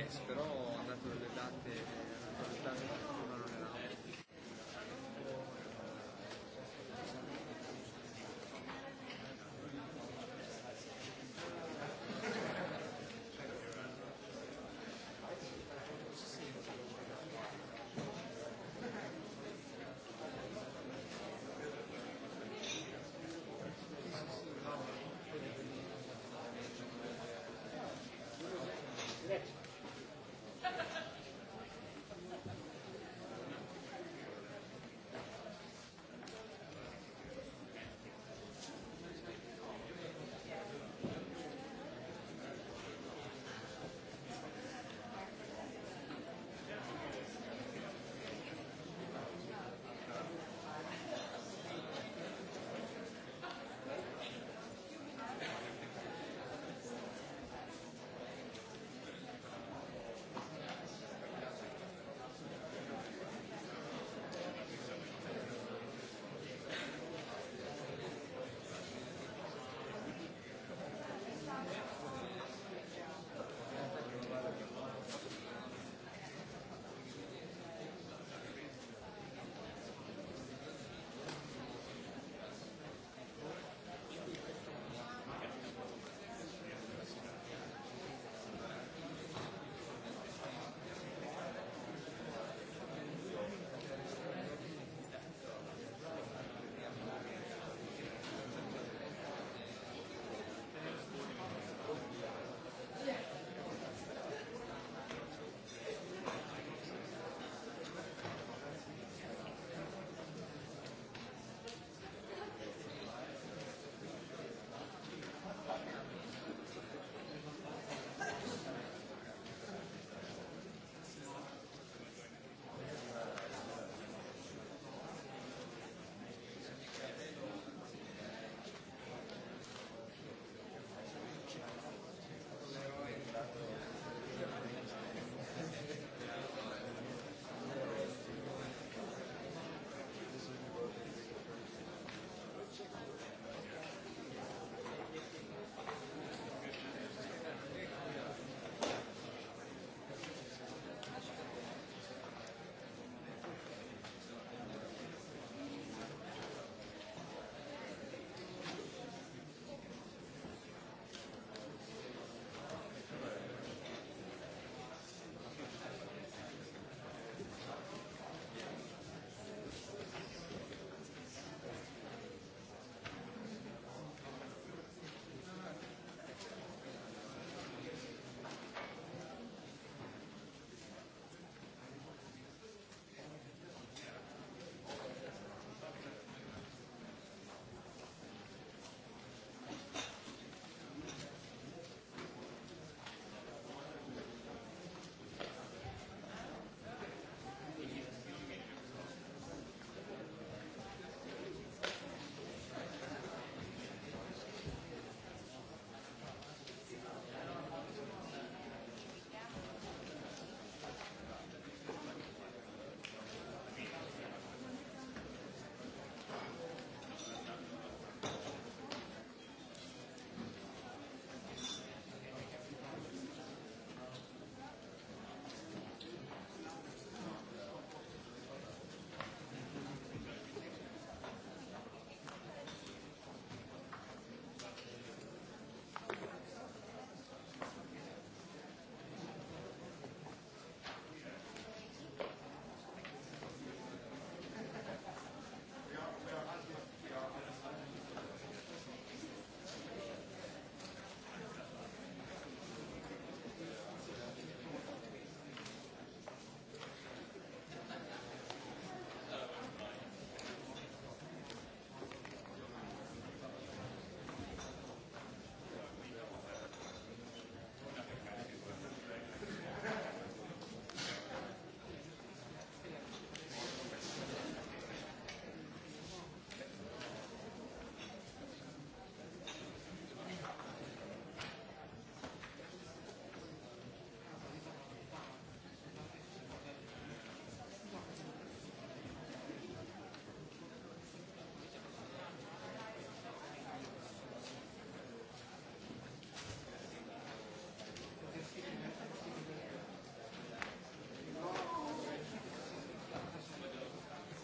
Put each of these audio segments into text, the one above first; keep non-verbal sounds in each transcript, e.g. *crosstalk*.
Yes, però ha dato delle date, ha dato delle date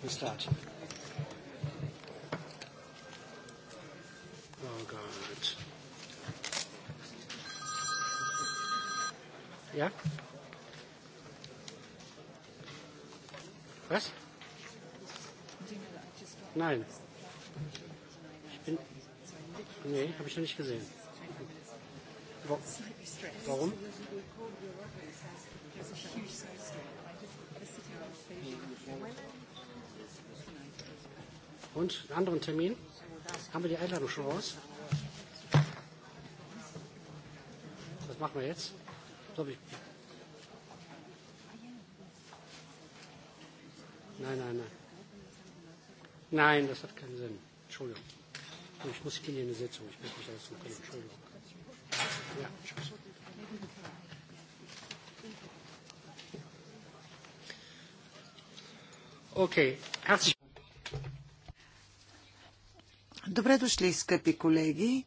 We start. Oh, God. Yeah? Was? Nein. Ich bin. Nee, habe ich noch nicht gesehen. Warum? There's a huge Und einen anderen Termin? Haben wir die Einladung schon raus? Was machen wir jetzt? Glaube ich. Nein, nein, nein. Nein, das hat keinen Sinn. Entschuldigung. Ich muss hier in eine Sitzung. Ich möchte mich alles tun können. Entschuldigung. Ja, tschüss. Okay, herzlich Добре дошли, скъпи колеги.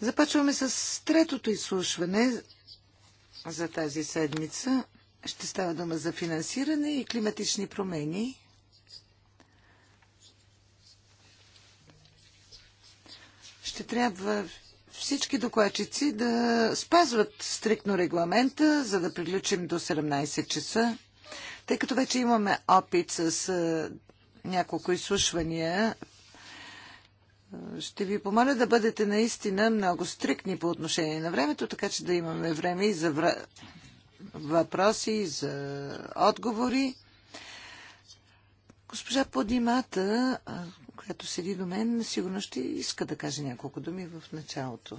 Започваме с третото изслушване за тази седмица. Ще става дума за финансиране и климатични промени. Ще трябва всички докладчици да спазват стриктно регламента, за да приключим до 17 часа. Тъй като вече имаме опит с няколко изслушвания. Ще ви помоля да бъдете наистина много стрикни по отношение на времето, така че да имаме време и за въпроси, и за отговори. Госпожа Подимата, която седи до мен, сигурно ще иска да каже няколко думи в началото.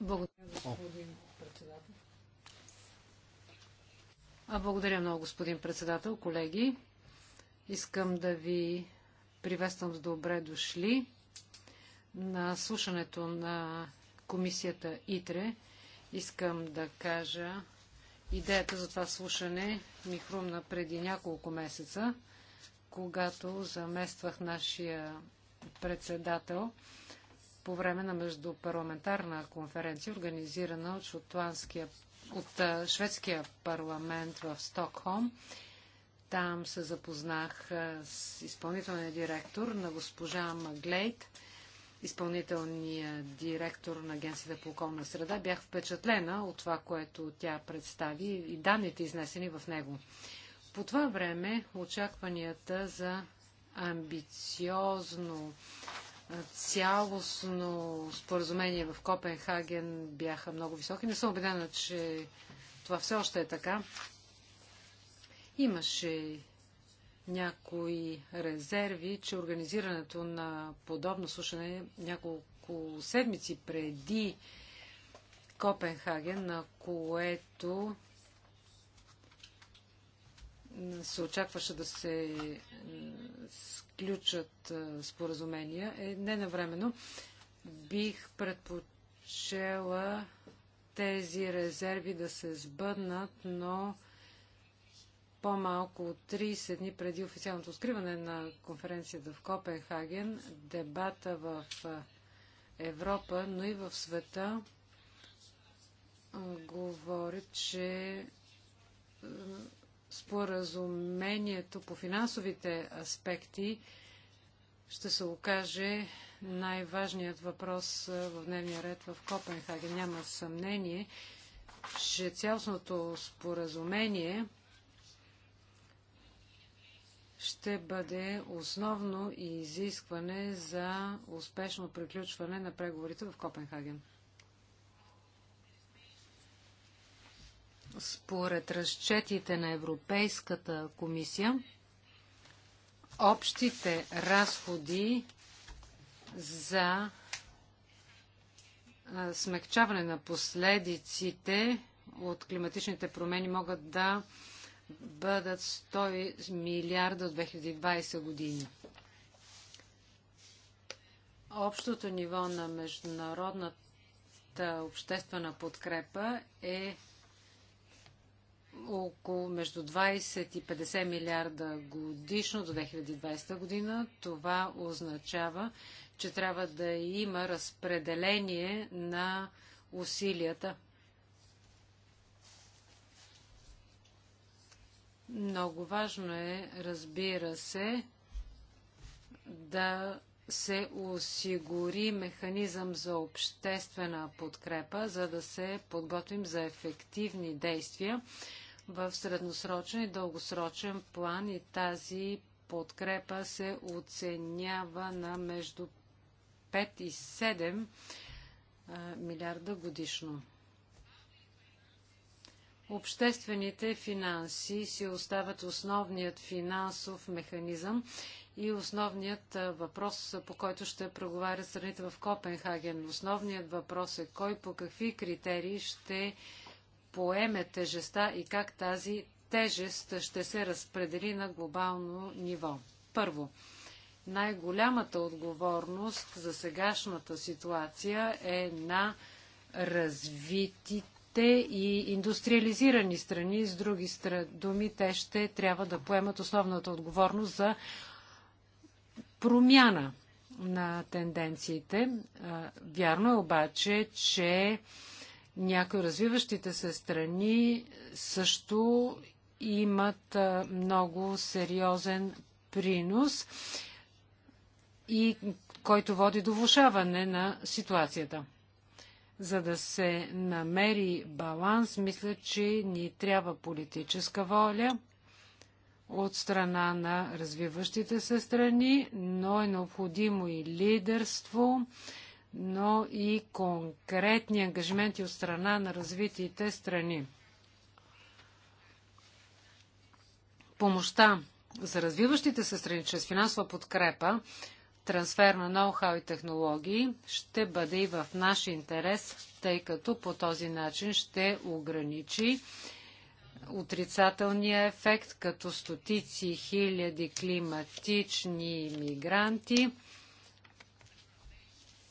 Благодаря, господин Благодаря много, господин председател. Колеги, искам да ви приветствам с добре дошли на слушането на комисията ИТРЕ. Искам да кажа, идеята за това слушане ми хрумна преди няколко месеца, когато замествах нашия председател по време на междупарламентарна конференция, организирана от шотландския от шведския парламент в Стокхолм. Там се запознах с изпълнителния директор на госпожа Маглейт, изпълнителния директор на Агенцията по околна среда. Бях впечатлена от това, което тя представи и данните изнесени в него. По това време очакванията за амбициозно цялостно споразумение в Копенхаген бяха много високи. Не съм убедена, че това все още е така. Имаше някои резерви, че организирането на подобно слушане няколко седмици преди Копенхаген, на което се очакваше да се сключат споразумения, е ненавременно. Бих предпочела тези резерви да се сбъднат, но по-малко от 30 дни преди официалното откриване на конференцията в Копенхаген, дебата в Европа, но и в света говори, че споразумението по финансовите аспекти ще се окаже най-важният въпрос в дневния ред в Копенхаген. Няма съмнение, че цялостното споразумение ще бъде основно и изискване за успешно приключване на преговорите в Копенхаген. Според разчетите на Европейската комисия, общите разходи за смягчаване на последиците от климатичните промени могат да бъдат 100 милиарда от 2020 години. Общото ниво на международната обществена подкрепа е около между 20 и 50 милиарда годишно до 2020 година. Това означава, че трябва да има разпределение на усилията. Много важно е, разбира се, да се осигури механизъм за обществена подкрепа, за да се подготвим за ефективни действия в средносрочен и дългосрочен план и тази подкрепа се оценява на между 5 и 7 милиарда годишно. Обществените финанси си остават основният финансов механизъм и основният въпрос, по който ще преговарят страните в Копенхаген. Основният въпрос е кой по какви критерии ще поеме тежеста и как тази тежест ще се разпредели на глобално ниво. Първо, най-голямата отговорност за сегашната ситуация е на развитите и индустриализирани страни, с други думи, те ще трябва да поемат основната отговорност за промяна на тенденциите. Вярно е обаче, че някои развиващите се страни също имат много сериозен принос и който води до влушаване на ситуацията. За да се намери баланс, мисля, че ни трябва политическа воля от страна на развиващите се страни, но е необходимо и лидерство, но и конкретни ангажименти от страна на развитите страни. Помощта за развиващите се страни чрез финансова подкрепа, трансфер на ноу-хау и технологии ще бъде и в наш интерес, тъй като по този начин ще ограничи отрицателния ефект, като стотици хиляди климатични мигранти –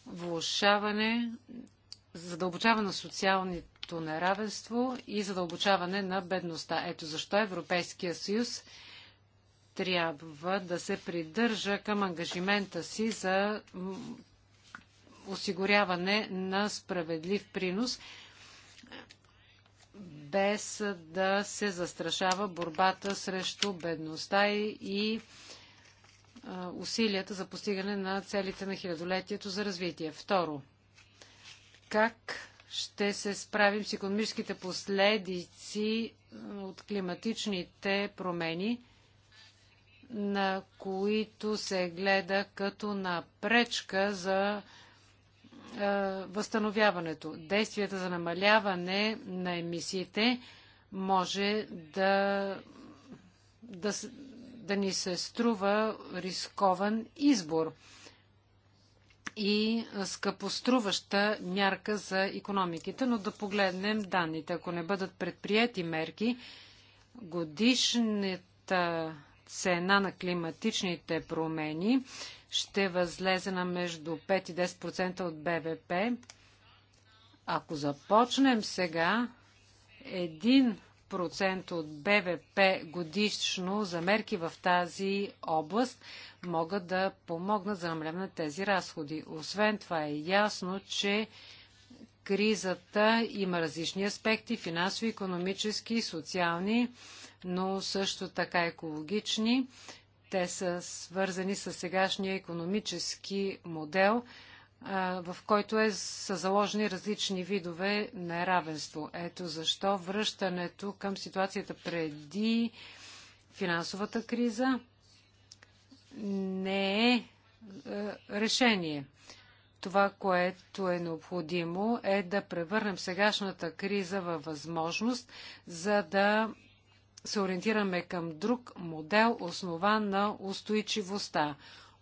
влушаване, задълбочаване на социалното неравенство и задълбочаване на бедността. Ето защо Европейския съюз трябва да се придържа към ангажимента си за осигуряване на справедлив принос, без да се застрашава борбата срещу бедността и, и усилията за постигане на целите на хилядолетието за развитие. Второ, как ще се справим с економическите последици от климатичните промени, на които се гледа като на пречка за възстановяването. Действията за намаляване на емисиите може да, да, да ни се струва рискован избор и скъпоструваща мярка за економиките, но да погледнем данните. Ако не бъдат предприяти мерки, годишната цена на климатичните промени ще възлезе на между 5 и 10% от БВП. Ако започнем сега, един 5% от БВП годишно за мерки в тази област могат да помогнат за намаляване на тези разходи. Освен това е ясно, че кризата има различни аспекти финансови, економически, социални, но също така екологични. Те са свързани с сегашния економически модел – в който е, са заложени различни видове неравенство. Ето защо връщането към ситуацията преди финансовата криза не е, е решение. Това, което е необходимо, е да превърнем сегашната криза във възможност, за да се ориентираме към друг модел, основан на устойчивостта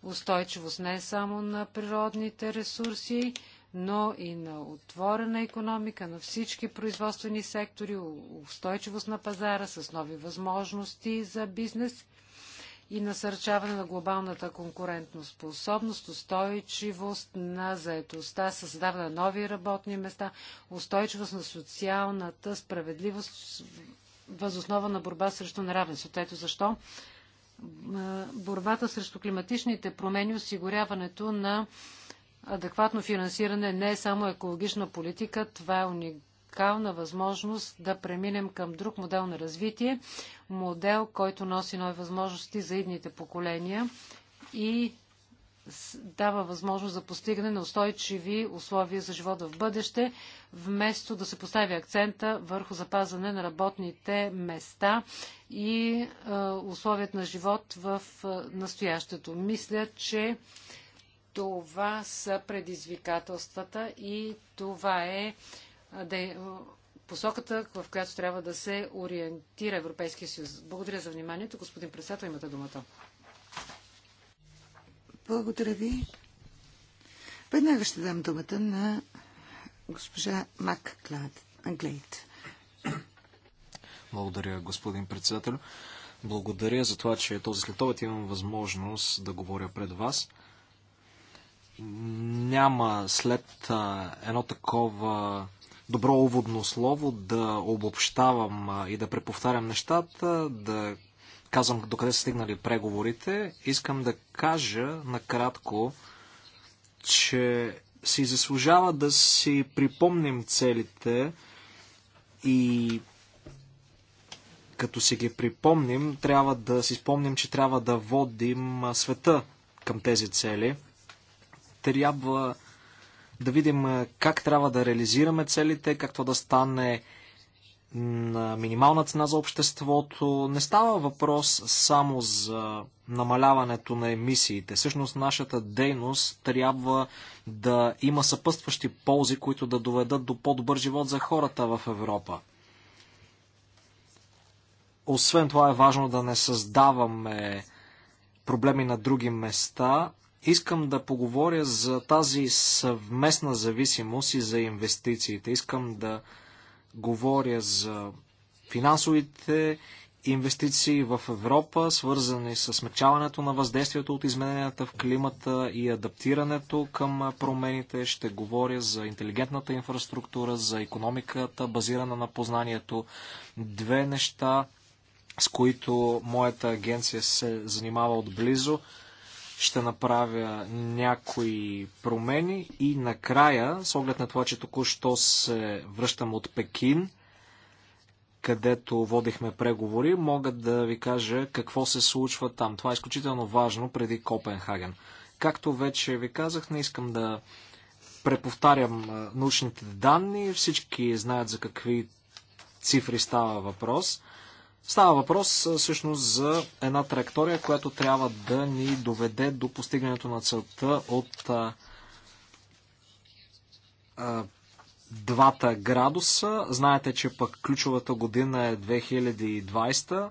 устойчивост не само на природните ресурси, но и на отворена економика, на всички производствени сектори, устойчивост на пазара с нови възможности за бизнес и насърчаване на глобалната конкурентоспособност, устойчивост на заетостта, създаване на нови работни места, устойчивост на социалната справедливост възоснова на борба срещу неравенството. Ето защо борбата срещу климатичните промени, осигуряването на адекватно финансиране не е само екологична политика, това е уникална възможност да преминем към друг модел на развитие, модел, който носи нови възможности за идните поколения и дава възможност за постигане на устойчиви условия за живота в бъдеще, вместо да се постави акцента върху запазване на работните места и условията на живот в настоящето. Мисля, че това са предизвикателствата и това е посоката, в която трябва да се ориентира Европейския съюз. Благодаря за вниманието. Господин председател, имате думата. Благодаря ви. Веднага ще дам думата на госпожа Мак Глейт. Благодаря, господин председател. Благодаря за това, че този следобед имам възможност да говоря пред вас. Няма след едно такова добро уводно слово да обобщавам и да преповтарям нещата, да казвам докъде са стигнали преговорите. Искам да кажа накратко, че си заслужава да си припомним целите и като си ги припомним, трябва да си спомним, че трябва да водим света към тези цели. Трябва да видим как трябва да реализираме целите, както да стане на минимална цена за обществото. Не става въпрос само за намаляването на емисиите. Всъщност нашата дейност трябва да има съпътстващи ползи, които да доведат до по-добър живот за хората в Европа. Освен това е важно да не създаваме проблеми на други места. Искам да поговоря за тази съвместна зависимост и за инвестициите. Искам да Говоря за финансовите инвестиции в Европа, свързани с смягчаването на въздействието от измененията в климата и адаптирането към промените. Ще говоря за интелигентната инфраструктура, за економиката, базирана на познанието. Две неща, с които моята агенция се занимава отблизо ще направя някои промени и накрая, с оглед на това, че току-що се връщам от Пекин, където водихме преговори, мога да ви кажа какво се случва там. Това е изключително важно преди Копенхаген. Както вече ви казах, не искам да преповтарям научните данни. Всички знаят за какви цифри става въпрос. Става въпрос всъщност за една траектория, която трябва да ни доведе до постигането на целта от а, а, двата градуса. Знаете, че пък ключовата година е 2020.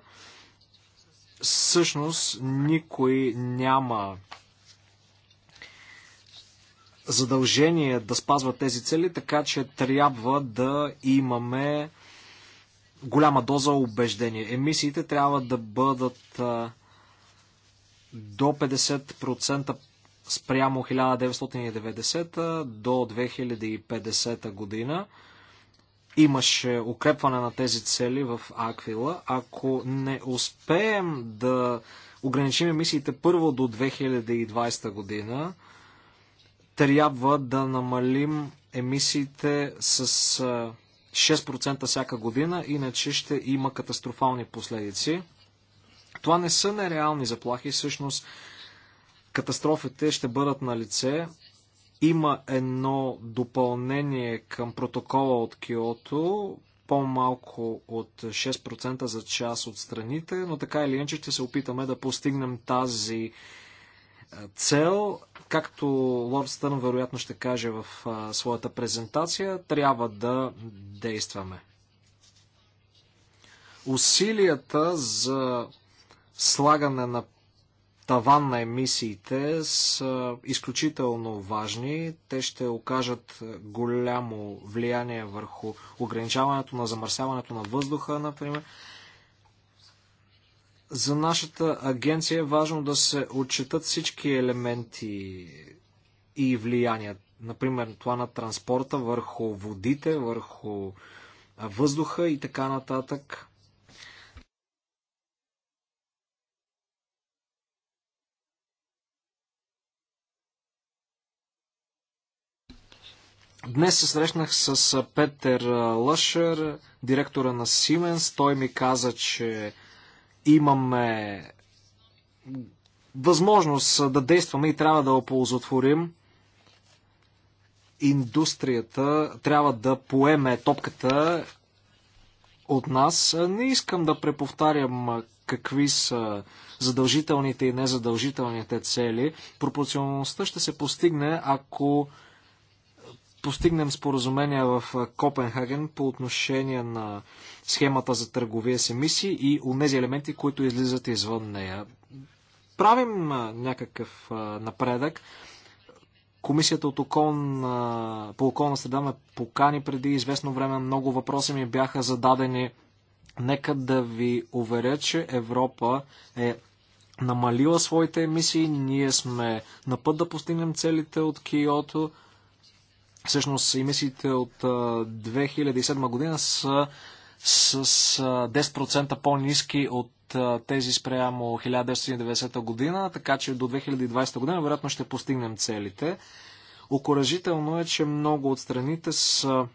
Всъщност никой няма задължение да спазва тези цели, така че трябва да имаме голяма доза убеждение. Емисиите трябва да бъдат до 50% спрямо 1990 до 2050 година. Имаше укрепване на тези цели в Аквила. Ако не успеем да ограничим емисиите първо до 2020 година, трябва да намалим емисиите с 6% всяка година, иначе ще има катастрофални последици. Това не са нереални заплахи, всъщност катастрофите ще бъдат на лице. Има едно допълнение към протокола от Киото, по-малко от 6% за част от страните, но така или иначе ще се опитаме да постигнем тази цел. Както Лорд Стърн вероятно ще каже в своята презентация, трябва да действаме. Усилията за слагане на таван на емисиите са изключително важни. Те ще окажат голямо влияние върху ограничаването на замърсяването на въздуха, например. За нашата агенция е важно да се отчитат всички елементи и влияния. Например, това на транспорта върху водите, върху въздуха и така нататък. Днес се срещнах с Петър Лъшер, директора на Сименс. Той ми каза, че имаме възможност да действаме и трябва да оползотворим. Индустрията трябва да поеме топката от нас. Не искам да преповтарям какви са задължителните и незадължителните цели. Пропорционалността ще се постигне, ако постигнем споразумение в Копенхаген по отношение на схемата за търговия с емисии и онези елементи, които излизат извън нея. Правим някакъв напредък. Комисията от окон, по околна среда ме покани преди известно време. Много въпроси ми бяха зададени. Нека да ви уверя, че Европа е намалила своите емисии. Ние сме на път да постигнем целите от Киото. Всъщност емисиите от 2007 година са с 10% по-низки от тези спрямо 1990 година, така че до 2020 година вероятно ще постигнем целите. Окоръжително е, че много от страните са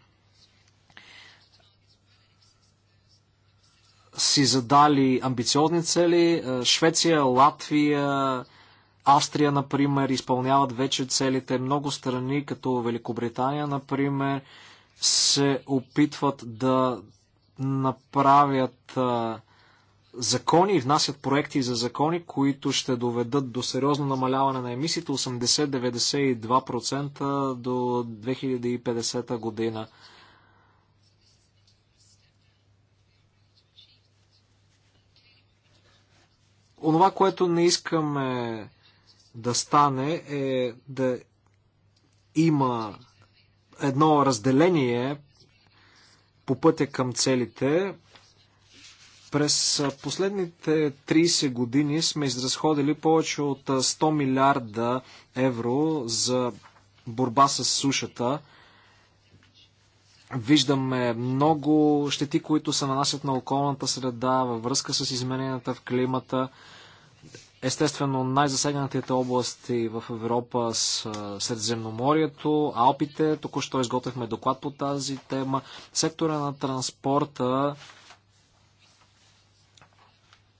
си задали амбициозни цели. Швеция, Латвия, Австрия, например, изпълняват вече целите. Много страни, като Великобритания, например, се опитват да направят а, закони и внасят проекти за закони, които ще доведат до сериозно намаляване на емисиите 80-92% до 2050 година. Онова, което не искаме да стане е да има едно разделение по пътя към целите. През последните 30 години сме изразходили повече от 100 милиарда евро за борба с сушата. Виждаме много щети, които се нанасят на околната среда във връзка с измененията в климата. Естествено, най-засегнатите области в Европа са Средземноморието, Алпите. Току-що изготвихме доклад по тази тема. Сектора на транспорта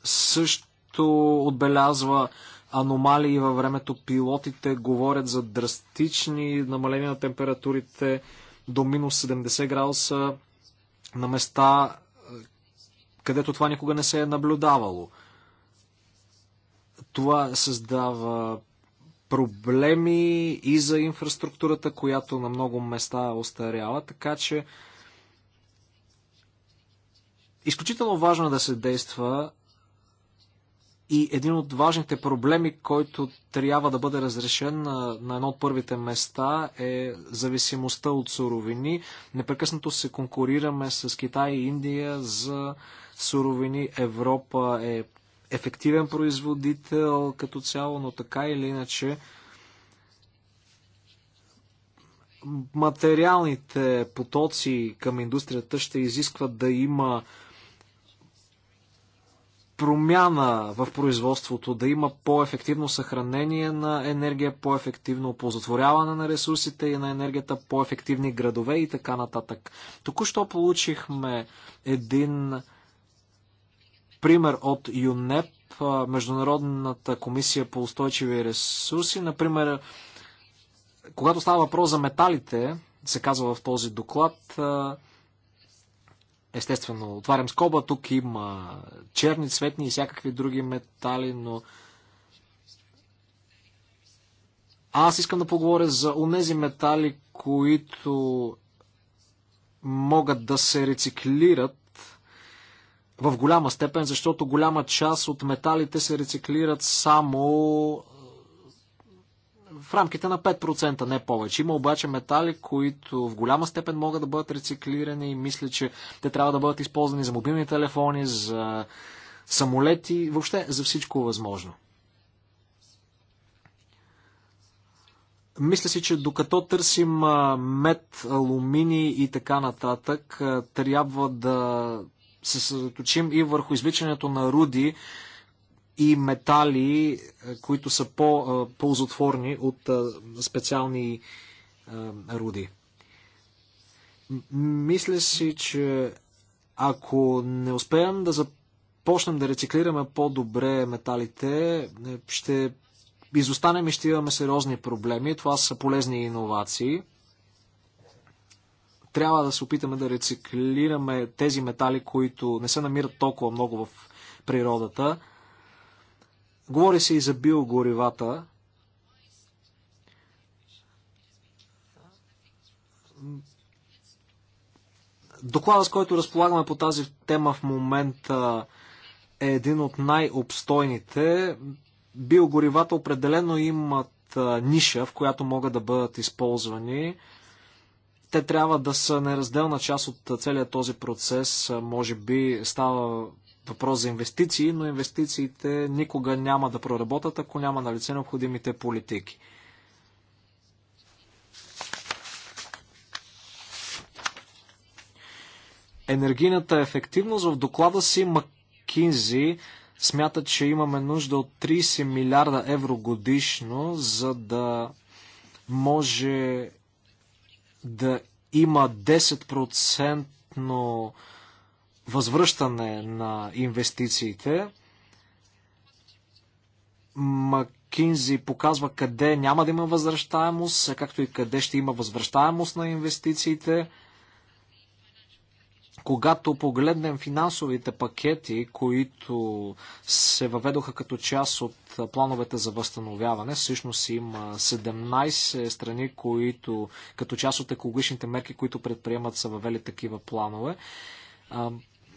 също отбелязва аномалии във времето. Пилотите говорят за драстични намаления на температурите до минус 70 градуса на места, където това никога не се е наблюдавало. Това създава проблеми и за инфраструктурата, която на много места е остаряла, така че изключително важно е да се действа и един от важните проблеми, който трябва да бъде разрешен на, на едно от първите места е зависимостта от суровини. Непрекъснато се конкурираме с Китай и Индия за суровини. Европа е ефективен производител като цяло, но така или иначе материалните потоци към индустрията ще изискват да има промяна в производството, да има по-ефективно съхранение на енергия, по-ефективно оползотворяване на ресурсите и на енергията, по-ефективни градове и така нататък. Току-що получихме един пример от ЮНЕП, Международната комисия по устойчиви ресурси. Например, когато става въпрос за металите, се казва в този доклад, естествено, отварям скоба, тук има черни, цветни и всякакви други метали, но аз искам да поговоря за онези метали, които могат да се рециклират в голяма степен, защото голяма част от металите се рециклират само е, в рамките на 5%, не повече. Има обаче метали, които в голяма степен могат да бъдат рециклирани и мисля, че те трябва да бъдат използвани за мобилни телефони, за самолети, въобще за всичко възможно. Мисля си, че докато търсим мед, алумини и така нататък, трябва да се съсредоточим и върху извличането на руди и метали, е, които са по-ползотворни е, от е, специални руди. Мисля си, че ако не успеем да започнем да рециклираме по-добре металите, ще изостанем и ще имаме сериозни проблеми. Това са полезни иновации трябва да се опитаме да рециклираме тези метали, които не се намират толкова много в природата. Говори се и за биогоривата. Докладът, с който разполагаме по тази тема в момента, е един от най-обстойните. Биогоривата определено имат ниша, в която могат да бъдат използвани те трябва да са неразделна част от целия този процес. Може би става въпрос за инвестиции, но инвестициите никога няма да проработят, ако няма на лице необходимите политики. Енергийната ефективност в доклада си Макинзи смята, че имаме нужда от 30 милиарда евро годишно, за да може да има 10% възвръщане на инвестициите. Макинзи показва къде няма да има възвръщаемост, както и къде ще има възвръщаемост на инвестициите когато погледнем финансовите пакети, които се въведоха като част от плановете за възстановяване, всъщност има 17 страни, които като част от екологичните мерки, които предприемат, са въвели такива планове.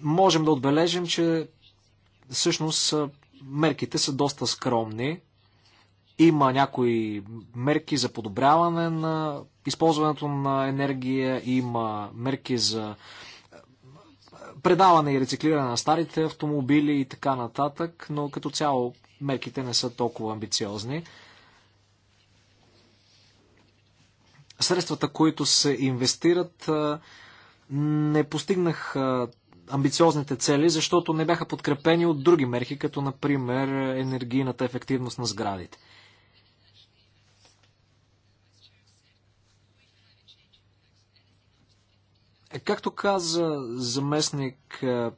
Можем да отбележим, че всъщност мерките са доста скромни. Има някои мерки за подобряване на използването на енергия, има мерки за предаване и рециклиране на старите автомобили и така нататък, но като цяло мерките не са толкова амбициозни. Средствата, които се инвестират, не постигнах амбициозните цели, защото не бяха подкрепени от други мерки, като например енергийната ефективност на сградите. Е, както каза заместник е,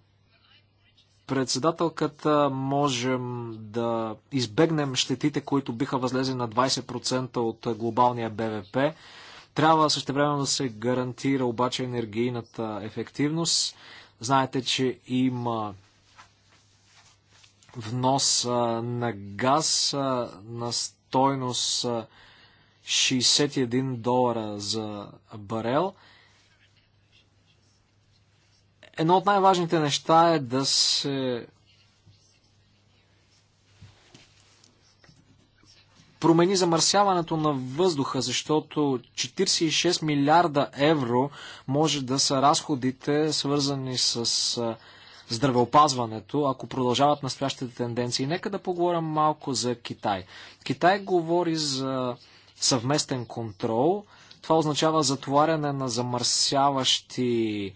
председателката, можем да избегнем щетите, които биха възлезли на 20% от глобалния БВП. Трябва същевременно да се гарантира обаче енергийната ефективност. Знаете, че има внос е, на газ на стойност 61 долара за барел – Едно от най-важните неща е да се промени замърсяването на въздуха, защото 46 милиарда евро може да са разходите, свързани с здравеопазването, ако продължават настоящите тенденции. Нека да поговорим малко за Китай. Китай говори за съвместен контрол. Това означава затваряне на замърсяващи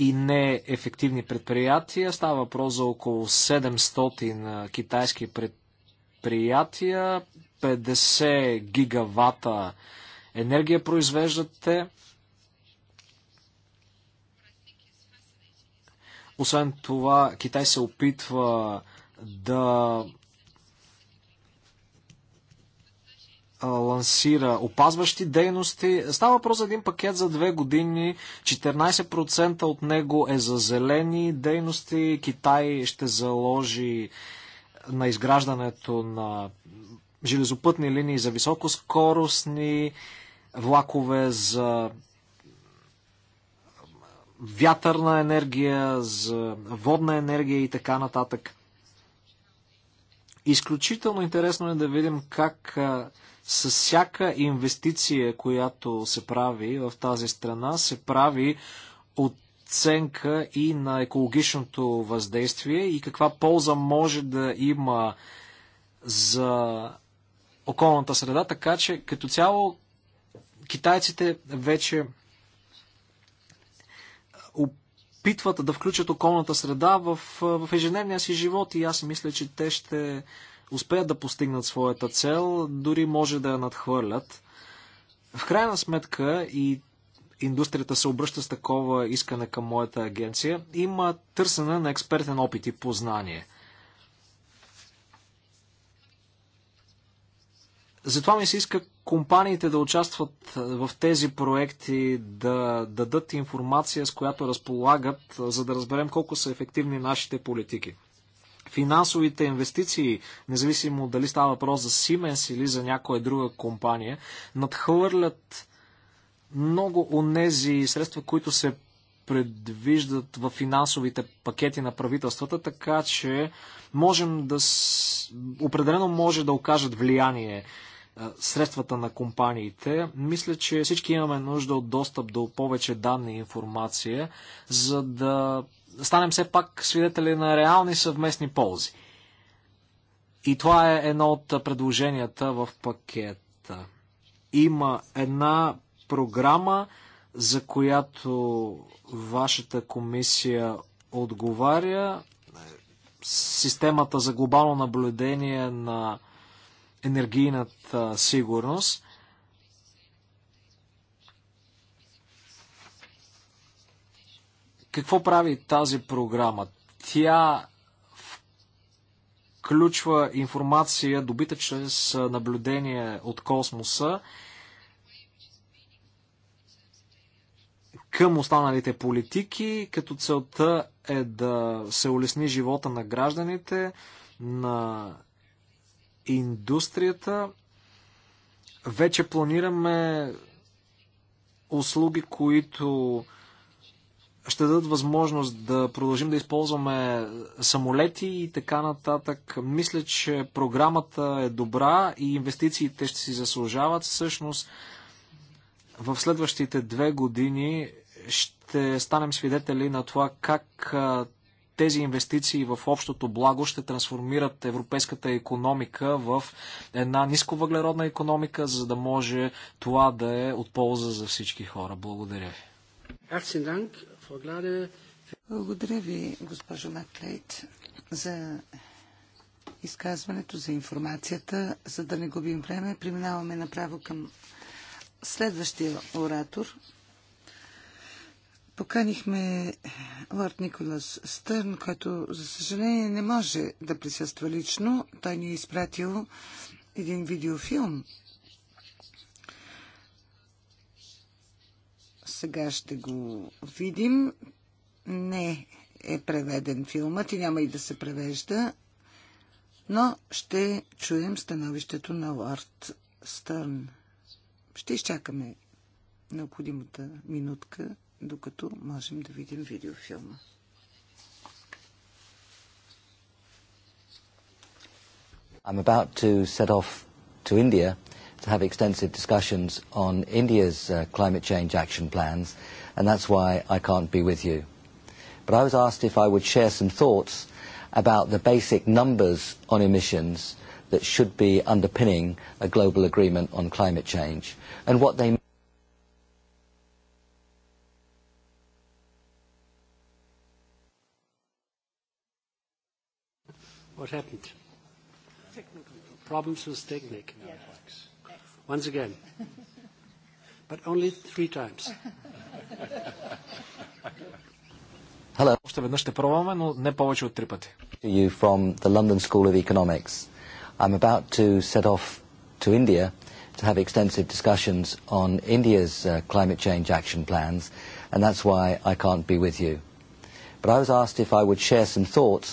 и неефективни предприятия. Става въпрос за около 700 китайски предприятия, 50 гигавата енергия произвеждате. Освен това, Китай се опитва да лансира опазващи дейности. Става въпрос за един пакет за две години. 14% от него е за зелени дейности. Китай ще заложи на изграждането на железопътни линии за високоскоростни влакове, за вятърна енергия, за водна енергия и така нататък. Изключително интересно е да видим как с всяка инвестиция, която се прави в тази страна, се прави оценка и на екологичното въздействие и каква полза може да има за околната среда, така че като цяло китайците вече опитват да включат околната среда в, в ежедневния си живот и аз мисля, че те ще успеят да постигнат своята цел, дори може да я надхвърлят. В крайна сметка и индустрията се обръща с такова искане към моята агенция, има търсене на експертен опит и познание. Затова ми се иска компаниите да участват в тези проекти, да дадат информация, с която разполагат, за да разберем колко са ефективни нашите политики финансовите инвестиции, независимо дали става въпрос за Siemens или за някоя друга компания, надхвърлят много онези средства, които се предвиждат в финансовите пакети на правителствата, така че можем да с... определено може да окажат влияние средствата на компаниите. Мисля, че всички имаме нужда от достъп до повече данни и информация, за да станем все пак свидетели на реални съвместни ползи. И това е едно от предложенията в пакета. Има една програма, за която вашата комисия отговаря. Системата за глобално наблюдение на енергийната сигурност. Какво прави тази програма? Тя включва информация, добита чрез наблюдение от космоса, към останалите политики, като целта е да се улесни живота на гражданите, на индустрията. Вече планираме услуги, които ще дадат възможност да продължим да използваме самолети и така нататък. Мисля, че програмата е добра и инвестициите ще си заслужават. Всъщност, в следващите две години ще станем свидетели на това как тези инвестиции в общото благо ще трансформират европейската економика в една нисковъглеродна економика, за да може това да е от полза за всички хора. Благодаря ви. Благодаря ви, госпожо Маклейт, за изказването, за информацията. За да не губим време, преминаваме направо към следващия оратор. Поканихме лорд Николас Стърн, който, за съжаление, не може да присъства лично. Той ни е изпратил един видеофилм Сега ще го видим. Не е преведен филмът и няма и да се превежда, но ще чуем становището на Лорд Стърн. Ще изчакаме необходимата минутка, докато можем да видим видеофилма. I'm about to set off to India to have extensive discussions on India's uh, climate change action plans, and that's why I can't be with you. But I was asked if I would share some thoughts about the basic numbers on emissions that should be underpinning a global agreement on climate change and what they What happened? Problems with technique. Yeah once again, but only three times. Hello. Още веднъж ще пробваме, но не повече от три пъти. You from the London School of Economics. I'm about to set off to India to have extensive discussions on India's uh, climate change action plans, and that's why I can't be with you. But I was asked if I would share some thoughts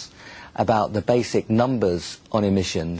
about the basic numbers on emissions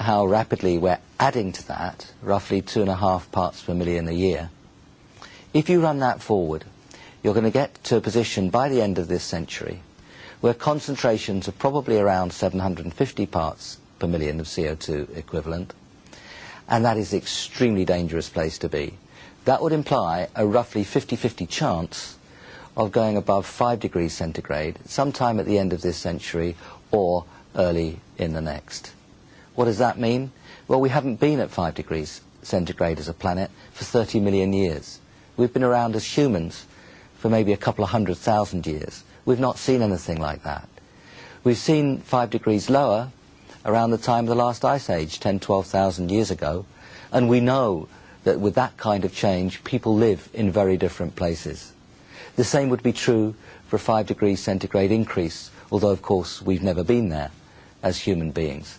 how rapidly we're adding to that, roughly two and a half parts per million a year. If you run that forward, you're going to get to a position by the end of this century where concentrations are probably around 750 parts per million of CO2 equivalent, and that is an extremely dangerous place to be. That would imply a roughly 50-50 chance of going above 5 degrees centigrade sometime at the end of this century or early in the next. What does that mean? Well, we haven't been at five degrees centigrade as a planet for 30 million years. We've been around as humans for maybe a couple of hundred thousand years. We've not seen anything like that. We've seen five degrees lower around the time of the last ice age, 10, 12,000 years ago, and we know that with that kind of change, people live in very different places. The same would be true for a five degrees centigrade increase, although of course we've never been there as human beings.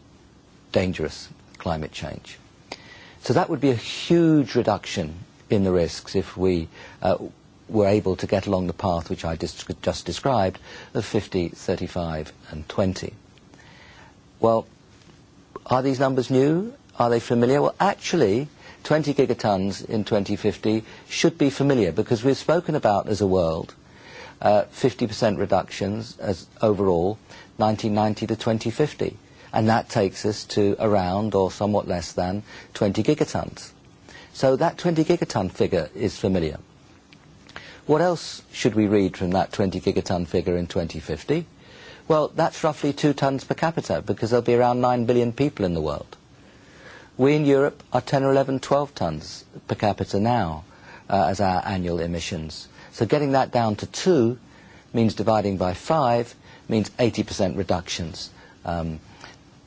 dangerous climate change. So that would be a huge reduction in the risks if we uh, were able to get along the path which I dis- just described of 50, 35 and 20. Well, are these numbers new? Are they familiar? Well, actually, 20 gigatons in 2050 should be familiar because we've spoken about as a world 50% uh, reductions as overall 1990 to 2050 and that takes us to around or somewhat less than 20 gigatons. So that 20 gigaton figure is familiar. What else should we read from that 20 gigaton figure in 2050? Well, that's roughly two tons per capita because there'll be around 9 billion people in the world. We in Europe are 10 or 11, 12 tons per capita now uh, as our annual emissions. So getting that down to two means dividing by five means 80% reductions. Um,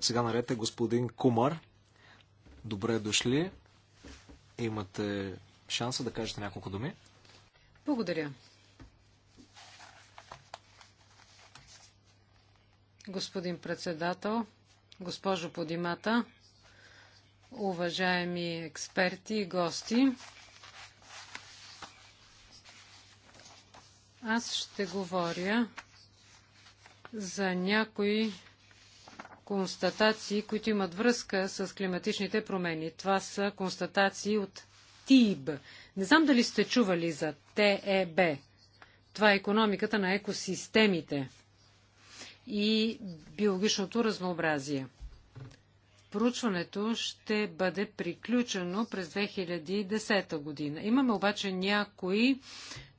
Сега наред е господин Кумар. Добре дошли. Имате шанса да кажете няколко думи. Благодаря. Господин председател, госпожо Подимата, уважаеми експерти и гости, аз ще говоря за някои констатации, които имат връзка с климатичните промени. Това са констатации от ТИБ. Не знам дали сте чували за ТЕБ. Това е економиката на екосистемите и биологичното разнообразие. Проучването ще бъде приключено през 2010 година. Имаме обаче някои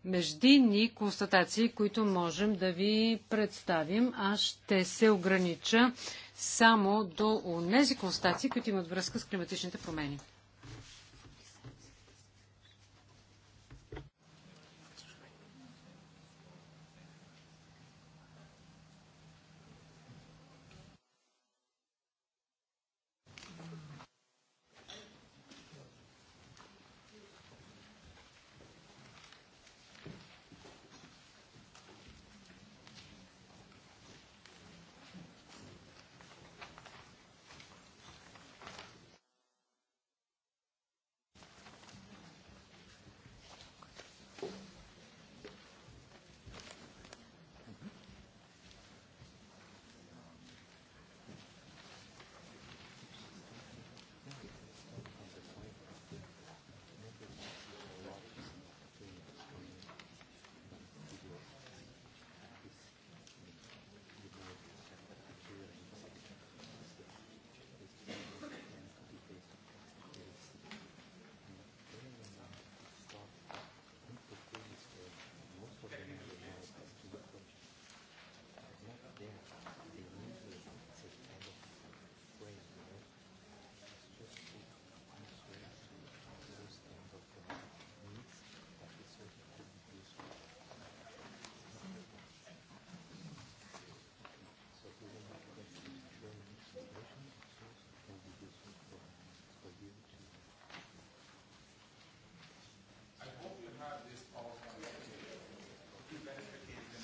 междинни констатации, които можем да ви представим. Аз ще се огранича само до тези констатации, които имат връзка с климатичните промени.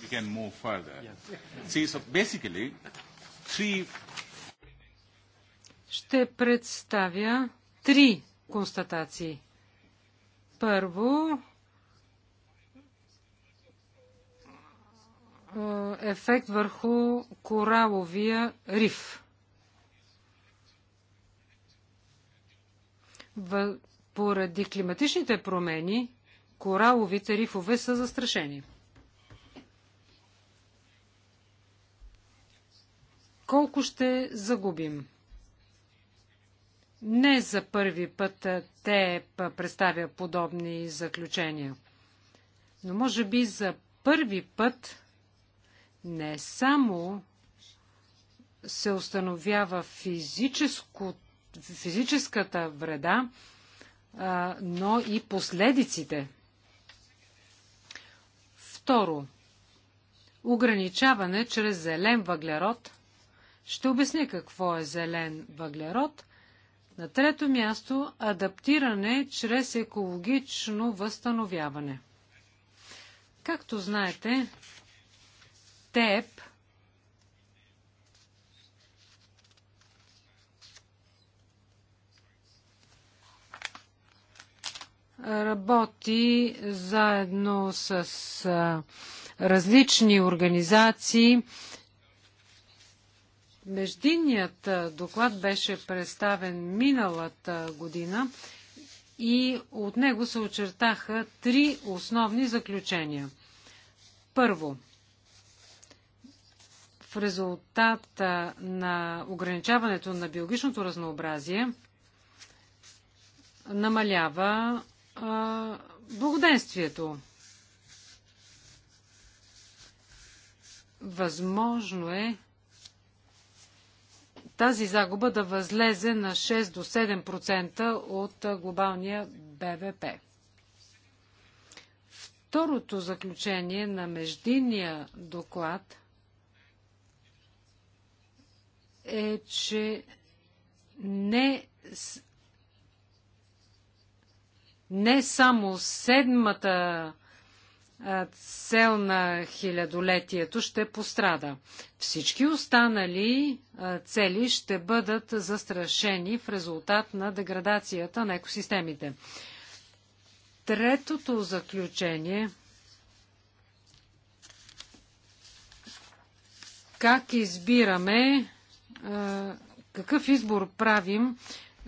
we can move further. Yes. See, so basically, three... Ще представя три констатации. Първо, е, ефект върху кораловия риф. Поради климатичните промени, кораловите рифове са застрашени. колко ще загубим. Не за първи път те представя подобни заключения. Но може би за първи път не само се установява физическо, физическата вреда, но и последиците. Второ, ограничаване чрез зелен въглерод ще обясня какво е зелен въглерод. На трето място адаптиране чрез екологично възстановяване. Както знаете, ТЕП работи заедно с различни организации, Междинният доклад беше представен миналата година и от него се очертаха три основни заключения. Първо, в резултат на ограничаването на биологичното разнообразие намалява а, благоденствието. Възможно е тази загуба да възлезе на 6 до 7% от глобалния БВП. Второто заключение на междинния доклад е, че не, не само седмата цел на хилядолетието ще пострада. Всички останали цели ще бъдат застрашени в резултат на деградацията на екосистемите. Третото заключение как избираме, какъв избор правим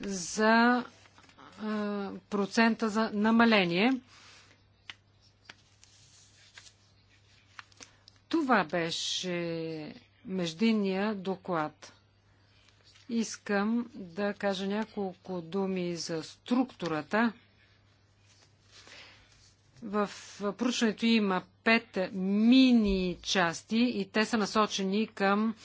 за процента за намаление – Това беше междинния доклад. Искам да кажа няколко думи за структурата. В проучването има пет мини части и те са насочени към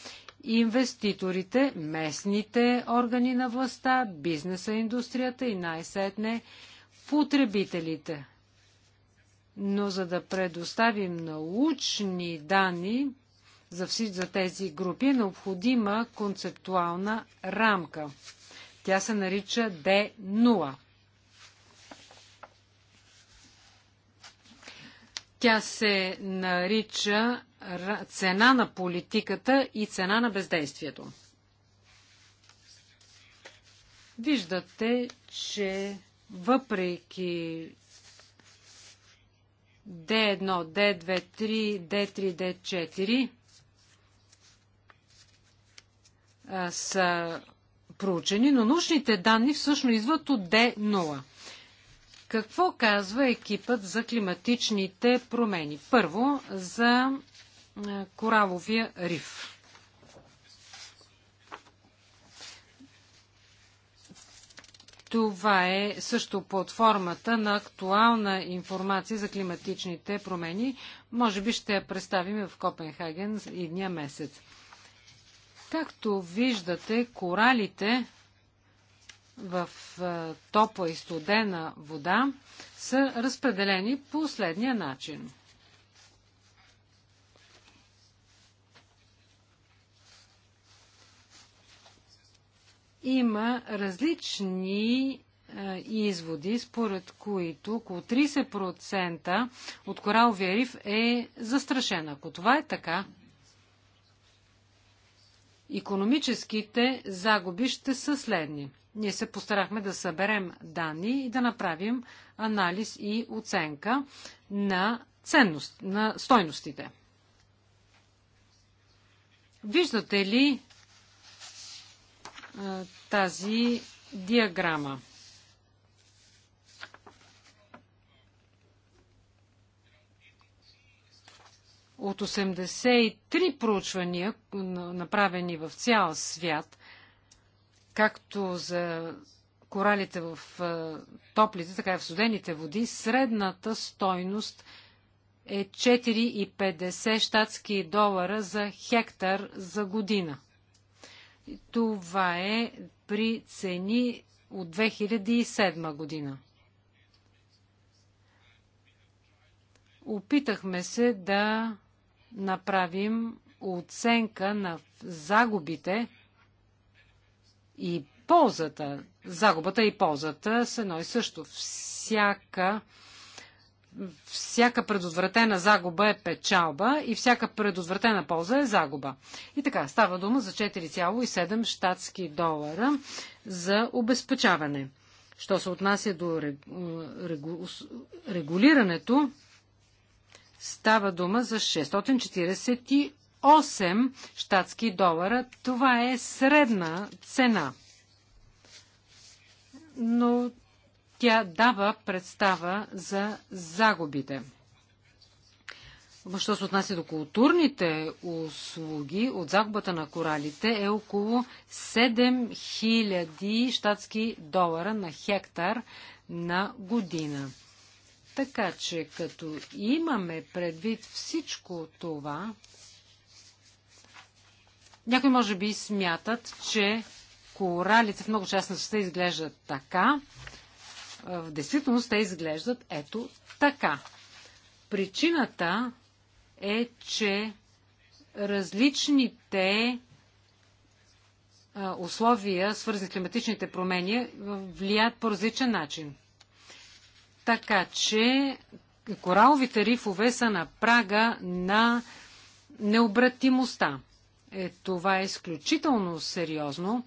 инвеститорите, местните органи на властта, бизнеса, индустрията и най-сетне потребителите но за да предоставим научни данни за, всички, за тези групи е необходима концептуална рамка. Тя се нарича D0. Тя се нарича цена на политиката и цена на бездействието. Виждате, че въпреки D1, D2, 3, D3, D4 са проучени, но научните данни всъщност идват от D0. Какво казва екипът за климатичните промени? Първо, за кораловия риф. Това е също под формата на актуална информация за климатичните промени. Може би ще я представим в Копенхаген идния месец. Както виждате, коралите в топла и студена вода са разпределени по следния начин – Има различни е, изводи, според които около 30% от кораловия риф е застрашен. Ако това е така, економическите загуби ще са следни. Ние се постарахме да съберем данни и да направим анализ и оценка на ценност, на стойностите. Виждате ли тази диаграма. От 83 проучвания, направени в цял свят, както за коралите в топлите, така и в студените води, средната стойност е 4,50 щатски долара за хектар за година. Това е при цени от 2007 година. Опитахме се да направим оценка на загубите и ползата. Загубата и ползата са едно и също. Всяка всяка предотвратена загуба е печалба и всяка предотвратена полза е загуба. И така, става дума за 4,7 штатски долара за обезпечаване. Що се отнася до регулирането, става дума за 648 штатски долара. Това е средна цена. Но тя дава представа за загубите. Що се отнася до културните услуги, от загубата на коралите е около 7000 щатски долара на хектар на година. Така че, като имаме предвид всичко това, някои може би смятат, че коралите в много част на света изглеждат така, в действителност те изглеждат ето така. Причината е, че различните условия, свързани с климатичните промени, влияят по различен начин. Така че кораловите рифове са на прага на необратимостта. Е, това е изключително сериозно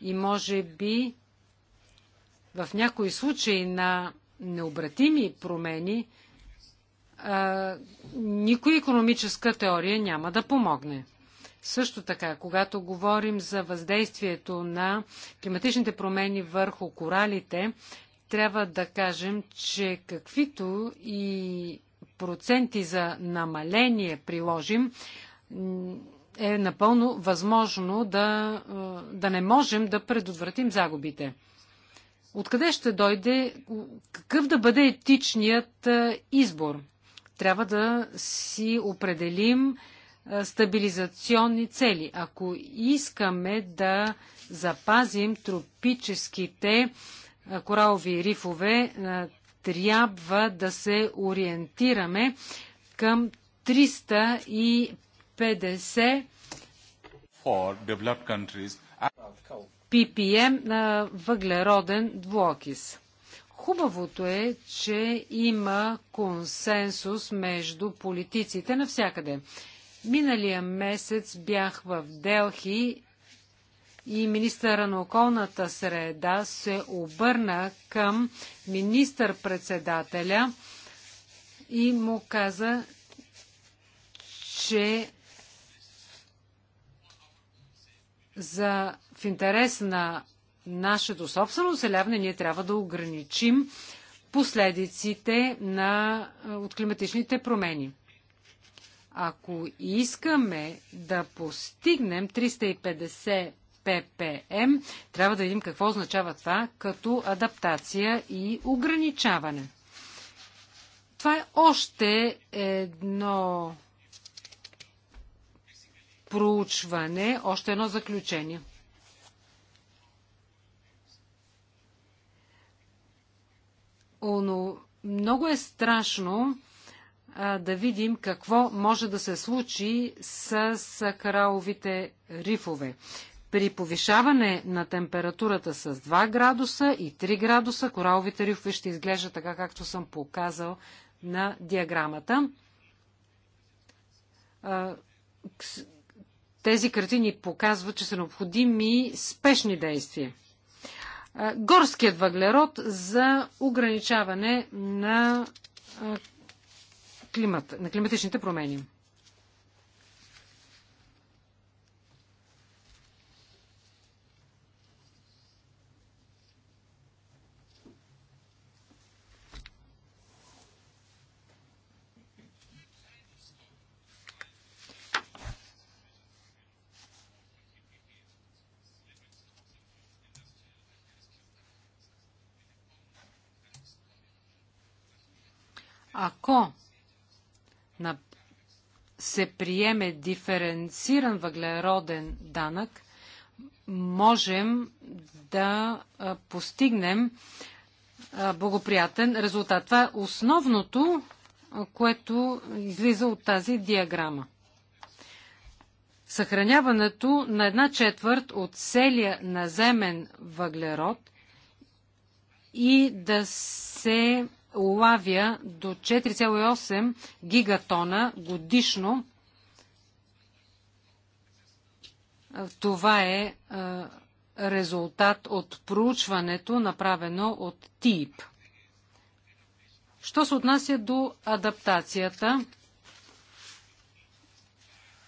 и може би в някои случаи на необратими промени, а, никой економическа теория няма да помогне. Също така, когато говорим за въздействието на климатичните промени върху коралите, трябва да кажем, че каквито и проценти за намаление приложим, е напълно възможно да, да не можем да предотвратим загубите. Откъде ще дойде, какъв да бъде етичният избор? Трябва да си определим стабилизационни цели. Ако искаме да запазим тропическите коралови рифове, трябва да се ориентираме към 350 for developed countries ppm на въглероден двуокис. Хубавото е, че има консенсус между политиците навсякъде. Миналия месец бях в Делхи и министъра на околната среда се обърна към министър-председателя и му каза, че за, в интерес на нашето собствено оселяване, ние трябва да ограничим последиците на, е, от климатичните промени. Ако искаме да постигнем 350 ppm, трябва да видим какво означава това като адаптация и ограничаване. Това е още едно проучване. Още едно заключение. Оно много е страшно а, да видим какво може да се случи с, с кораловите рифове. При повишаване на температурата с 2 градуса и 3 градуса кораловите рифове ще изглеждат така, както съм показал на диаграмата. А, тези картини показват, че са необходими спешни действия. Горският въглерод за ограничаване на, на климатичните промени. ако на се приеме диференциран въглероден данък, можем да постигнем благоприятен резултат. Това е основното, което излиза от тази диаграма. Съхраняването на една четвърт от целия наземен въглерод и да се улавя до 4,8 гигатона годишно. Това е, е резултат от проучването, направено от ТИП. Що се отнася до адаптацията,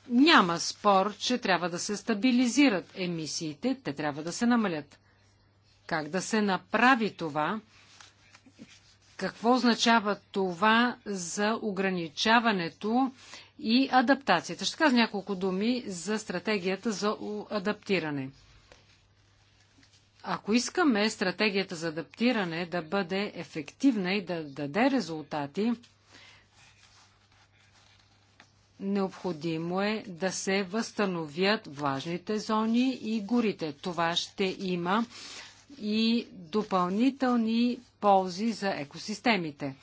няма спор, че трябва да се стабилизират емисиите, те трябва да се намалят. Как да се направи това? Какво означава това за ограничаването и адаптацията? Ще кажа няколко думи за стратегията за адаптиране. Ако искаме стратегията за адаптиране да бъде ефективна и да даде резултати, необходимо е да се възстановят влажните зони и горите. Това ще има и допълнителни ползи за екосистемите.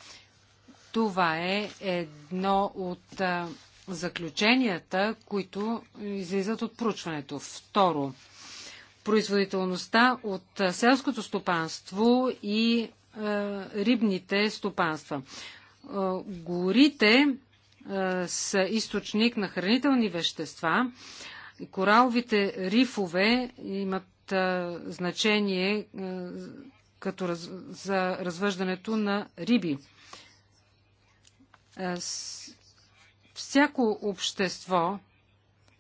Това е едно от заключенията, които излизат от проучването. Второ, производителността от селското стопанство и рибните стопанства. горите са източник на хранителни вещества. Кораловите рифове имат значение като раз, за развъждането на риби. Е, всяко общество,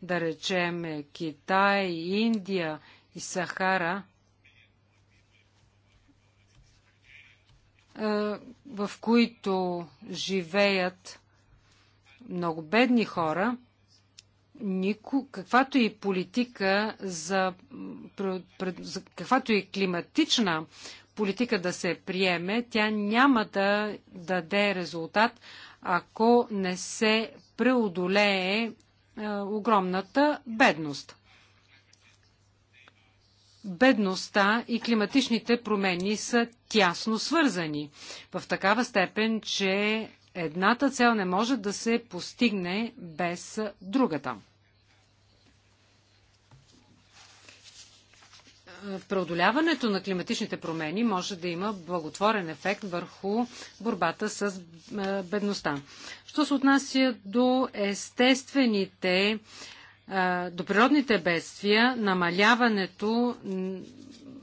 да речем Китай, Индия и Сахара, е, в които живеят много бедни хора, нико, каквато и политика за, за каквато и климатична политика да се приеме, тя няма да даде резултат, ако не се преодолее е, огромната бедност. Бедността и климатичните промени са тясно свързани в такава степен, че едната цел не може да се постигне без другата. преодоляването на климатичните промени може да има благотворен ефект върху борбата с е, бедността. Що се отнася до естествените, е, до природните бедствия, намаляването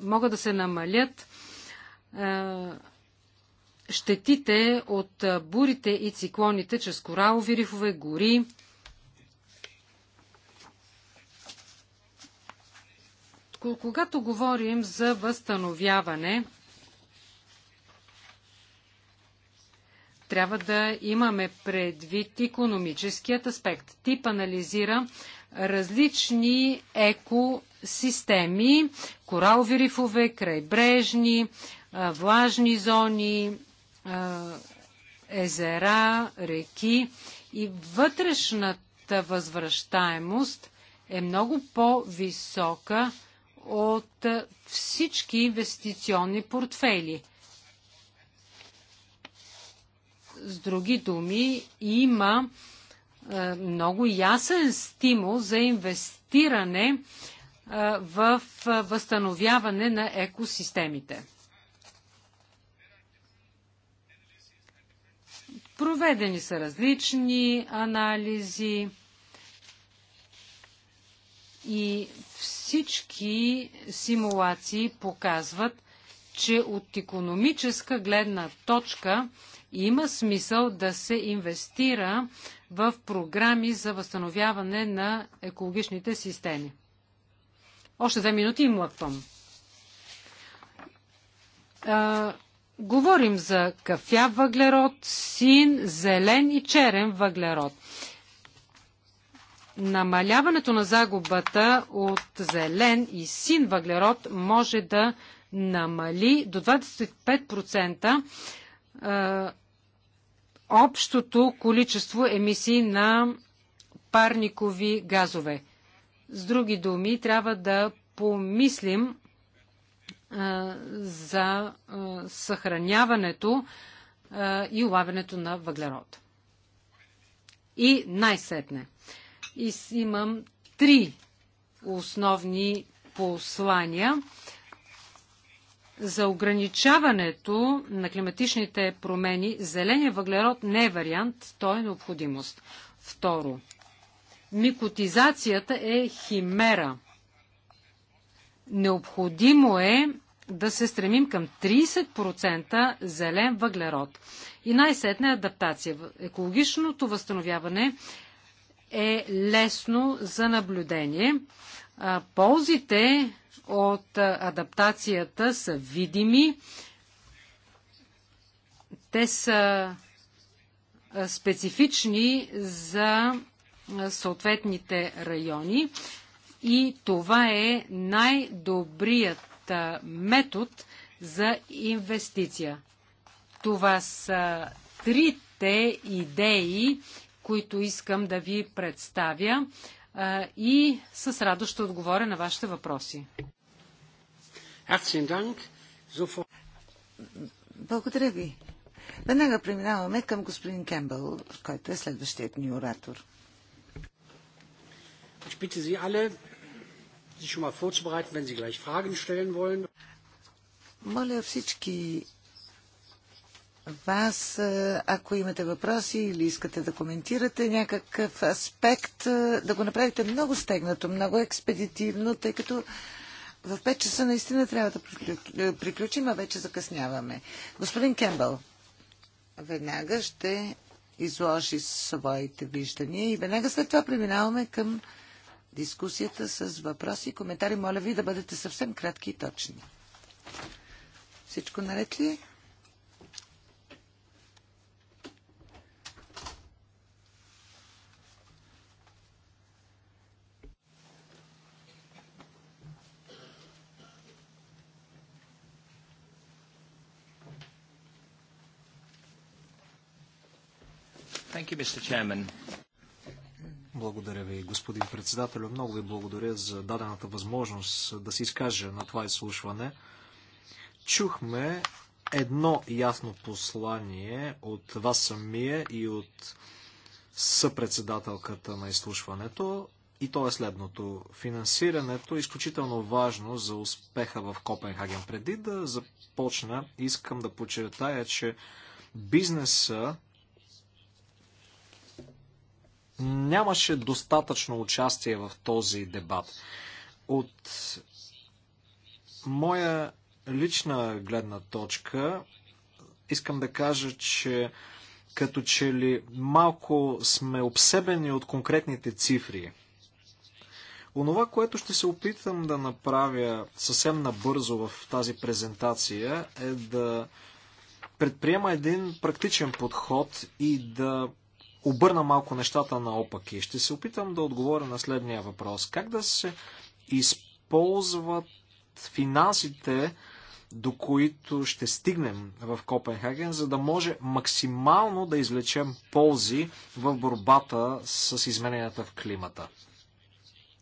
могат да се намалят е, щетите от бурите и циклоните чрез коралови рифове, гори, Когато говорим за възстановяване, трябва да имаме предвид економическият аспект. Тип анализира различни екосистеми, коралови рифове, крайбрежни, влажни зони, езера, реки и вътрешната възвръщаемост е много по-висока от всички инвестиционни портфели. С други думи, има е, много ясен стимул за инвестиране е, в възстановяване на екосистемите. Проведени са различни анализи и всички симулации показват, че от економическа гледна точка има смисъл да се инвестира в програми за възстановяване на екологичните системи. Още две минути и млъквам. А, говорим за кафя въглерод, син, зелен и черен въглерод намаляването на загубата от зелен и син въглерод може да намали до 25% е, общото количество емисии на парникови газове. С други думи, трябва да помислим е, за е, съхраняването и улавянето на въглерод. И най-сетне. И имам три основни послания за ограничаването на климатичните промени. Зеления въглерод не е вариант, той е необходимост. Второ, микотизацията е химера. Необходимо е да се стремим към 30% зелен въглерод. И най-сетна е адаптация. Екологичното възстановяване е лесно за наблюдение. Ползите от адаптацията са видими. Те са специфични за съответните райони и това е най-добрият метод за инвестиция. Това са трите идеи които искам да ви представя и с радост ще отговоря на вашите въпроси. Благодаря ви. Веднага преминаваме към господин Кембъл, който е следващият ни оратор. Ich bitte Sie alle, sich schon mal vorzubereiten, wenn Sie gleich Fragen stellen wollen. Моля всички вас, ако имате въпроси или искате да коментирате някакъв аспект, да го направите много стегнато, много експедитивно, тъй като в 5 часа наистина трябва да приключим, а вече закъсняваме. Господин Кембъл, веднага ще изложи своите виждания и веднага след това преминаваме към дискусията с въпроси и коментари. Моля ви да бъдете съвсем кратки и точни. Всичко наред ли? Е? благодаря ви, господин председател. Много ви благодаря за дадената възможност да се изкажа на това изслушване. Чухме едно ясно послание от вас самия и от съпредседателката на изслушването. И то е следното. Финансирането е изключително важно за успеха в Копенхаген. Преди да започна, искам да подчертая, че бизнеса нямаше достатъчно участие в този дебат. От моя лична гледна точка искам да кажа, че като че ли малко сме обсебени от конкретните цифри. Онова, което ще се опитам да направя съвсем набързо в тази презентация е да предприема един практичен подход и да обърна малко нещата наопаки. Ще се опитам да отговоря на следния въпрос. Как да се използват финансите, до които ще стигнем в Копенхаген, за да може максимално да извлечем ползи в борбата с измененията в климата.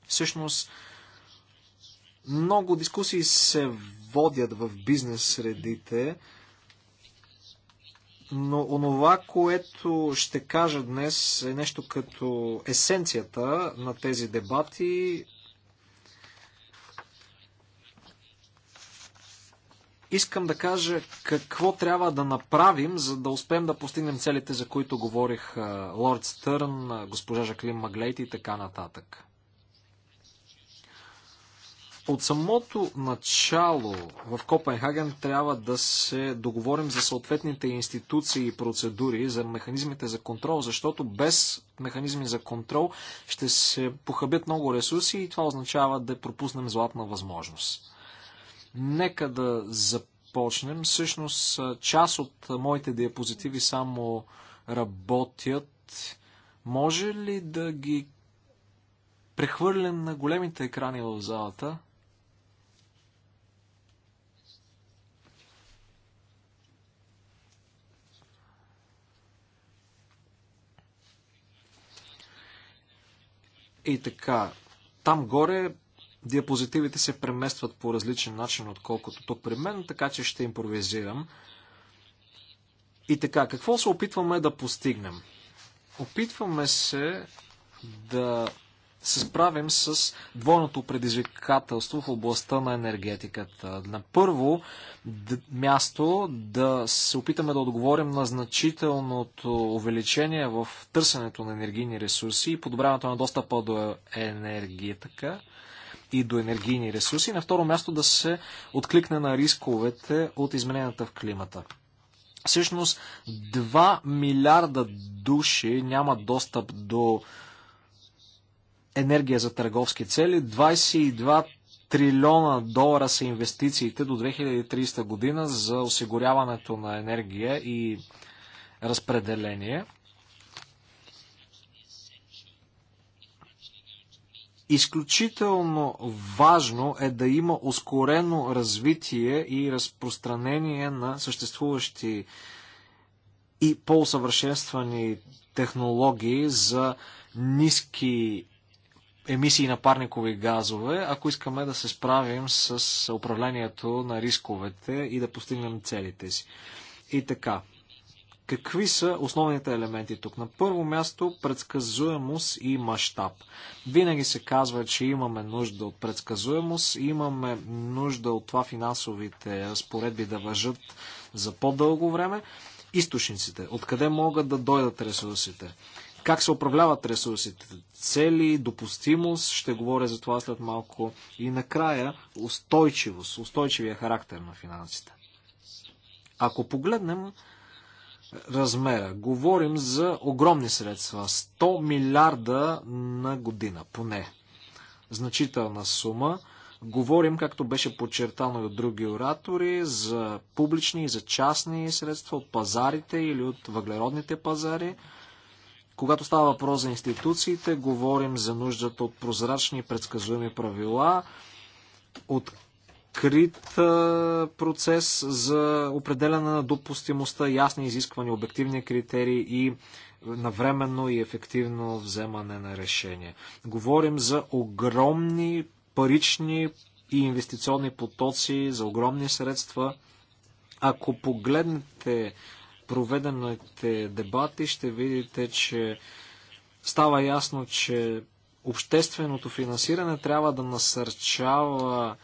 Всъщност, много дискусии се водят в бизнес средите но онова, което ще кажа днес е нещо като есенцията на тези дебати. Искам да кажа какво трябва да направим, за да успеем да постигнем целите, за които говорих Лорд Стърн, госпожа Жаклин Маглейт и така нататък. От самото начало в Копенхаген трябва да се договорим за съответните институции и процедури, за механизмите за контрол, защото без механизми за контрол ще се похабят много ресурси и това означава да пропуснем златна възможност. Нека да започнем. Всъщност, част от моите диапозитиви само работят. Може ли да ги прехвърлен на големите екрани в залата. И така, там горе диапозитивите се преместват по различен начин, отколкото тук при мен, така че ще импровизирам. И така, какво се опитваме да постигнем? Опитваме се да се справим с двойното предизвикателство в областта на енергетиката. На първо място да се опитаме да отговорим на значителното увеличение в търсенето на енергийни ресурси и подобряването на достъпа до енергетика и до енергийни ресурси. На второ място да се откликне на рисковете от измененията в климата. Всъщност 2 милиарда души нямат достъп до енергия за търговски цели. 22 трилиона долара са инвестициите до 2030 година за осигуряването на енергия и разпределение. Изключително важно е да има ускорено развитие и разпространение на съществуващи и по-усъвършенствани технологии за ниски емисии на парникови газове, ако искаме да се справим с управлението на рисковете и да постигнем целите си. И така, Какви са основните елементи тук? На първо място предсказуемост и мащаб. Винаги се казва, че имаме нужда от предсказуемост, имаме нужда от това финансовите разпоредби да въжат за по-дълго време. Източниците, откъде могат да дойдат ресурсите? Как се управляват ресурсите? Цели, допустимост, ще говоря за това след малко. И накрая, устойчивост, устойчивия характер на финансите. Ако погледнем е, размера, говорим за огромни средства, 100 милиарда на година, поне. Значителна сума. Говорим, както беше подчертано и от други оратори, за публични и за частни средства от пазарите или от въглеродните пазари. Когато става въпрос за институциите, говорим за нуждата от прозрачни и предсказуеми правила, открит процес за определяне на допустимостта, ясни изисквания, обективни критерии и навременно и ефективно вземане на решение. Говорим за огромни парични и инвестиционни потоци, за огромни средства. Ако погледнете проведените дебати ще видите, че става ясно, че общественото финансиране трябва да насърчава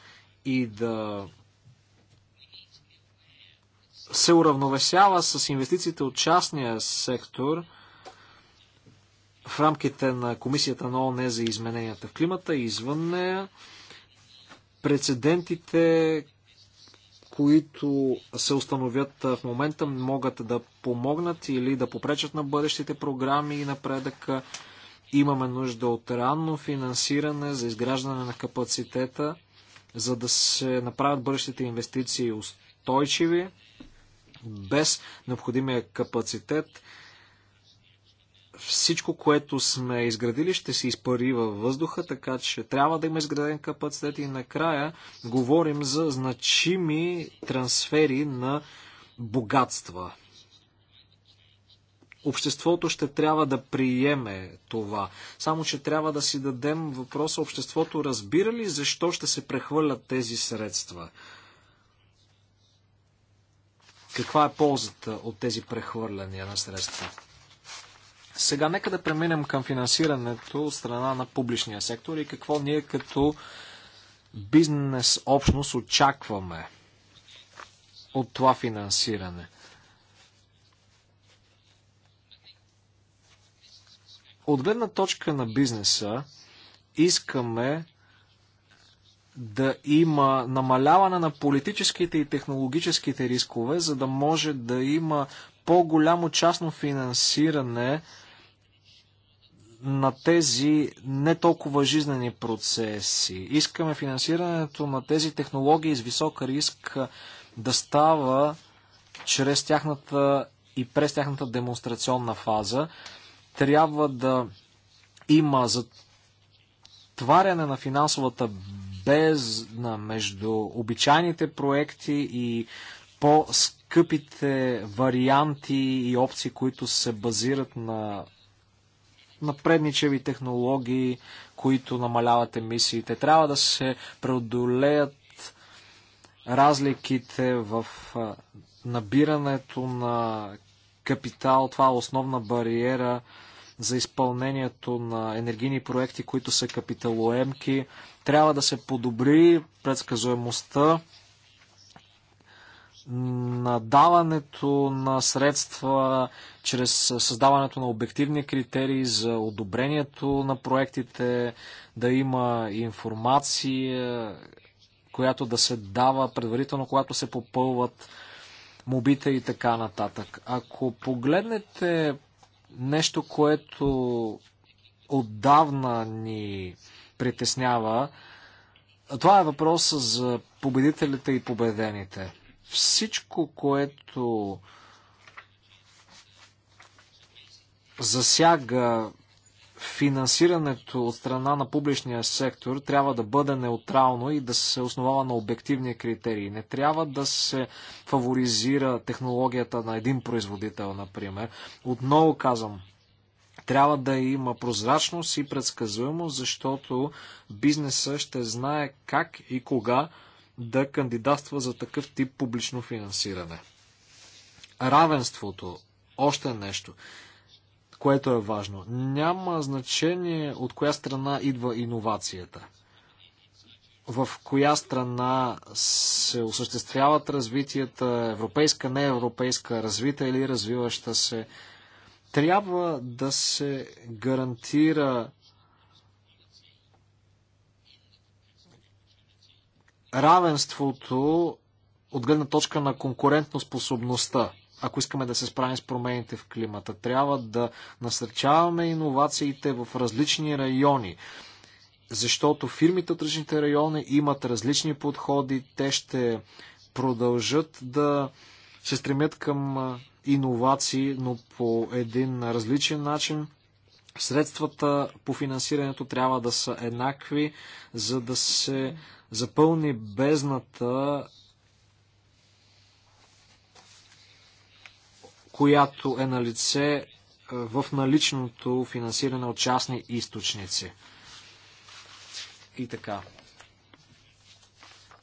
и да се уравновесява с инвестициите от частния сектор в рамките на Комисията на ООН за измененията в климата и извън нея. Прецедентите които се установят в момента, могат да помогнат или да попречат на бъдещите програми и напредъка. Имаме нужда от ранно финансиране за изграждане на капацитета, за да се направят бъдещите инвестиции устойчиви, без необходимия капацитет всичко, което сме изградили, ще се изпари във въздуха, така че трябва да има изграден капацитет и накрая говорим за значими трансфери на богатства. Обществото ще трябва да приеме това. Само, че трябва да си дадем въпроса, обществото разбира ли защо ще се прехвърлят тези средства? Каква е ползата от тези прехвърляния на средства? Сега нека да преминем към финансирането от страна на публичния сектор и какво ние като бизнес общност очакваме от това финансиране. От гледна точка на бизнеса искаме да има намаляване на политическите и технологическите рискове, за да може да има по-голямо частно финансиране на тези не толкова жизнени процеси. Искаме финансирането на тези технологии с висок риск да става чрез тяхната и през тяхната демонстрационна фаза. Трябва да има затваряне на финансовата бездна между обичайните проекти и по-скъпите варианти и опции, които се базират на напредничеви технологии, които намаляват емисиите. Трябва да се преодолеят разликите в набирането на капитал. Това е основна бариера за изпълнението на енергийни проекти, които са капиталоемки. Трябва да се подобри предсказуемостта на даването на средства чрез създаването на обективни критерии за одобрението на проектите, да има информация, която да се дава предварително, когато се попълват мобите и така нататък. Ако погледнете нещо, което отдавна ни притеснява, това е въпрос за победителите и победените всичко, което засяга финансирането от страна на публичния сектор трябва да бъде неутрално и да се основава на обективни критерии. Не трябва да се фаворизира технологията на един производител, например. Отново казвам, трябва да има прозрачност и предсказуемост, защото бизнеса ще знае как и кога да кандидатства за такъв тип публично финансиране. Равенството, още нещо, което е важно. Няма значение от коя страна идва иновацията в коя страна се осъществяват развитията, европейска, не европейска, развита или развиваща се, трябва да се гарантира равенството от гледна точка на конкурентноспособността, ако искаме да се справим с промените в климата. Трябва да насърчаваме иновациите в различни райони, защото фирмите от различните райони имат различни подходи, те ще продължат да се стремят към иновации, но по един различен начин. Средствата по финансирането трябва да са еднакви, за да се запълни бездната, която е на лице е, в наличното финансиране от частни източници. И така.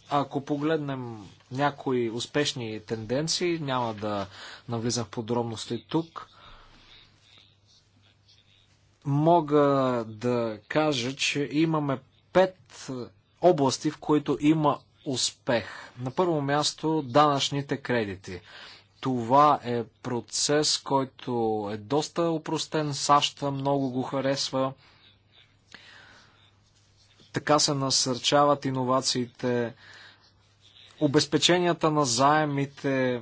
Ако погледнем някои успешни тенденции, няма да навлизам в подробности тук, мога да кажа, че имаме пет области, в които има успех. На първо място данъчните кредити. Това е процес, който е доста упростен. САЩ много го харесва. Така се насърчават иновациите, обезпеченията на заемите,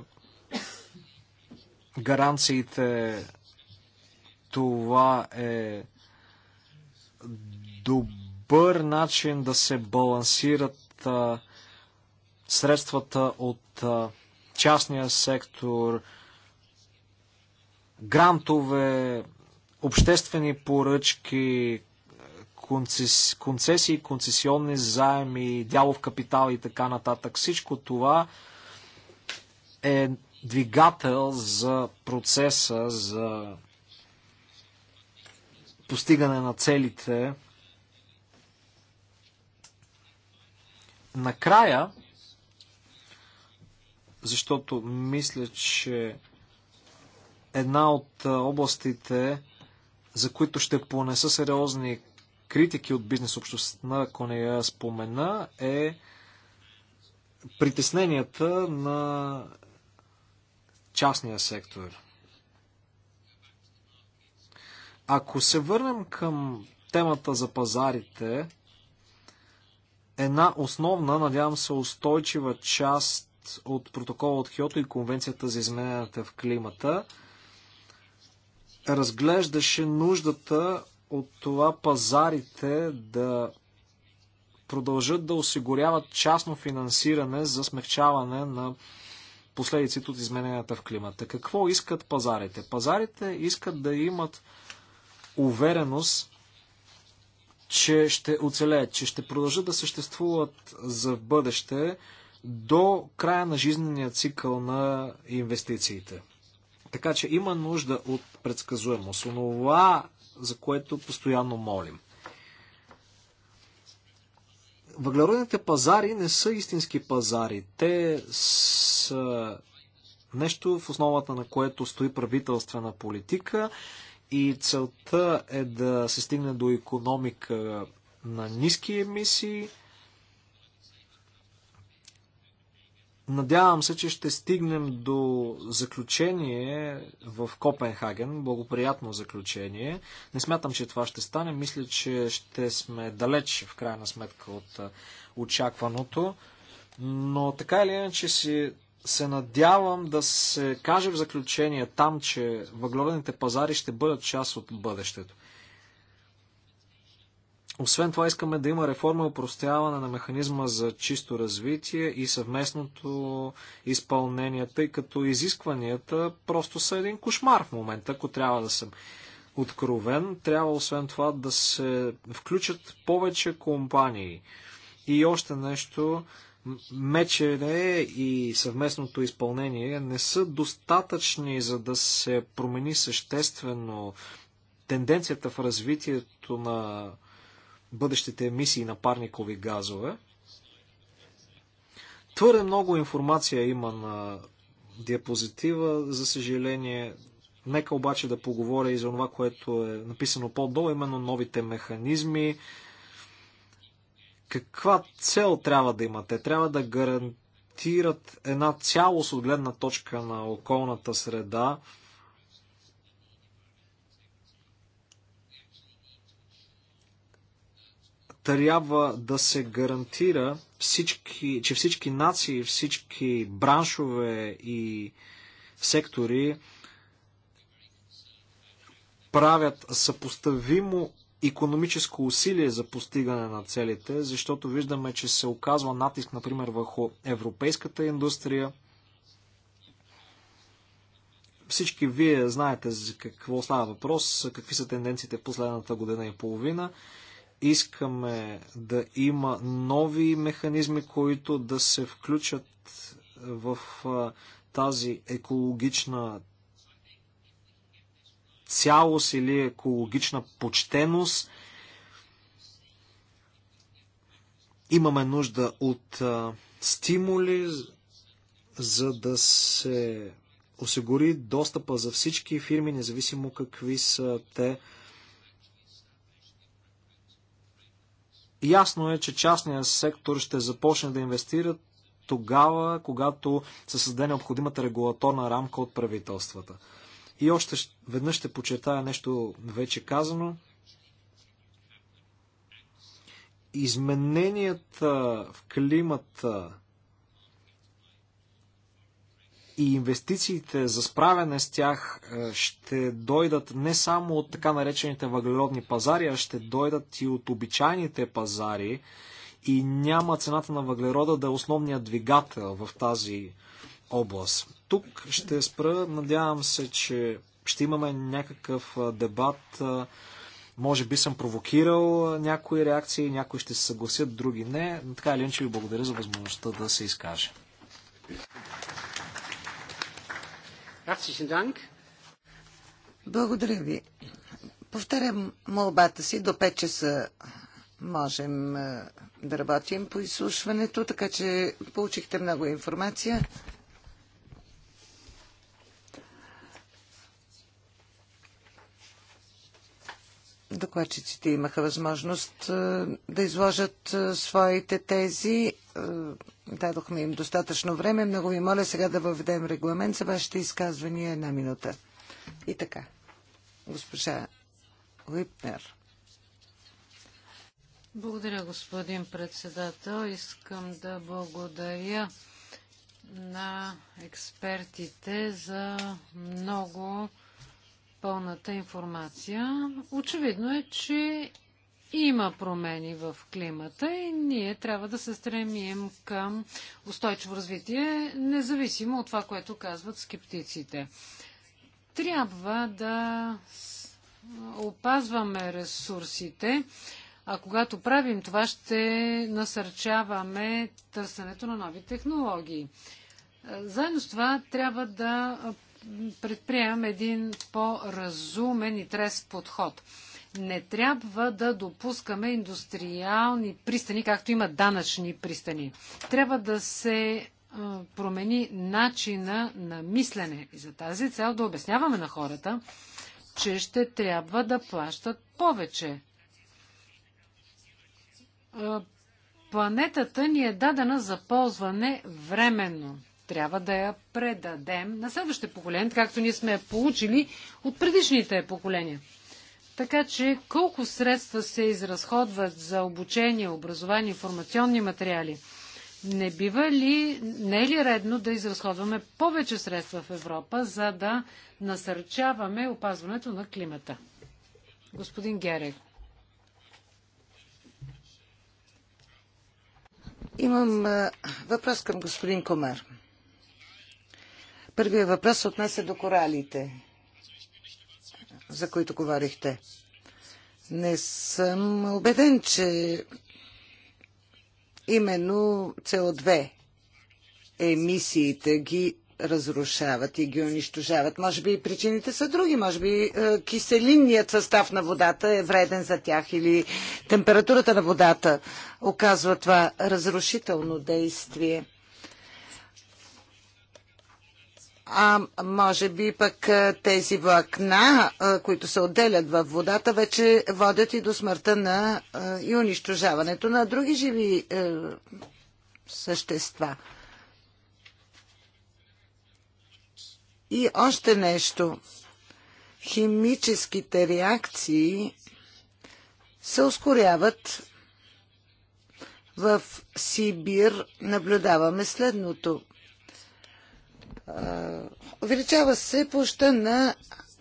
гаранциите. Това е добър добър начин да се балансират а, средствата от а, частния сектор, грантове, обществени поръчки, концесии, концесионни заеми, дялов капитал и така нататък. Всичко това е двигател за процеса, за постигане на целите Накрая, защото мисля, че една от областите, за които ще понеса сериозни критики от бизнес общността, ако не я спомена, е притесненията на частния сектор. Ако се върнем към темата за пазарите, една основна, надявам се, устойчива част от протокола от Киото и Конвенцията за измененията в климата разглеждаше нуждата от това пазарите да продължат да осигуряват частно финансиране за смягчаване на последиците от измененията в климата. Какво искат пазарите? Пазарите искат да имат увереност, че ще оцелеят, че ще продължат да съществуват за бъдеще до края на жизнения цикъл на инвестициите. Така че има нужда от предсказуемост, онова, за което постоянно молим. Въглеродните пазари не са истински пазари. Те са нещо в основата на което стои правителствена политика и целта е да се стигне до економика на ниски емисии. Надявам се, че ще стигнем до заключение в Копенхаген, благоприятно заключение. Не смятам, че това ще стане. Мисля, че ще сме далеч в крайна сметка от очакваното. Но така или иначе си се надявам да се каже в заключение там, че въглеродните пазари ще бъдат част от бъдещето. Освен това искаме да има реформа и упростяване на механизма за чисто развитие и съвместното изпълнение, тъй като изискванията просто са един кошмар в момента, ако трябва да съм откровен. Трябва освен това да се включат повече компании. И още нещо, мечене е и съвместното изпълнение не са достатъчни, за да се промени съществено тенденцията в развитието на бъдещите емисии на парникови газове. Твърде много информация има на диапозитива, за съжаление. Нека обаче да поговоря и за това, което е написано по-долу, именно новите механизми, каква цел трябва да Те Трябва да гарантират една цялост от гледна точка на околната среда. Трябва да се гарантира, всички, че всички нации, всички браншове и сектори правят съпоставимо економическо усилие за постигане на целите, защото виждаме, че се оказва натиск, например, върху европейската индустрия. Всички вие знаете за какво става въпрос, какви са тенденциите в последната година и половина. Искаме да има нови механизми, които да се включат в тази екологична цялост или екологична почтеност. Имаме нужда от стимули, за да се осигури достъпа за всички фирми, независимо какви са те. Ясно е, че частният сектор ще започне да инвестира тогава, когато се създаде необходимата регулаторна рамка от правителствата. И още веднъж ще почертая нещо вече казано. Измененията в климата и инвестициите за справяне с тях е, ще дойдат не само от така наречените въглеродни пазари, а ще дойдат и от обичайните пазари и няма цената на въглерода да е основният двигател в тази област тук ще спра. Надявам се, че ще имаме някакъв дебат. Може би съм провокирал някои реакции, някои ще се съгласят, други не. Но така или иначе ви благодаря за възможността да се изкаже. Благодаря ви. Повтарям молбата си. До 5 часа можем да работим по изслушването, така че получихте много информация. Докладчиците имаха възможност е, да изложат е, своите тези. Е, дадохме им достатъчно време. Много ви моля сега да въведем регламент за вашите изказвания една минута. И така, госпожа Липнер. Благодаря, господин председател. Искам да благодаря на експертите за много пълната информация. Очевидно е, че има промени в климата и ние трябва да се стремим към устойчиво развитие, независимо от това, което казват скептиците. Трябва да опазваме ресурсите, а когато правим това, ще насърчаваме търсенето на нови технологии. Заедно с това трябва да предприемем един по-разумен и трезв подход. Не трябва да допускаме индустриални пристани, както има данъчни пристани. Трябва да се промени начина на мислене. И за тази цел да обясняваме на хората, че ще трябва да плащат повече. Планетата ни е дадена за ползване временно трябва да я предадем на следващите поколения, както ние сме я получили от предишните поколения. Така че колко средства се изразходват за обучение, образование, информационни материали? Не бива ли, не е ли редно да изразходваме повече средства в Европа, за да насърчаваме опазването на климата? Господин Герек. Имам въпрос към господин Комар. Първият въпрос се до коралите, за които говорихте. Не съм убеден, че именно CO2 емисиите ги разрушават и ги унищожават. Може би причините са други. Може би е, киселинният състав на водата е вреден за тях или температурата на водата оказва това разрушително действие. А може би пък тези влакна, които се отделят в водата, вече водят и до смъртта на и унищожаването на други живи е, същества. И още нещо. Химическите реакции се ускоряват. В Сибир наблюдаваме следното. Увеличава се площа на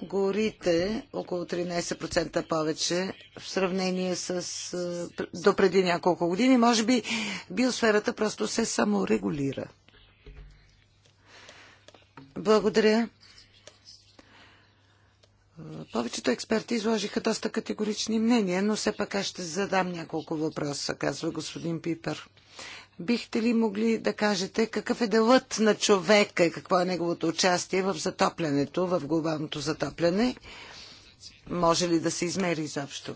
горите около 13% повече в сравнение с до преди няколко години. Може би биосферата просто се саморегулира. Благодаря. Повечето експерти изложиха доста категорични мнения, но все пак аз ще задам няколко въпроса, казва господин Пипер. Бихте ли могли да кажете какъв е делът на човека и какво е неговото участие в затоплянето, в глобалното затопляне? Може ли да се измери изобщо?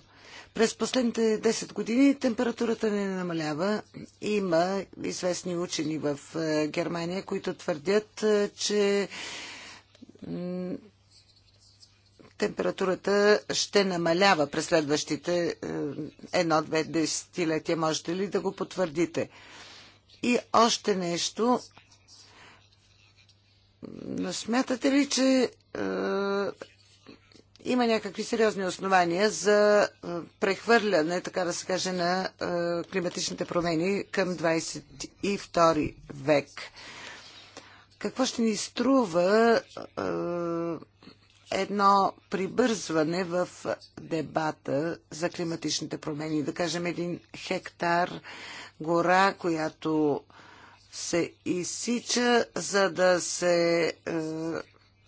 През последните 10 години температурата не намалява. Има известни учени в е, Германия, които твърдят, е, че температурата ще намалява през следващите е, едно-две десетилетия. Можете ли да го потвърдите? И още нещо. Смятате ли, че е, има някакви сериозни основания за е, прехвърляне, така да се каже, на е, климатичните промени към 22 век? Какво ще ни струва е, едно прибързване в дебата за климатичните промени? Да кажем един хектар е, гора, която се изсича, за да се е,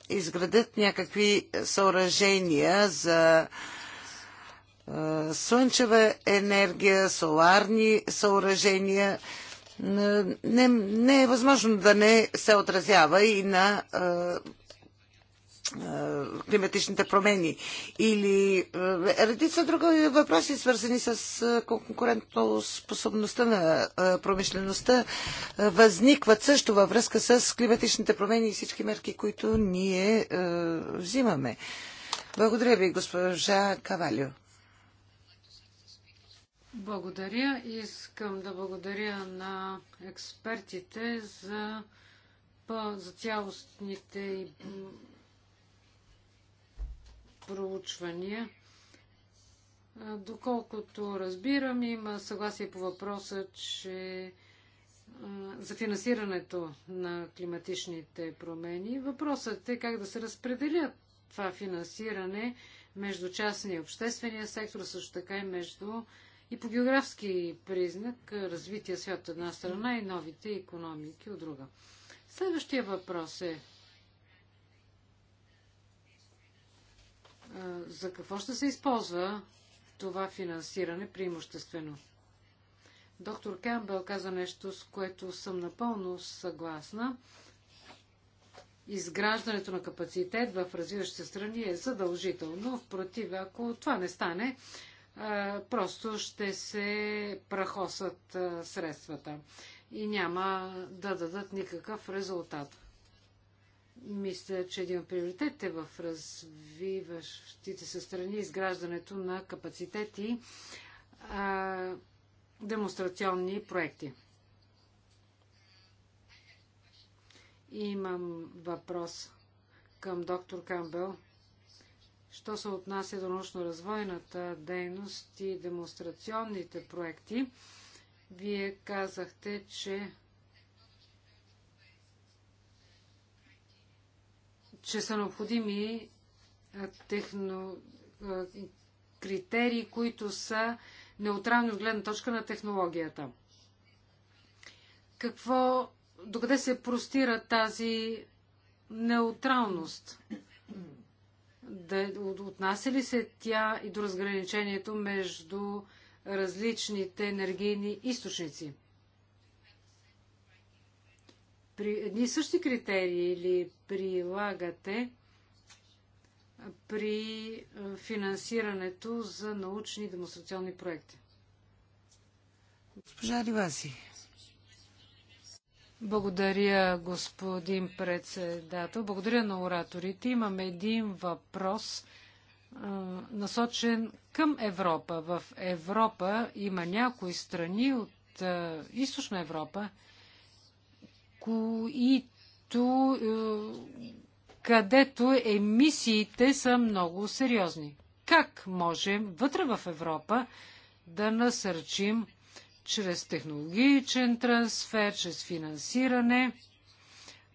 изградят някакви съоръжения за е, слънчева енергия, соларни съоръжения. Е, не, не е възможно да не се отразява и на е, климатичните промени или е, редица други въпроси, свързани с е, конкурентно способността на промишлеността, възникват също във връзка с климатичните промени и всички мерки, които ние взимаме. Благодаря ви, госпожа Кавалио. Благодаря. Искам да благодаря на експертите за, за цялостните проучвания. Доколкото разбирам, има съгласие по въпроса, че за финансирането на климатичните промени. Въпросът е как да се разпределят това финансиране между частния и обществения сектор, също така и между и по географски признак развития свят от една страна и новите економики от друга. Следващия въпрос е за какво ще се използва това финансиране преимуществено? Доктор Кембел каза нещо, с което съм напълно съгласна. Изграждането на капацитет в развиващите страни е задължително. В против, ако това не стане, просто ще се прахосат средствата и няма да дадат никакъв резултат. Мисля, че един от приоритетите в развиващите се страни е изграждането на капацитети а, демонстрационни проекти. Имам въпрос към доктор Камбел. Що се отнася до научно-развойната дейност и демонстрационните проекти, вие казахте, че че са необходими техно, критерии, които са неутрални от гледна точка на технологията. Какво, докъде се простира тази неутралност? Да, отнася ли се тя и до разграничението между различните енергийни източници? при едни същи критерии ли прилагате при финансирането за научни и демонстрационни проекти? Госпожа Риваси. Благодаря, господин председател. Благодаря на ораторите. Имам един въпрос насочен към Европа. В Европа има някои страни от източна Европа, които, е, където емисиите са много сериозни. Как можем вътре в Европа да насърчим чрез технологичен трансфер, чрез финансиране,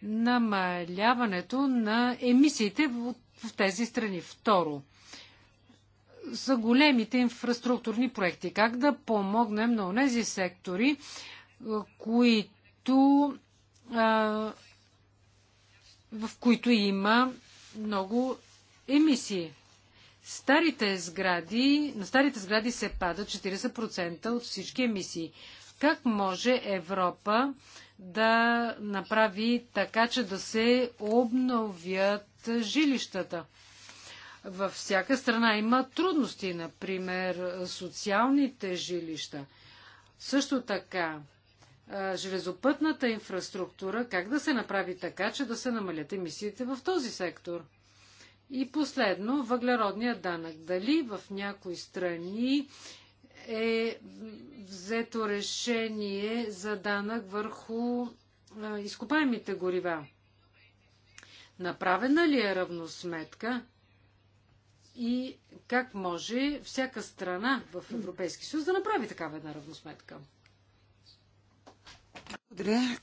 намаляването на емисиите в, в тези страни. Второ, за големите инфраструктурни проекти. Как да помогнем на тези сектори, е, които в които има много емисии. Старите сгради, на старите сгради се пада 40% от всички емисии. Как може Европа да направи така, че да се обновят жилищата? Във всяка страна има трудности, например социалните жилища. Също така, железопътната инфраструктура, как да се направи така, че да се намалят емисиите в този сектор. И последно, въглеродният данък. Дали в някои страни е взето решение за данък върху изкопаемите горива? Направена ли е равносметка? И как може всяка страна в Европейски съюз да направи такава една равносметка? Благодаря.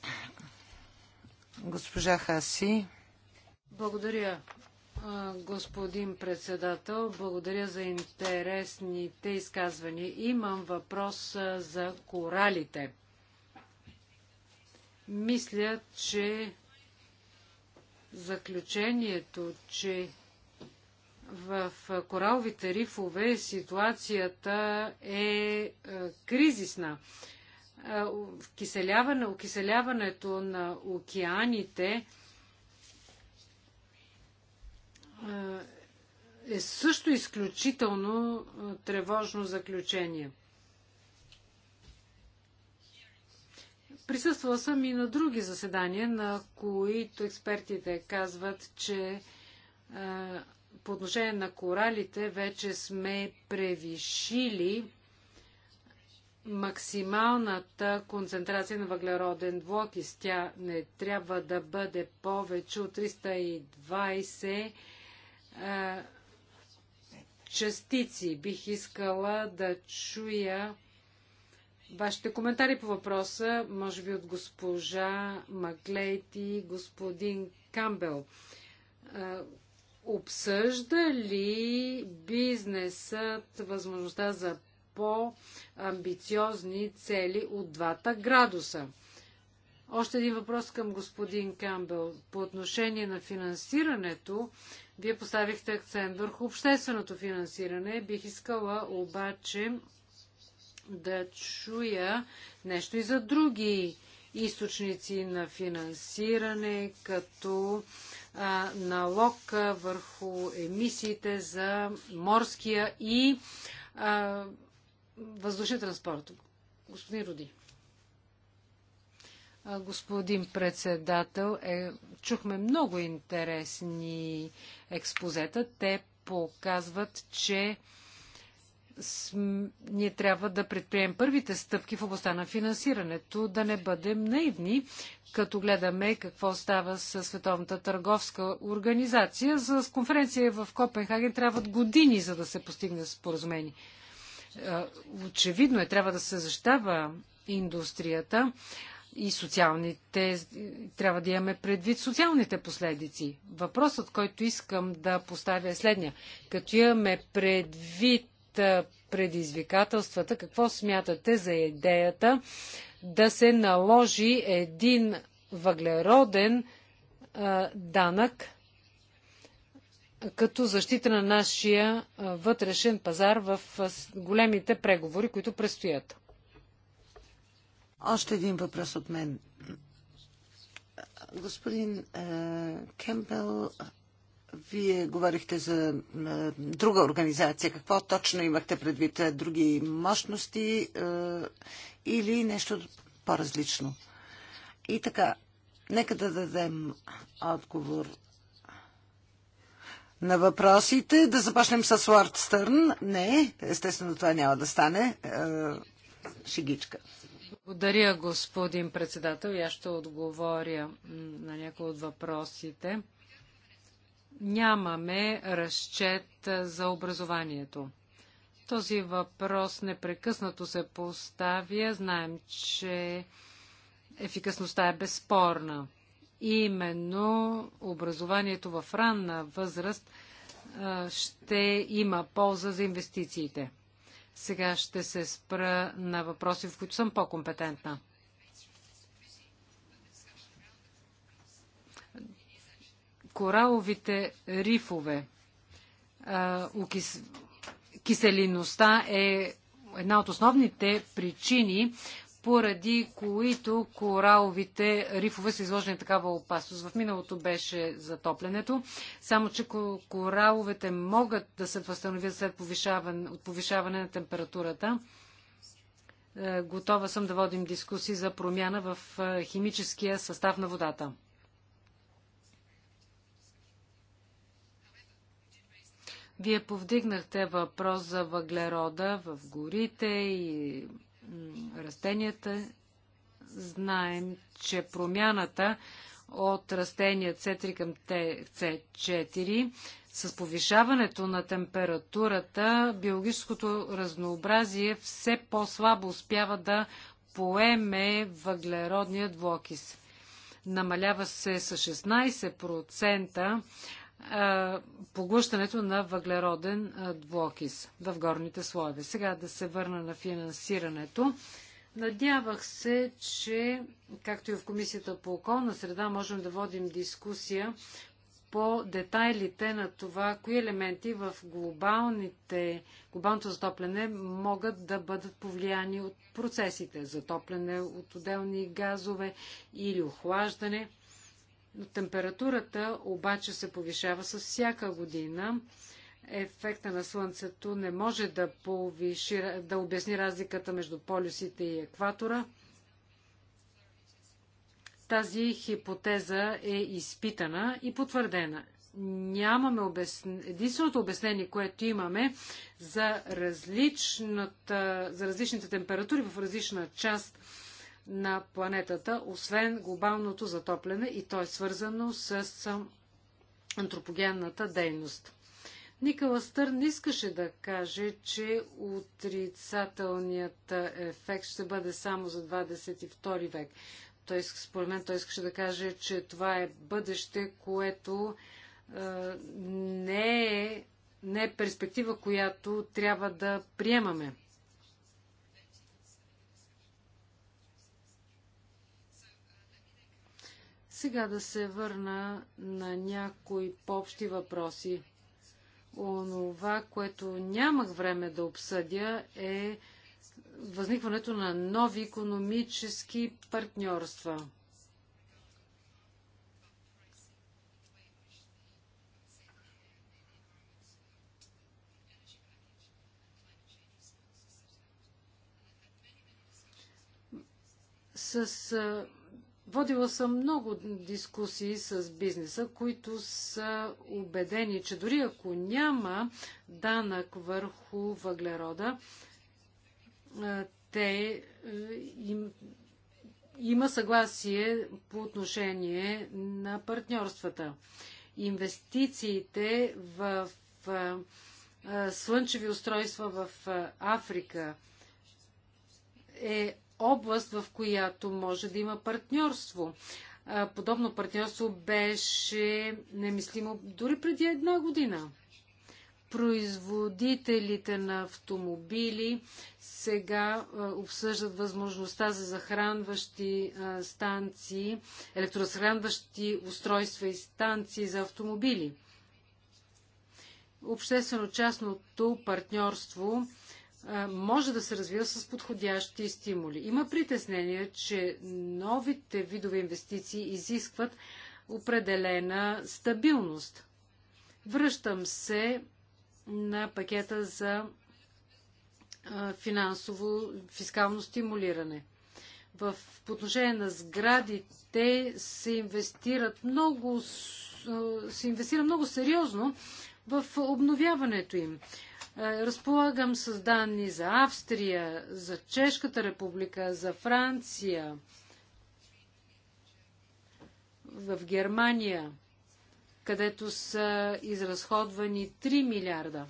Госпожа Хаси. Благодаря, господин председател. Благодаря за интересните изказвания. Имам въпрос за коралите. Мисля, че заключението, че в кораловите рифове ситуацията е кризисна окиселяването на океаните е също изключително тревожно заключение. Присъствала съм и на други заседания, на които експертите казват, че по отношение на коралите вече сме превишили максималната концентрация на въглероден двуокис. Тя не трябва да бъде повече от 320 е, частици. Бих искала да чуя вашите коментари по въпроса, може би от госпожа Маклейт и господин Камбел. Е, обсъжда ли бизнесът възможността за по-амбициозни цели от двата градуса. Още един въпрос към господин Камбел. По отношение на финансирането, вие поставихте акцент върху общественото финансиране. Бих искала обаче да чуя нещо и за други източници на финансиране, като налог върху емисиите за морския и а, въздушен транспорт. Господин Роди. Господин председател, е, чухме много интересни експозета. Те показват, че см, ние трябва да предприемем първите стъпки в областта на финансирането, да не бъдем наивни, като гледаме какво става с Световната търговска организация. За конференция в Копенхаген трябват години, за да се постигне споразумение. Е, очевидно е, трябва да се защитава индустрията и социалните, трябва да имаме предвид социалните последици. Въпросът, който искам да поставя е следния. Като имаме предвид е, предизвикателствата, какво смятате за идеята да се наложи един въглероден е, данък като защита на нашия вътрешен пазар в големите преговори, които предстоят. Още един въпрос от мен. Господин Кембел, вие говорихте за друга организация. Какво точно имахте предвид? Други мощности или нещо по-различно? И така, нека да дадем отговор на въпросите. Да започнем с Лорд Стърн. Не, естествено това няма да стане. Е, Шигичка. Благодаря, господин председател. Я аз ще отговоря на някои от въпросите. Нямаме разчет за образованието. Този въпрос непрекъснато се поставя. Знаем, че ефикасността е безспорна именно образованието в ранна възраст ще има полза за инвестициите. Сега ще се спра на въпроси, в които съм по-компетентна. Кораловите рифове. Киселиността е една от основните причини, поради които кораловите рифове са изложени такава опасност. В миналото беше затоплянето, само че кораловете могат да се възстановят след повишаване, от повишаване на температурата. Е, готова съм да водим дискусии за промяна в е, химическия състав на водата. Вие повдигнахте въпрос за въглерода в горите и растенията. Знаем, че промяната от растения C3 към C4 с повишаването на температурата биологическото разнообразие все по-слабо успява да поеме въглеродният двуокис намалява се с 16% поглъщането на въглероден двуокис в горните слоеве. Сега да се върна на финансирането. Надявах се, че, както и в Комисията по околна среда, можем да водим дискусия по детайлите на това, кои елементи в глобалните, глобалното затопляне могат да бъдат повлияни от процесите. Затопляне от отделни газове или охлаждане – Температурата обаче се повишава с всяка година. Ефекта на Слънцето не може да, повиши, да обясни разликата между полюсите и екватора. Тази хипотеза е изпитана и потвърдена. Нямаме обясн... Единственото обяснение, което имаме за, за различните температури в различна част на планетата, освен глобалното затопляне и то е свързано с антропогенната дейност. Никола Стърн искаше да каже, че отрицателният ефект ще бъде само за 22 век. Той, според мен той искаше да каже, че това е бъдеще, което е, не, е, не е перспектива, която трябва да приемаме. Сега да се върна на някои по-общи въпроси. Онова, което нямах време да обсъдя е възникването на нови економически партньорства. С Водила съм много дискусии с бизнеса, които са убедени, че дори ако няма данък върху въглерода, те е, им, има съгласие по отношение на партньорствата. Инвестициите в слънчеви устройства в Африка е област, в която може да има партньорство. Подобно партньорство беше немислимо дори преди една година. Производителите на автомобили сега обсъждат възможността за захранващи станции, електросхранващи устройства и станции за автомобили. Обществено-частното партньорство може да се развива с подходящи стимули. Има притеснение, че новите видове инвестиции изискват определена стабилност. Връщам се на пакета за финансово, фискално стимулиране. В, отношение на сградите се инвестират много, се инвестира много сериозно в обновяването им. Е, разполагам с данни за Австрия, за Чешката република, за Франция, в Германия, където са изразходвани 3 милиарда.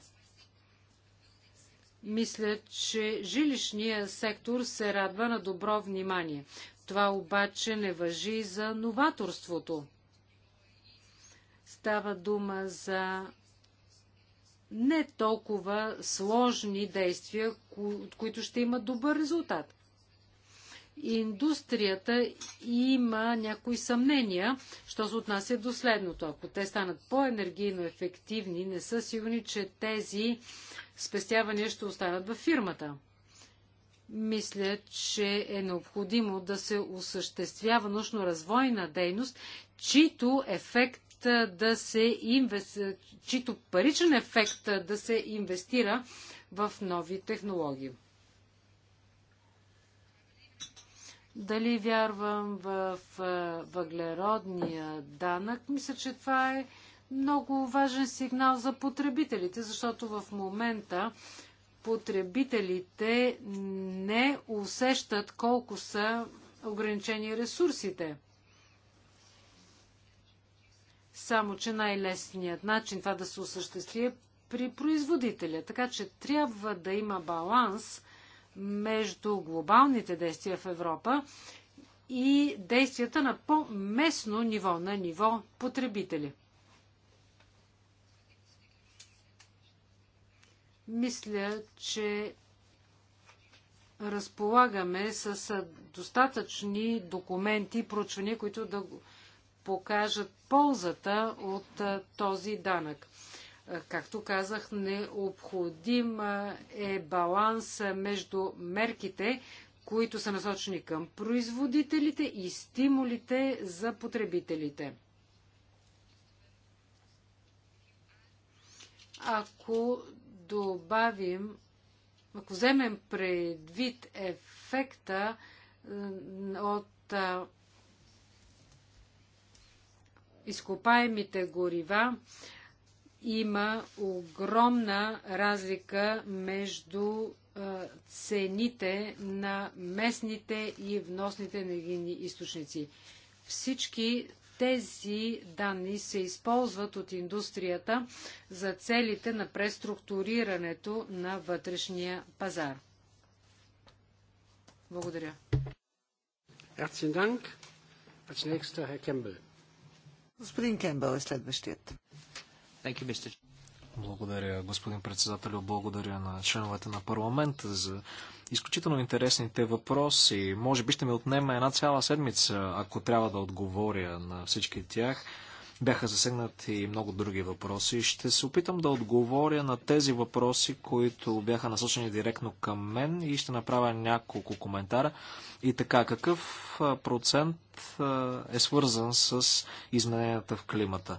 Мисля, че жилищният сектор се радва на добро внимание. Това обаче не въжи за новаторството. Става дума за не толкова сложни действия, от които ще имат добър резултат. Индустрията има някои съмнения, що се отнася до следното. Ако те станат по-енергийно ефективни, не са сигурни, че тези спестявания ще останат във фирмата. Мисля, че е необходимо да се осъществява научно-развойна дейност, чийто ефект ефект да се инвести... чито паричен ефект да се инвестира в нови технологии. Дали вярвам в въглеродния данък? Мисля, че това е много важен сигнал за потребителите, защото в момента потребителите не усещат колко са ограничени ресурсите. Само, че най-лесният начин това да се осъществи е при производителя. Така че трябва да има баланс между глобалните действия в Европа и действията на по-местно ниво, на ниво потребители. Мисля, че разполагаме с достатъчни документи и проучвания, които да покажат ползата от този данък. Както казах, необходим е баланс между мерките, които са насочени към производителите и стимулите за потребителите. Ако добавим, ако вземем предвид ефекта от изкопаемите горива има огромна разлика между цените на местните и вносните енергийни източници. Всички тези данни се използват от индустрията за целите на преструктурирането на вътрешния пазар. Благодаря. Herzlichen Dank. Als nächster Herr Господин Кембъл е следващият. Благодаря, господин председател, Благодаря на членовете на парламента за изключително интересните въпроси. Може би ще ми отнеме една цяла седмица, ако трябва да отговоря на всички тях. Бяха засегнати и много други въпроси. Ще се опитам да отговоря на тези въпроси, които бяха насочени директно към мен и ще направя няколко коментара. И така, какъв процент е свързан с измененията в климата?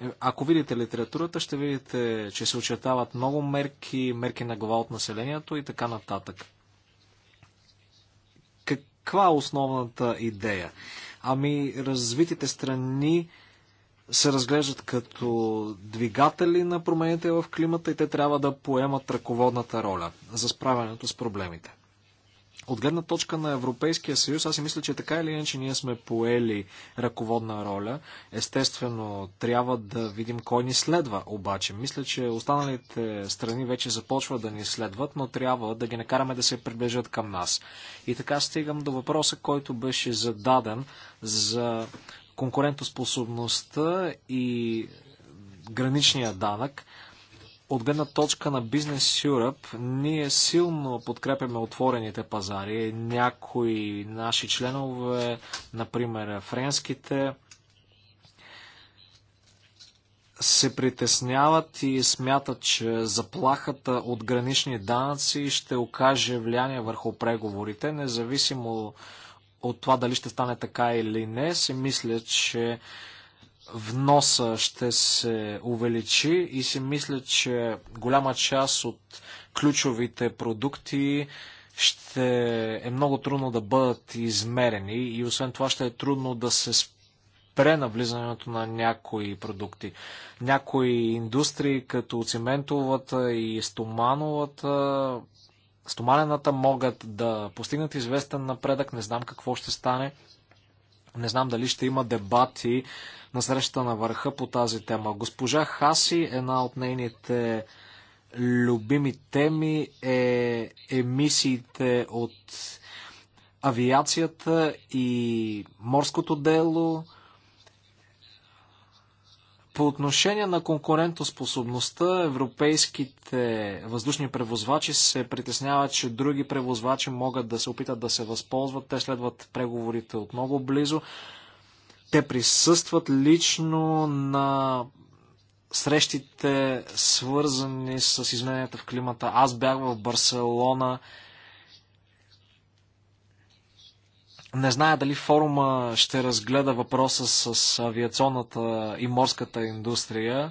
Е, ако видите литературата, ще видите, че се очертават много мерки, мерки на глава от населението и така нататък. Каква е основната идея? Ами, развитите страни се разглеждат като двигатели на промените в климата и те трябва да поемат ръководната роля за справянето с проблемите. От гледна точка на Европейския съюз, аз си мисля, че така или иначе ние сме поели ръководна роля. Естествено, трябва да видим кой ни следва, обаче. Мисля, че останалите страни вече започват да ни следват, но трябва да ги накараме да се приближат към нас. И така стигам до въпроса, който беше зададен за конкурентоспособността и граничния данък. От гледна точка на Business Europe, ние силно подкрепяме отворените пазари. Някои наши членове, например френските, се притесняват и смятат, че заплахата от гранични данъци ще окаже влияние върху преговорите, независимо от това дали ще стане така или не, си мисля, че вноса ще се увеличи и си мисля, че голяма част от ключовите продукти ще е много трудно да бъдат измерени и освен това ще е трудно да се спре на влизането на някои продукти. Някои индустрии, като циментовата и стомановата, стоманената могат да постигнат известен напредък. Не знам какво ще стане. Не знам дали ще има дебати на среща на върха по тази тема. Госпожа Хаси, една от нейните любими теми е емисиите от авиацията и морското дело. По отношение на конкурентоспособността, европейските въздушни превозвачи се притесняват, че други превозвачи могат да се опитат да се възползват. Те следват преговорите от много близо. Те присъстват лично на срещите, свързани с измененията в климата. Аз бях в Барселона Не зная дали форума ще разгледа въпроса с авиационната и морската индустрия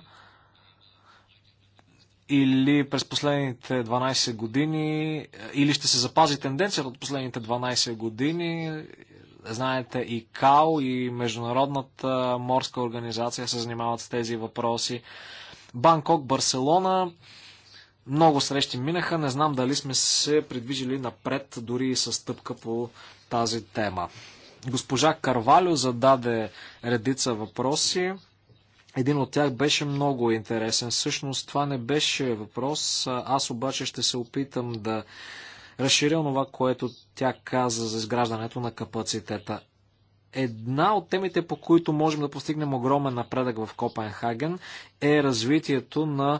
или през последните 12 години, или ще се запази тенденцията от последните 12 години. Знаете и КАО, и Международната морска организация се занимават с тези въпроси. Банкок, Барселона. Много срещи минаха. Не знам дали сме се придвижили напред, дори и с тъпка по тази тема. Госпожа Карвалю зададе редица въпроси. Един от тях беше много интересен. Всъщност това не беше въпрос. Аз обаче ще се опитам да разширя това, което тя каза за изграждането на капацитета. Една от темите, по които можем да постигнем огромен напредък в Копенхаген, е развитието на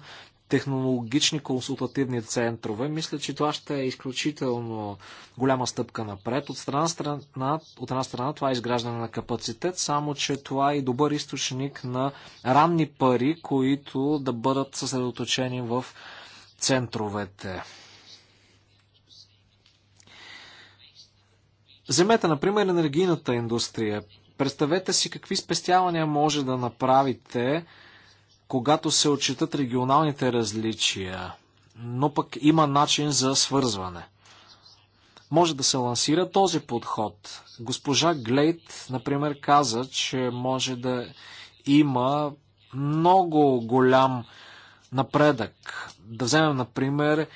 технологични консултативни центрове. Мисля, че това ще е изключително голяма стъпка напред. От, страна, страна, от една страна това е изграждане на капацитет, само че това е и добър източник на ранни пари, които да бъдат съсредоточени в центровете. Вземете, например, енергийната индустрия. Представете си какви спестявания може да направите когато се отчитат регионалните различия, но пък има начин за свързване. Може да се лансира този подход. Госпожа Глейт, например, каза, че може да има много голям напредък. Да вземем, например,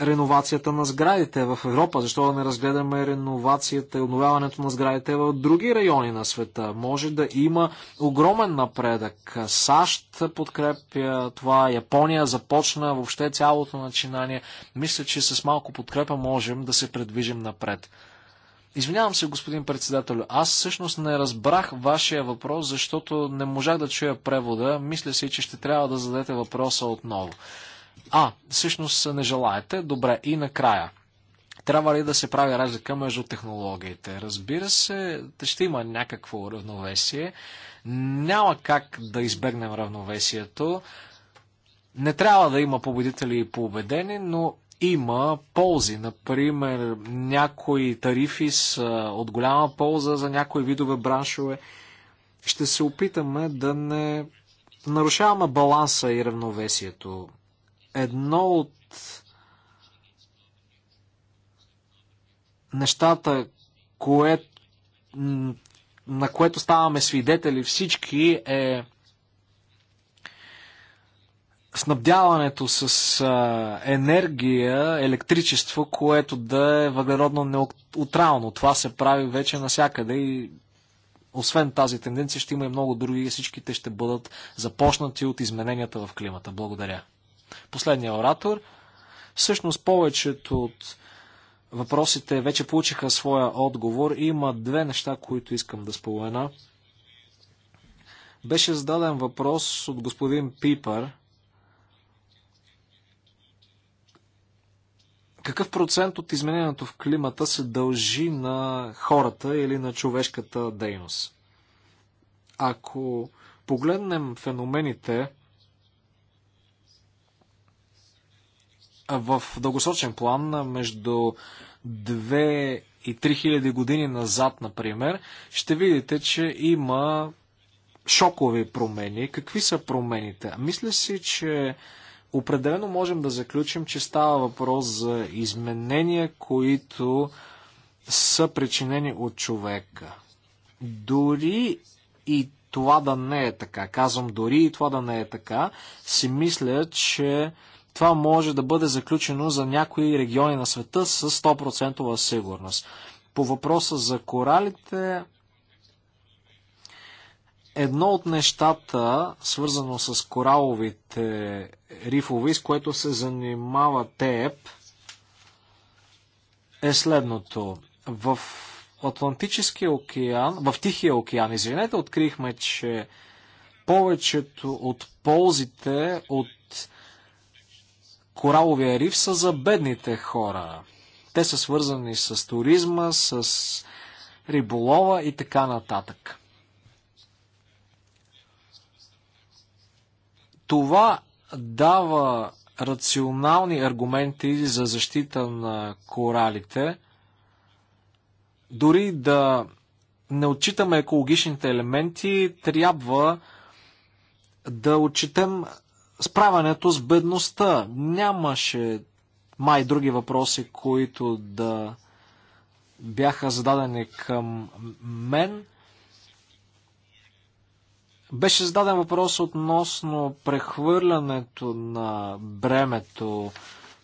реновацията на сградите в Европа? Защо да не разгледаме реновацията и обновяването на сградите в други райони на света? Може да има огромен напредък. САЩ подкрепя това, Япония започна въобще цялото начинание. Мисля, че с малко подкрепа можем да се предвижим напред. Извинявам се, господин председател, аз всъщност не разбрах вашия въпрос, защото не можах да чуя превода. Мисля си, че ще трябва да зададете въпроса отново. А, всъщност не желаете. Добре, и накрая. Трябва ли да се прави разлика между технологиите? Разбира се, ще има някакво равновесие. Няма как да избегнем равновесието. Не трябва да има победители и победени, но има ползи. Например, някои тарифи са от голяма полза за някои видове браншове. Ще се опитаме да не нарушаваме баланса и равновесието едно от нещата, кое, на което ставаме свидетели всички е снабдяването с а, енергия, електричество, което да е въглеродно неутрално. Това се прави вече навсякъде и освен тази тенденция ще има и много други и всичките ще бъдат започнати от измененията в климата. Благодаря последния оратор. Всъщност повечето от въпросите вече получиха своя отговор. Има две неща, които искам да спомена. Беше зададен въпрос от господин Пипър. Какъв процент от изменението в климата се дължи на хората или на човешката дейност? Ако погледнем феномените, в дългосрочен план между 2 и 3 хиляди години назад, например, ще видите, че има шокови промени. Какви са промените? Мисля си, че определено можем да заключим, че става въпрос за изменения, които са причинени от човека. Дори и това да не е така, казвам дори и това да не е така, си мисля, че това може да бъде заключено за някои региони на света с 100% сигурност. По въпроса за коралите, едно от нещата, свързано с кораловите рифове, с което се занимава ТЕП, е следното. В Атлантическия океан, в Тихия океан, извинете, открихме, че повечето от ползите от кораловия риф са за бедните хора. Те са свързани с туризма, с риболова и така нататък. Това дава рационални аргументи за защита на коралите, дори да не отчитаме екологичните елементи, трябва да отчитам справянето с бедността. Нямаше май други въпроси, които да бяха зададени към мен. Беше зададен въпрос относно прехвърлянето на бремето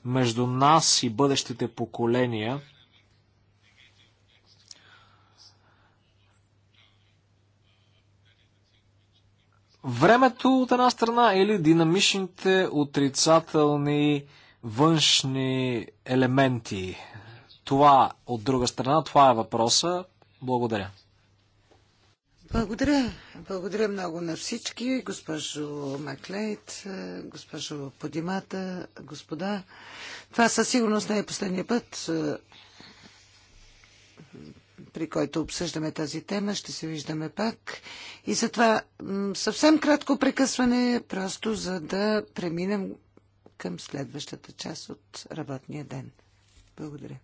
между нас и бъдещите поколения – времето от една страна или динамичните отрицателни външни елементи. Това от друга страна, това е въпроса. Благодаря. Благодаря. Благодаря много на всички. Госпожо Маклейт, госпожо Подимата, господа. Това със сигурност не е последния път, при който обсъждаме тази тема. Ще се виждаме пак. И затова съвсем кратко прекъсване, просто за да преминем към следващата част от работния ден. Благодаря.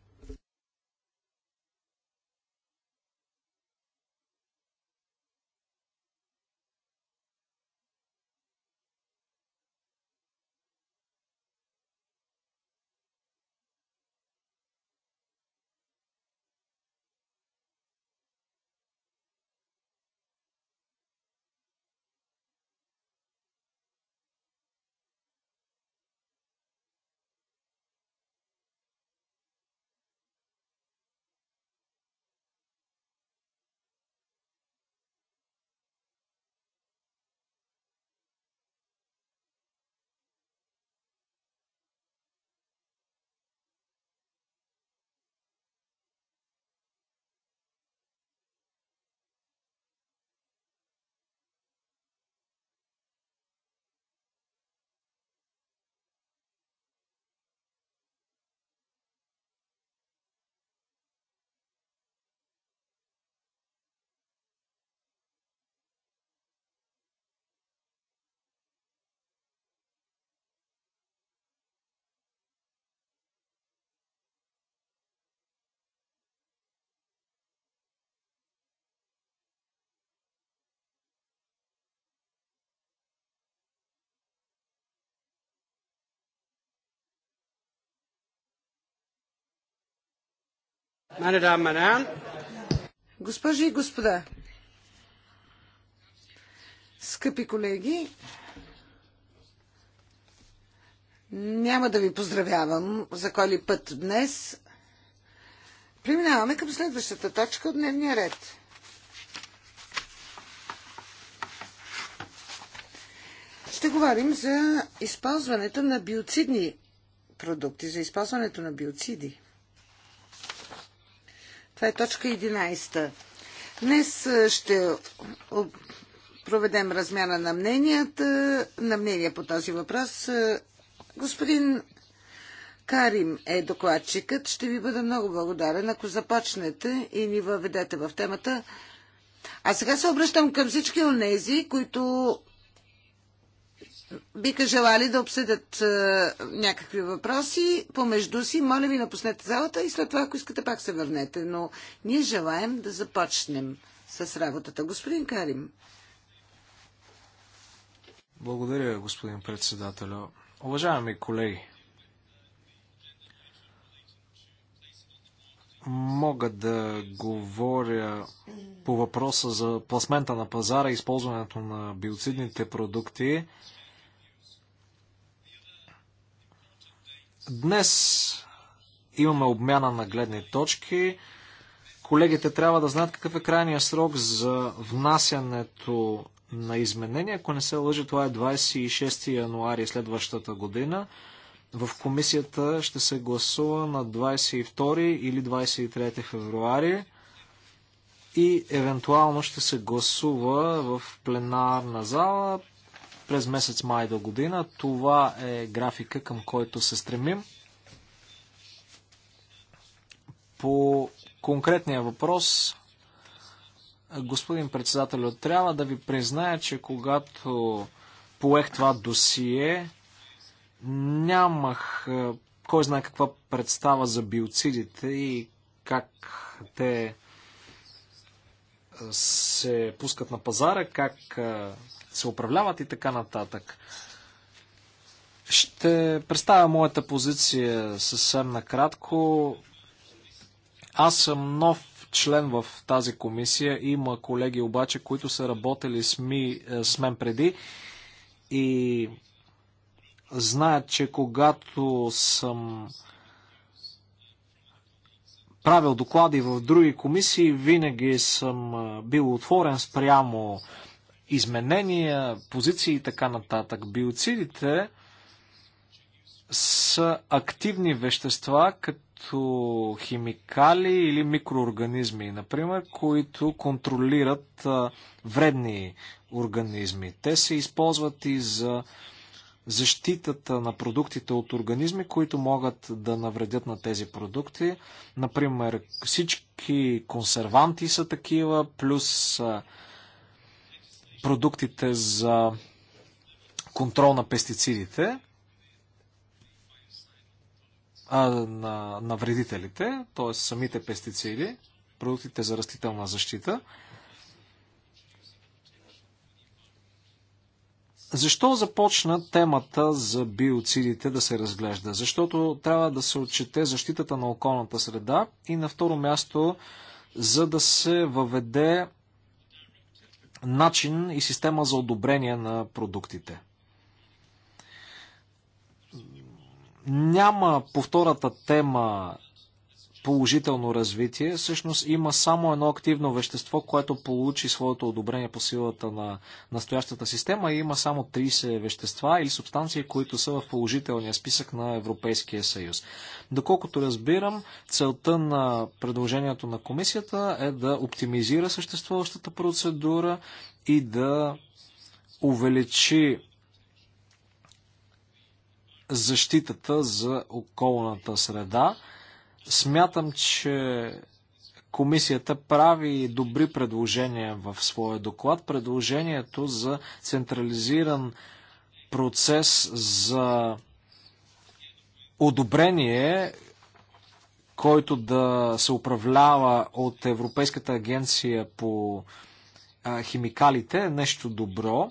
Госпожи и господа, скъпи колеги, няма да ви поздравявам за кой ли път днес. Преминаваме към следващата точка от дневния ред. Ще говорим за използването на биоцидни продукти, за използването на биоциди. Това е точка 11. Днес ще проведем размяна на мненията, на мнения по този въпрос. Господин Карим е докладчикът. Ще ви бъда много благодарен, ако започнете и ни въведете в темата. А сега се обръщам към всички онези, които биха желали да обсъдят е, някакви въпроси помежду си. Моля ви, напуснете залата и след това, ако искате, пак се върнете. Но ние желаем да започнем с работата. Господин Карим. Благодаря, господин председателю. Уважаеми колеги, мога да говоря по въпроса за пласмента на пазара, и използването на биоцидните продукти. Днес имаме обмяна на гледни точки. Колегите трябва да знаят какъв е крайният срок за внасянето на изменения. Ако не се лъжи, това е 26 януари следващата година. В комисията ще се гласува на 22 или 23 февруари и евентуално ще се гласува в пленарна зала през месец май до година. Това е графика, към който се стремим. По конкретния въпрос, господин председател, трябва да ви призная, че когато поех това досие, нямах е, кой знае каква представа за биоцидите и как те е, се пускат на пазара, как е, се управляват и така нататък. Ще представя моята позиция съвсем накратко. Аз съм нов член в тази комисия. Има колеги обаче, които са работили с, ми, е, с мен преди и знаят, че когато съм правил доклади в други комисии, винаги съм е, бил отворен спрямо изменения, позиции и така нататък. Биоцидите са активни вещества, като химикали или микроорганизми, например, които контролират вредни организми. Те се използват и за защитата на продуктите от организми, които могат да навредят на тези продукти. Например, всички консерванти са такива, плюс продуктите за контрол на пестицидите, а, на, на вредителите, т.е. самите пестициди, продуктите за растителна защита. Защо започна темата за биоцидите да се разглежда? Защото трябва да се отчете защитата на околната среда и на второ място, за да се въведе начин и система за одобрение на продуктите. Няма по втората тема положително развитие. Всъщност има само едно активно вещество, което получи своето одобрение по силата на настоящата система и има само 30 вещества или субстанции, които са в положителния списък на Европейския съюз. Доколкото разбирам, целта на предложението на комисията е да оптимизира съществуващата процедура и да увеличи защитата за околната среда. Смятам, че комисията прави добри предложения в своя доклад. Предложението за централизиран процес за одобрение, който да се управлява от Европейската агенция по химикалите, е нещо добро.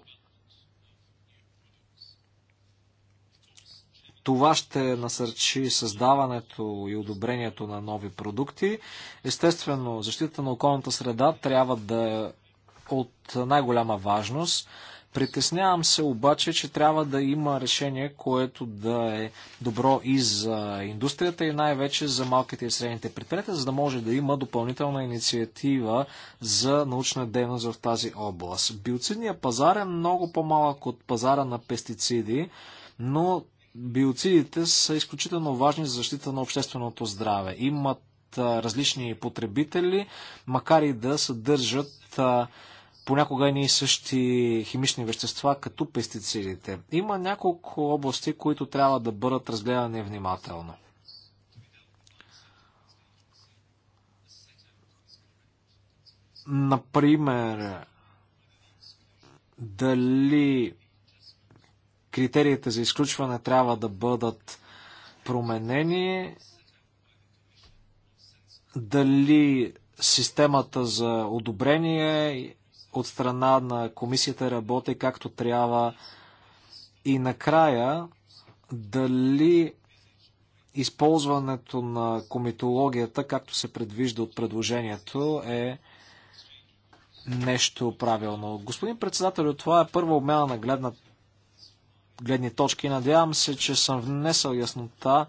Това ще насърчи създаването и одобрението на нови продукти. Естествено, защита на околната среда трябва да е от най-голяма важност. Притеснявам се обаче, че трябва да има решение, което да е добро и за индустрията и най-вече за малките и средните предприятия, за да може да има допълнителна инициатива за научна дейност в тази област. Биоцидният пазар е много по-малък от пазара на пестициди, но биоцидите са изключително важни за защита на общественото здраве. Имат различни потребители, макар и да съдържат понякога и същи химични вещества, като пестицидите. Има няколко области, които трябва да бъдат разгледани внимателно. Например, дали критериите за изключване трябва да бъдат променени. Дали системата за одобрение от страна на комисията работи както трябва и накрая дали използването на комитологията, както се предвижда от предложението, е нещо правилно. Господин председател, това е първа обмяна на гледна гледни точки. Надявам се, че съм внесъл яснота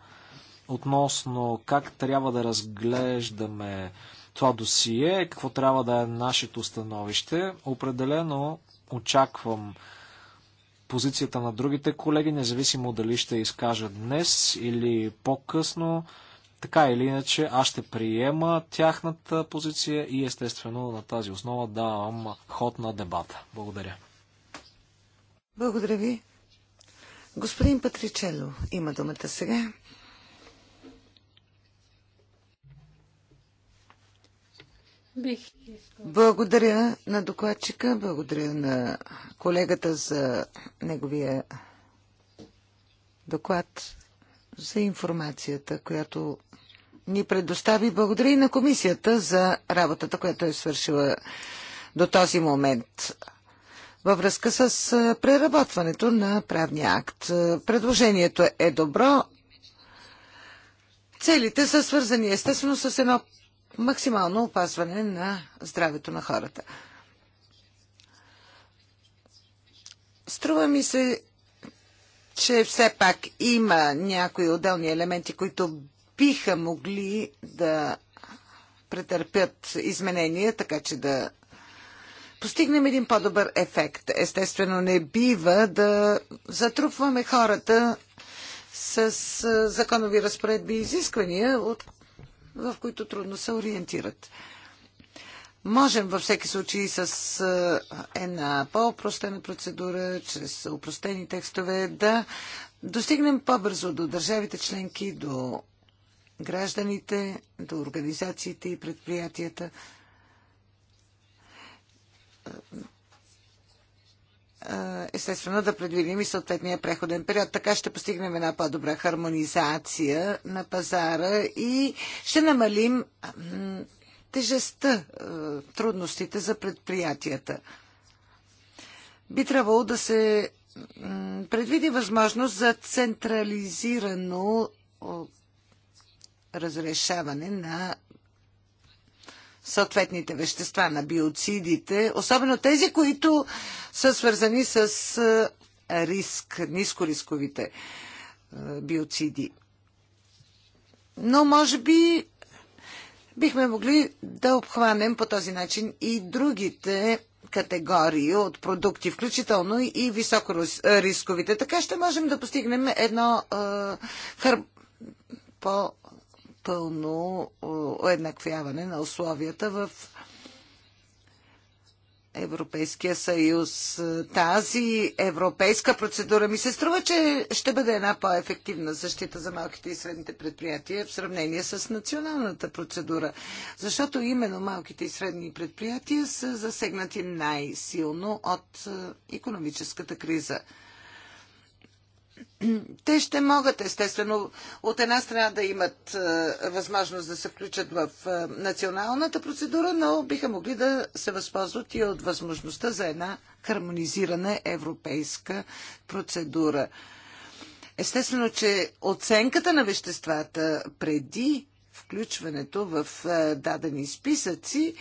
относно как трябва да разглеждаме това досие, какво трябва да е нашето становище. Определено очаквам позицията на другите колеги, независимо дали ще изкажа днес или по-късно. Така или иначе, аз ще приема тяхната позиция и естествено на тази основа давам ход на дебата. Благодаря. Благодаря ви. Господин Патричело има думата сега. Благодаря на докладчика, благодаря на колегата за неговия доклад, за информацията, която ни предостави. Благодаря и на комисията за работата, която е свършила до този момент във връзка с преработването на правния акт. Предложението е добро. Целите са свързани естествено с едно максимално опазване на здравето на хората. Струва ми се, че все пак има някои отделни елементи, които биха могли да претърпят изменения, така че да постигнем един по-добър ефект. Естествено, не бива да затрупваме хората с законови разпоредби и изисквания, в които трудно се ориентират. Можем във всеки случай с една по-опростена процедура, чрез опростени текстове да достигнем по-бързо до държавите членки, до гражданите, до организациите и предприятията естествено да предвидим и съответния преходен период. Така ще постигнем една по-добра хармонизация на пазара и ще намалим тежестта, е, трудностите за предприятията. Би трябвало да се предвиди възможност за централизирано разрешаване на съответните вещества, на биоцидите, особено тези, които са свързани с е, риск, нискорисковите е, биоциди. Но може би бихме могли да обхванем по този начин и другите категории от продукти, включително и високорисковите. Е, така ще можем да постигнем едно е, хар... по пълно уеднаквяване на условията в Европейския съюз. Тази европейска процедура ми се струва, че ще бъде една по-ефективна защита за малките и средните предприятия в сравнение с националната процедура. Защото именно малките и средни предприятия са засегнати най-силно от економическата криза. *clears throat* те ще могат, естествено, от една страна да имат възможност да се включат в националната процедура, но биха могли да се възползват и от възможността за една хармонизирана европейска процедура. Естествено, че оценката на веществата преди включването в дадени списъци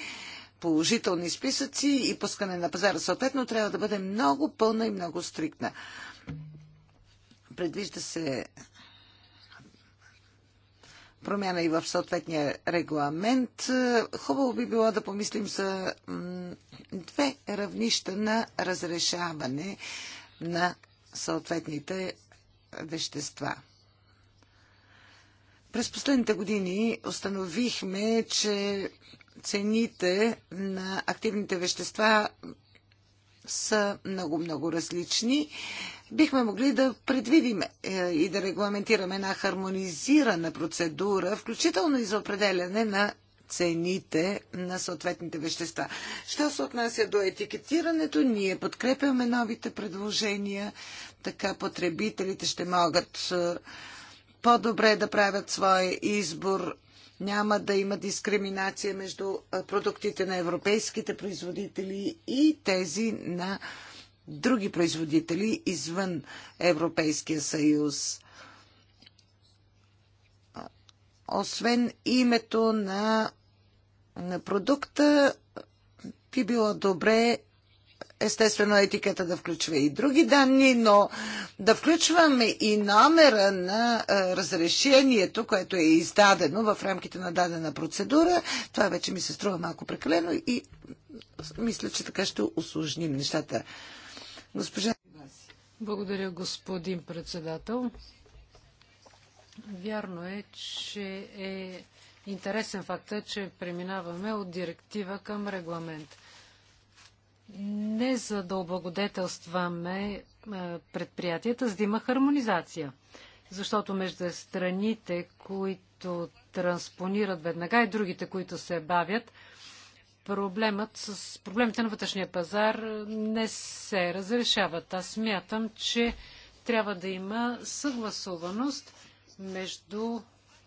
положителни списъци и пускане на пазара съответно трябва да бъде много пълна и много стриктна. Предвижда се промяна и в съответния регламент. Хубаво би било да помислим за две равнища на разрешаване на съответните вещества. През последните години установихме, че цените на активните вещества са много-много различни бихме могли да предвидим е, и да регламентираме една хармонизирана процедура, включително и за определяне на цените на съответните вещества. Що се отнася до етикетирането, ние подкрепяме новите предложения, така потребителите ще могат е, по-добре да правят своя избор. Няма да има дискриминация между е, продуктите на европейските производители и тези на други производители извън Европейския съюз. Освен името на, на продукта, би било добре естествено етикета да включва и други данни, но да включваме и номера на разрешението, което е издадено в рамките на дадена процедура, това вече ми се струва малко прекалено и мисля, че така ще осложним нещата. Благодаря, господин председател. Вярно е, че е интересен факта, че преминаваме от директива към регламент. Не за да облагодетелстваме е, предприятията, за да има хармонизация. Защото между страните, които транспонират веднага и другите, които се бавят, проблемът с проблемите на вътрешния пазар не се разрешават. Аз смятам, че трябва да има съгласуваност между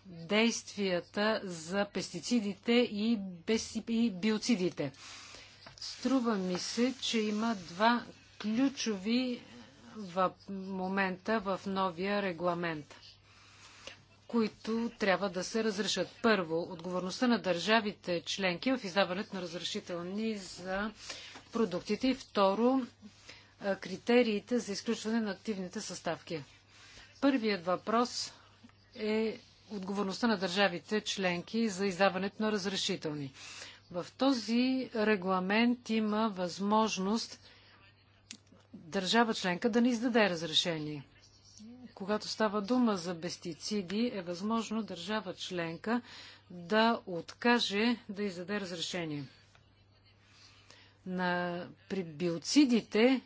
действията за пестицидите и, без, и биоцидите. Струва ми се, че има два ключови в момента в новия регламент които трябва да се разрешат. Първо, отговорността на държавите членки в издаването на разрешителни за продуктите и второ, е, критериите за изключване на активните съставки. Първият въпрос е отговорността на държавите членки за издаването на разрешителни. В този регламент има възможност държава членка да не издаде разрешение когато става дума за пестициди, е възможно държава членка да откаже да издаде разрешение. На, при биоцидите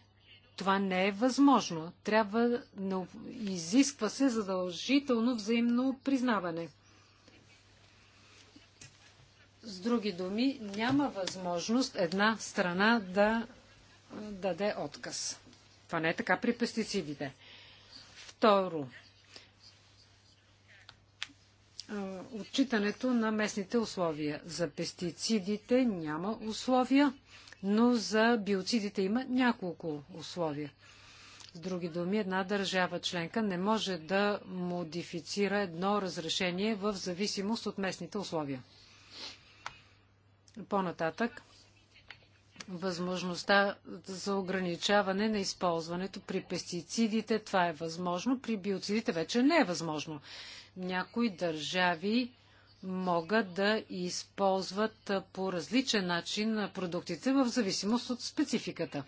това не е възможно. Трябва, но изисква се задължително взаимно признаване. С други думи, няма възможност една страна да даде отказ. Това не е така при пестицидите. Второ, отчитането на местните условия. За пестицидите няма условия, но за биоцидите има няколко условия. С други думи, една държава членка не може да модифицира едно разрешение в зависимост от местните условия. По-нататък, възможността за ограничаване на използването при пестицидите. Това е възможно. При биоцидите вече не е възможно. Някои държави могат да използват по различен начин продуктите в зависимост от спецификата.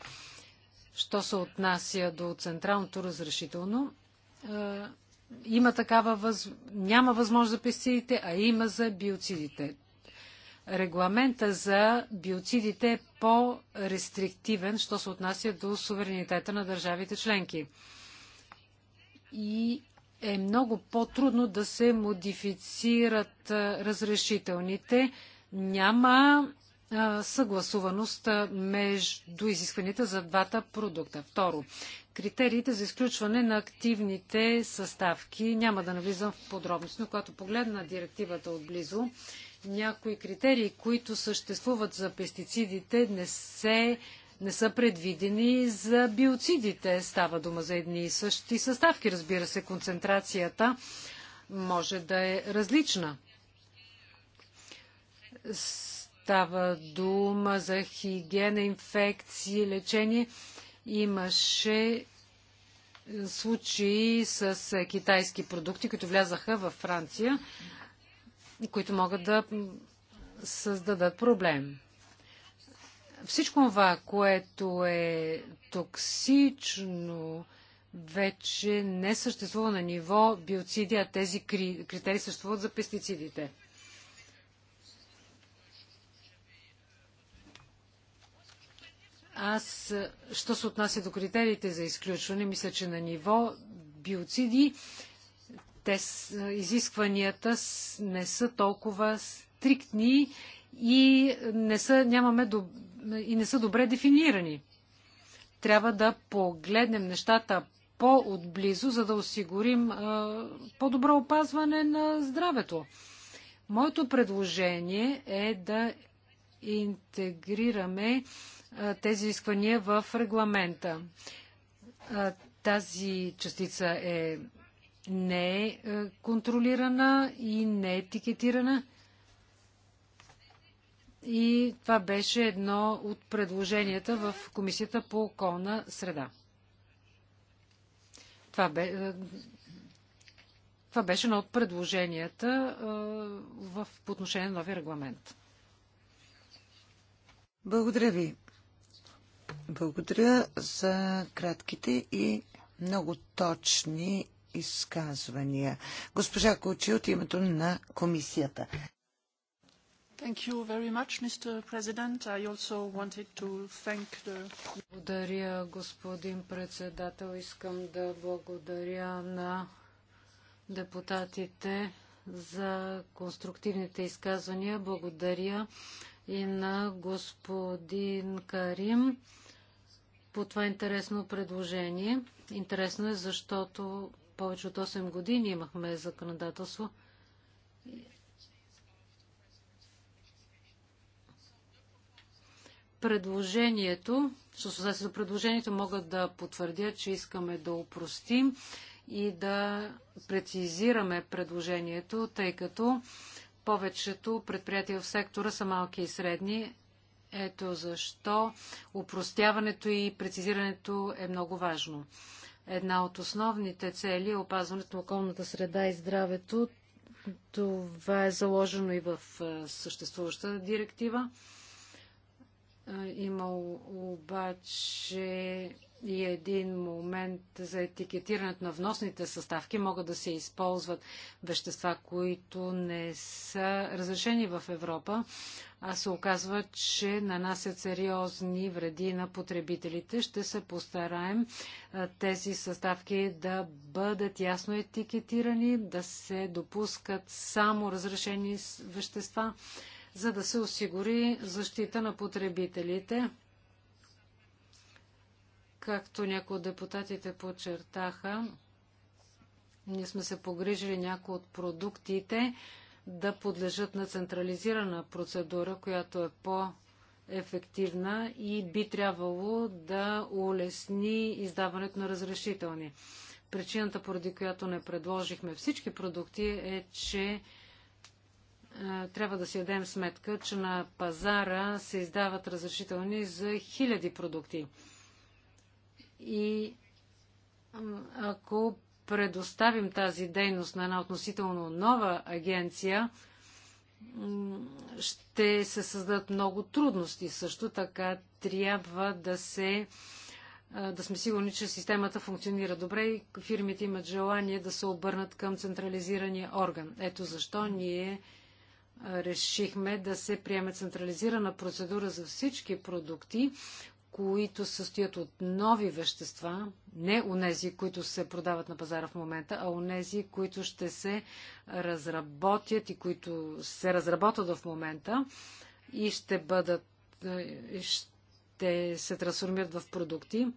Що се отнася до централното разрешително, има такава въз... няма възможност за пестицидите, а има за биоцидите регламента за биоцидите е по-рестриктивен, що се отнася до суверенитета на държавите членки. И е много по-трудно да се модифицират разрешителните. Няма съгласуваност между изискванията за двата продукта. Второ, критериите за изключване на активните съставки. Няма да навлизам в подробности, но когато погледна директивата отблизо, някои критерии, които съществуват за пестицидите, не, се, не са предвидени за биоцидите. Става дума за едни и същи съставки. Разбира се, концентрацията може да е различна. Става дума за хигиена, инфекции, лечение. Имаше случаи с е, китайски продукти, които влязаха във Франция които могат да създадат проблем. Всичко това, което е токсично, вече не съществува на ниво биоциди, а тези критерии съществуват за пестицидите. Аз, що се отнася до критериите за изключване, мисля, че на ниво биоциди те изискванията не са толкова стриктни и не са, нямаме, доб... и не са добре дефинирани. Трябва да погледнем нещата по-отблизо, за да осигурим по-добро опазване на здравето. Моето предложение е да интегрираме а, тези изисквания в регламента. тази частица е не е, е контролирана и не е етикетирана. И това беше едно от предложенията в Комисията по околна среда. Това, бе, е, това беше едно от предложенията е, в, по отношение на новия регламент. Благодаря ви. Благодаря за кратките и много точни изказвания. Госпожа Кочи от името на комисията. Благодаря, господин председател. Искам да благодаря на депутатите за конструктивните изказвания. Благодаря и на господин Карим по това интересно предложение. Интересно е, защото повече от 8 години имахме законодателство. Предложението, с се до предложението, мога да потвърдя, че искаме да упростим и да прецизираме предложението, тъй като повечето предприятия в сектора са малки и средни. Ето защо упростяването и прецизирането е много важно. Една от основните цели е опазването на околната среда и здравето. Това е заложено и в е, съществуващата директива. Е, има обаче и един момент за етикетирането на вносните съставки могат да се използват вещества, които не са разрешени в Европа, а се оказва, че нанасят сериозни вреди на потребителите. Ще се постараем тези съставки да бъдат ясно етикетирани, да се допускат само разрешени вещества, за да се осигури защита на потребителите Както някои от депутатите подчертаха, ние сме се погрижили някои от продуктите да подлежат на централизирана процедура, която е по-ефективна и би трябвало да улесни издаването на разрешителни. Причината, поради която не предложихме всички продукти, е, че е, трябва да си дадем сметка, че на пазара се издават разрешителни за хиляди продукти. И ако предоставим тази дейност на една относително нова агенция, ще се създадат много трудности. Също така трябва да се да сме сигурни, че системата функционира добре и фирмите имат желание да се обърнат към централизирания орган. Ето защо ние решихме да се приеме централизирана процедура за всички продукти, които състоят от нови вещества, не онези, които се продават на пазара в момента, а онези, които ще се разработят и които се разработват в момента и ще бъдат, ще се трансформират в продукти.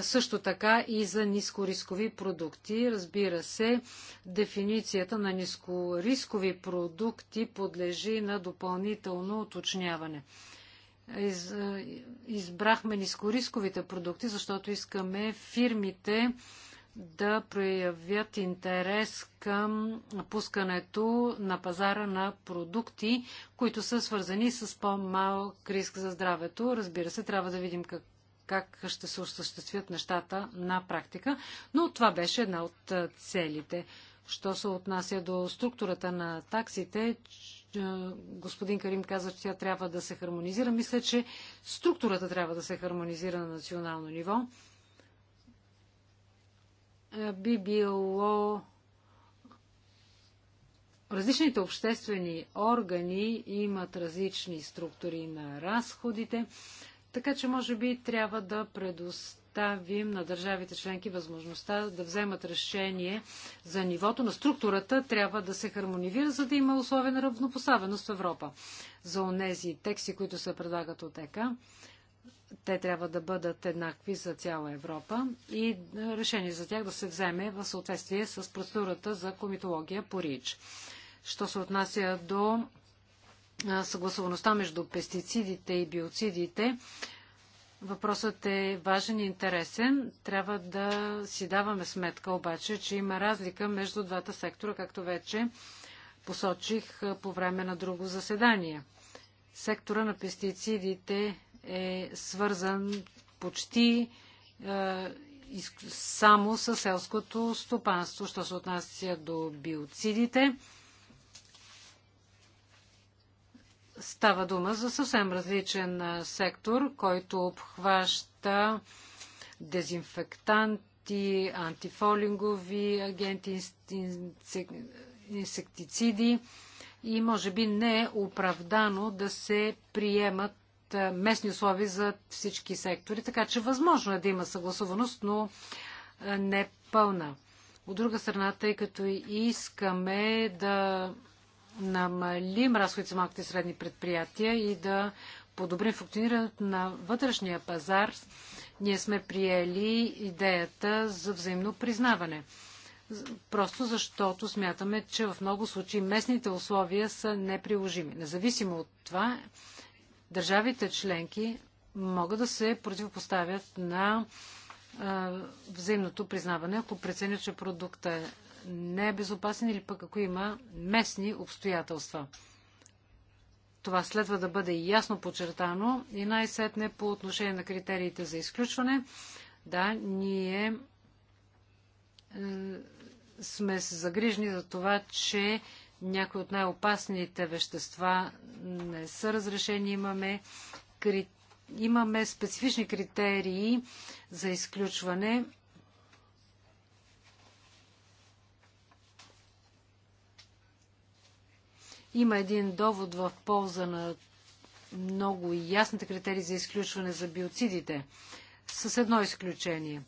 Също така и за нискорискови продукти. Разбира се, дефиницията на нискорискови продукти подлежи на допълнително уточняване. Из, избрахме нискорисковите продукти, защото искаме фирмите да проявят интерес към пускането на пазара на продукти, които са свързани с по-малък риск за здравето. Разбира се, трябва да видим как, как ще се осъществят нещата на практика, но това беше една от целите. Що се отнася до структурата на таксите, е, господин Карим каза, че тя трябва да се хармонизира. Мисля, че структурата трябва да се хармонизира на национално ниво. Е, би било Различните обществени органи имат различни структури на разходите, така че може би трябва да предоставим предоставим на държавите членки възможността да вземат решение за нивото на структурата, трябва да се хармонизира, за да има условия на равнопоставеност в Европа. За онези тексти, които се предлагат от ЕКА, те трябва да бъдат еднакви за цяла Европа и е, решение за тях да се вземе в съответствие с процедурата за комитология по РИЧ. Що се отнася до е, съгласуваността между пестицидите и биоцидите, Въпросът е важен и интересен. Трябва да си даваме сметка обаче, че има разлика между двата сектора, както вече посочих по време на друго заседание. Сектора на пестицидите е свързан почти е, само с селското стопанство, що се отнася до биоцидите. Става дума за съвсем различен сектор, който обхваща дезинфектанти, антифолингови агенти, инсектициди и може би не е оправдано да се приемат местни условия за всички сектори, така че възможно е да има съгласуваност, но не пълна. От друга страна, тъй като искаме да намалим разходите за малките и средни предприятия и да подобрим функционирането на вътрешния пазар, ние сме приели идеята за взаимно признаване. Просто защото смятаме, че в много случаи местните условия са неприложими. Независимо от това, държавите членки могат да се противопоставят на а, взаимното признаване, ако преценят, че продукта не е безопасен или пък ако има местни обстоятелства. Това следва да бъде ясно подчертано и най-сетне по отношение на критериите за изключване. Да, ние е, сме загрижни за това, че някои от най-опасните вещества не са разрешени. Имаме, кри... имаме специфични критерии за изключване Има един довод в полза на много ясните критерии за изключване за биоцидите, с едно изключение.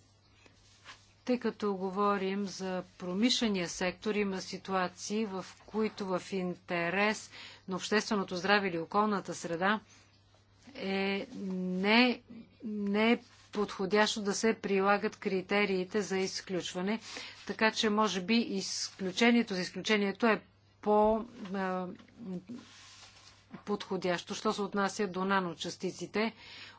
Тъй като говорим за промишления сектор, има ситуации, в които в интерес на общественото здраве или околната среда е не, не е подходящо да се прилагат критериите за изключване. Така че, може би, изключението за изключението е по-подходящо. Що се отнася до наночастиците,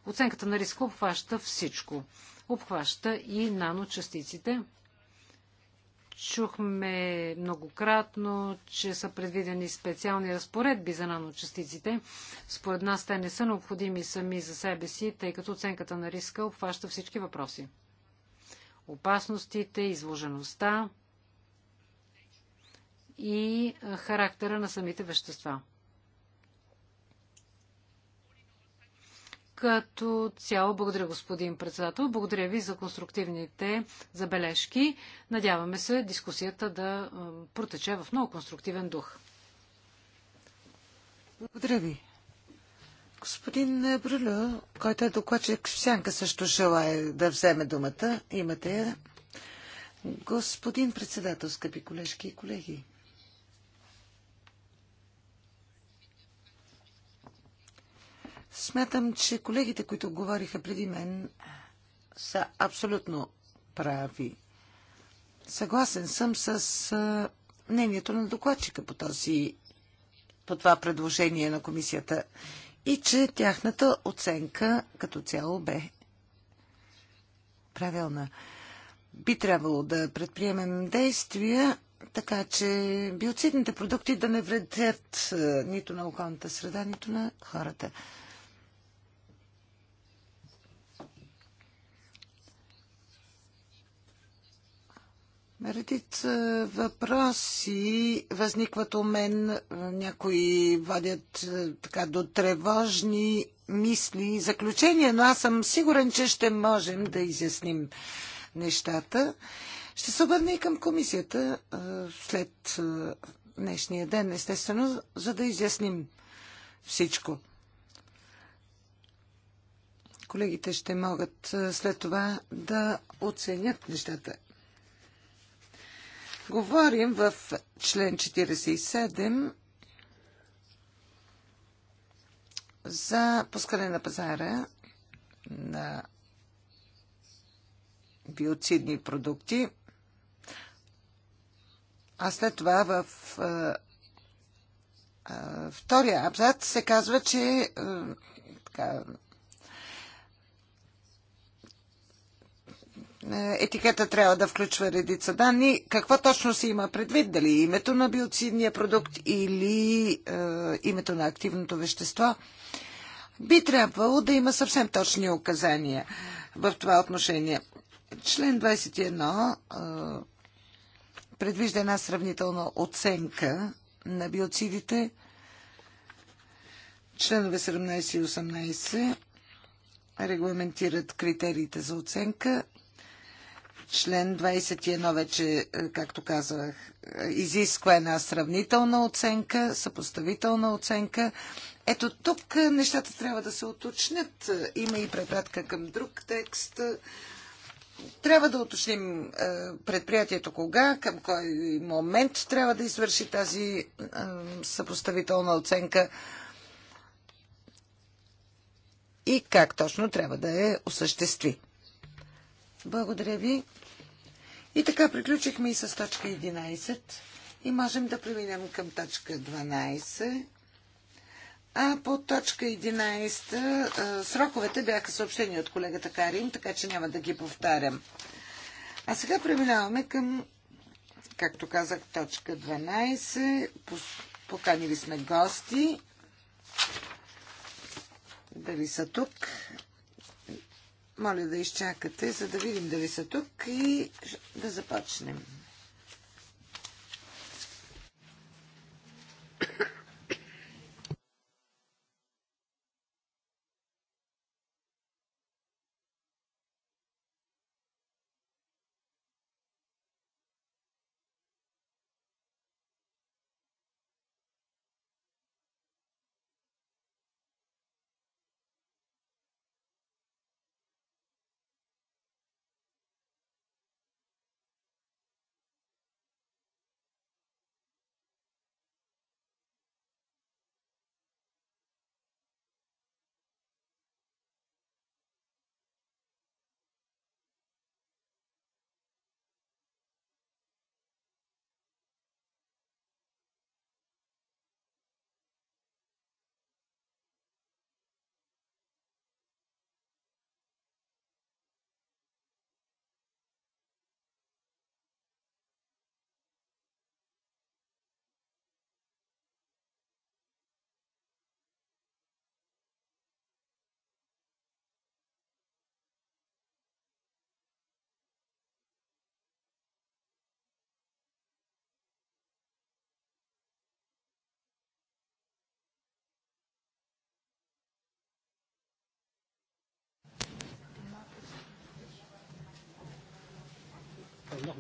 оценката на риска обхваща всичко. Обхваща и наночастиците. Чухме многократно, че са предвидени специални разпоредби за наночастиците. Според нас те не са необходими сами за себе си, тъй като оценката на риска обхваща всички въпроси. Опасностите, изложеността, и характера на самите вещества. Като цяло, благодаря господин председател, благодаря ви за конструктивните забележки. Надяваме се дискусията да протече в много конструктивен дух. Благодаря ви. Господин Брюлю, който е докладчик Сянка, също желая да вземе думата. Имате я. Господин председател, скъпи колежки и колеги, Смятам, че колегите, които говориха преди мен, са абсолютно прави. Съгласен съм с мнението на докладчика по този по това предложение на комисията и че тяхната оценка като цяло бе правилна. Би трябвало да предприемем действия, така че биоцидните продукти да не вредят нито на околната среда, нито на хората. Редица въпроси възникват у мен. Някои водят е, така до тревожни мисли и заключения, но аз съм сигурен, че ще можем да изясним нещата. Ще се обърна и към комисията е, след е, днешния ден, естествено, за да изясним всичко. Колегите ще могат след това да оценят нещата говорим в член 47 за пускане на пазара на биоцидни продукти, а след това в втория абзац се казва, че така, Е, етикета трябва да включва редица данни. Какво точно се има предвид? Дали името на биоцидния продукт или е, името на активното вещество? Би трябвало да има съвсем точни указания в това отношение. Член 21 е, предвижда една сравнителна оценка на биоцидите. Членове 17 и 18 регламентират критериите за оценка Член 21 вече, е, както казах, е, изисква една сравнителна оценка, съпоставителна оценка. Ето тук е, нещата трябва да се уточнят. Има и препратка към друг текст. Трябва да уточним предприятието кога, към кой момент трябва да извърши тази съпоставителна оценка и как точно трябва да я осъществи. Благодаря ви. И така приключихме и с точка 11 и можем да преминем към точка 12. А по точка 11 сроковете бяха съобщени от колегата Карим, така че няма да ги повтарям. А сега преминаваме към, както казах, точка 12. Поканили сме гости. Дали са тук? Моля да изчакате, за да видим дали са тук и да започнем.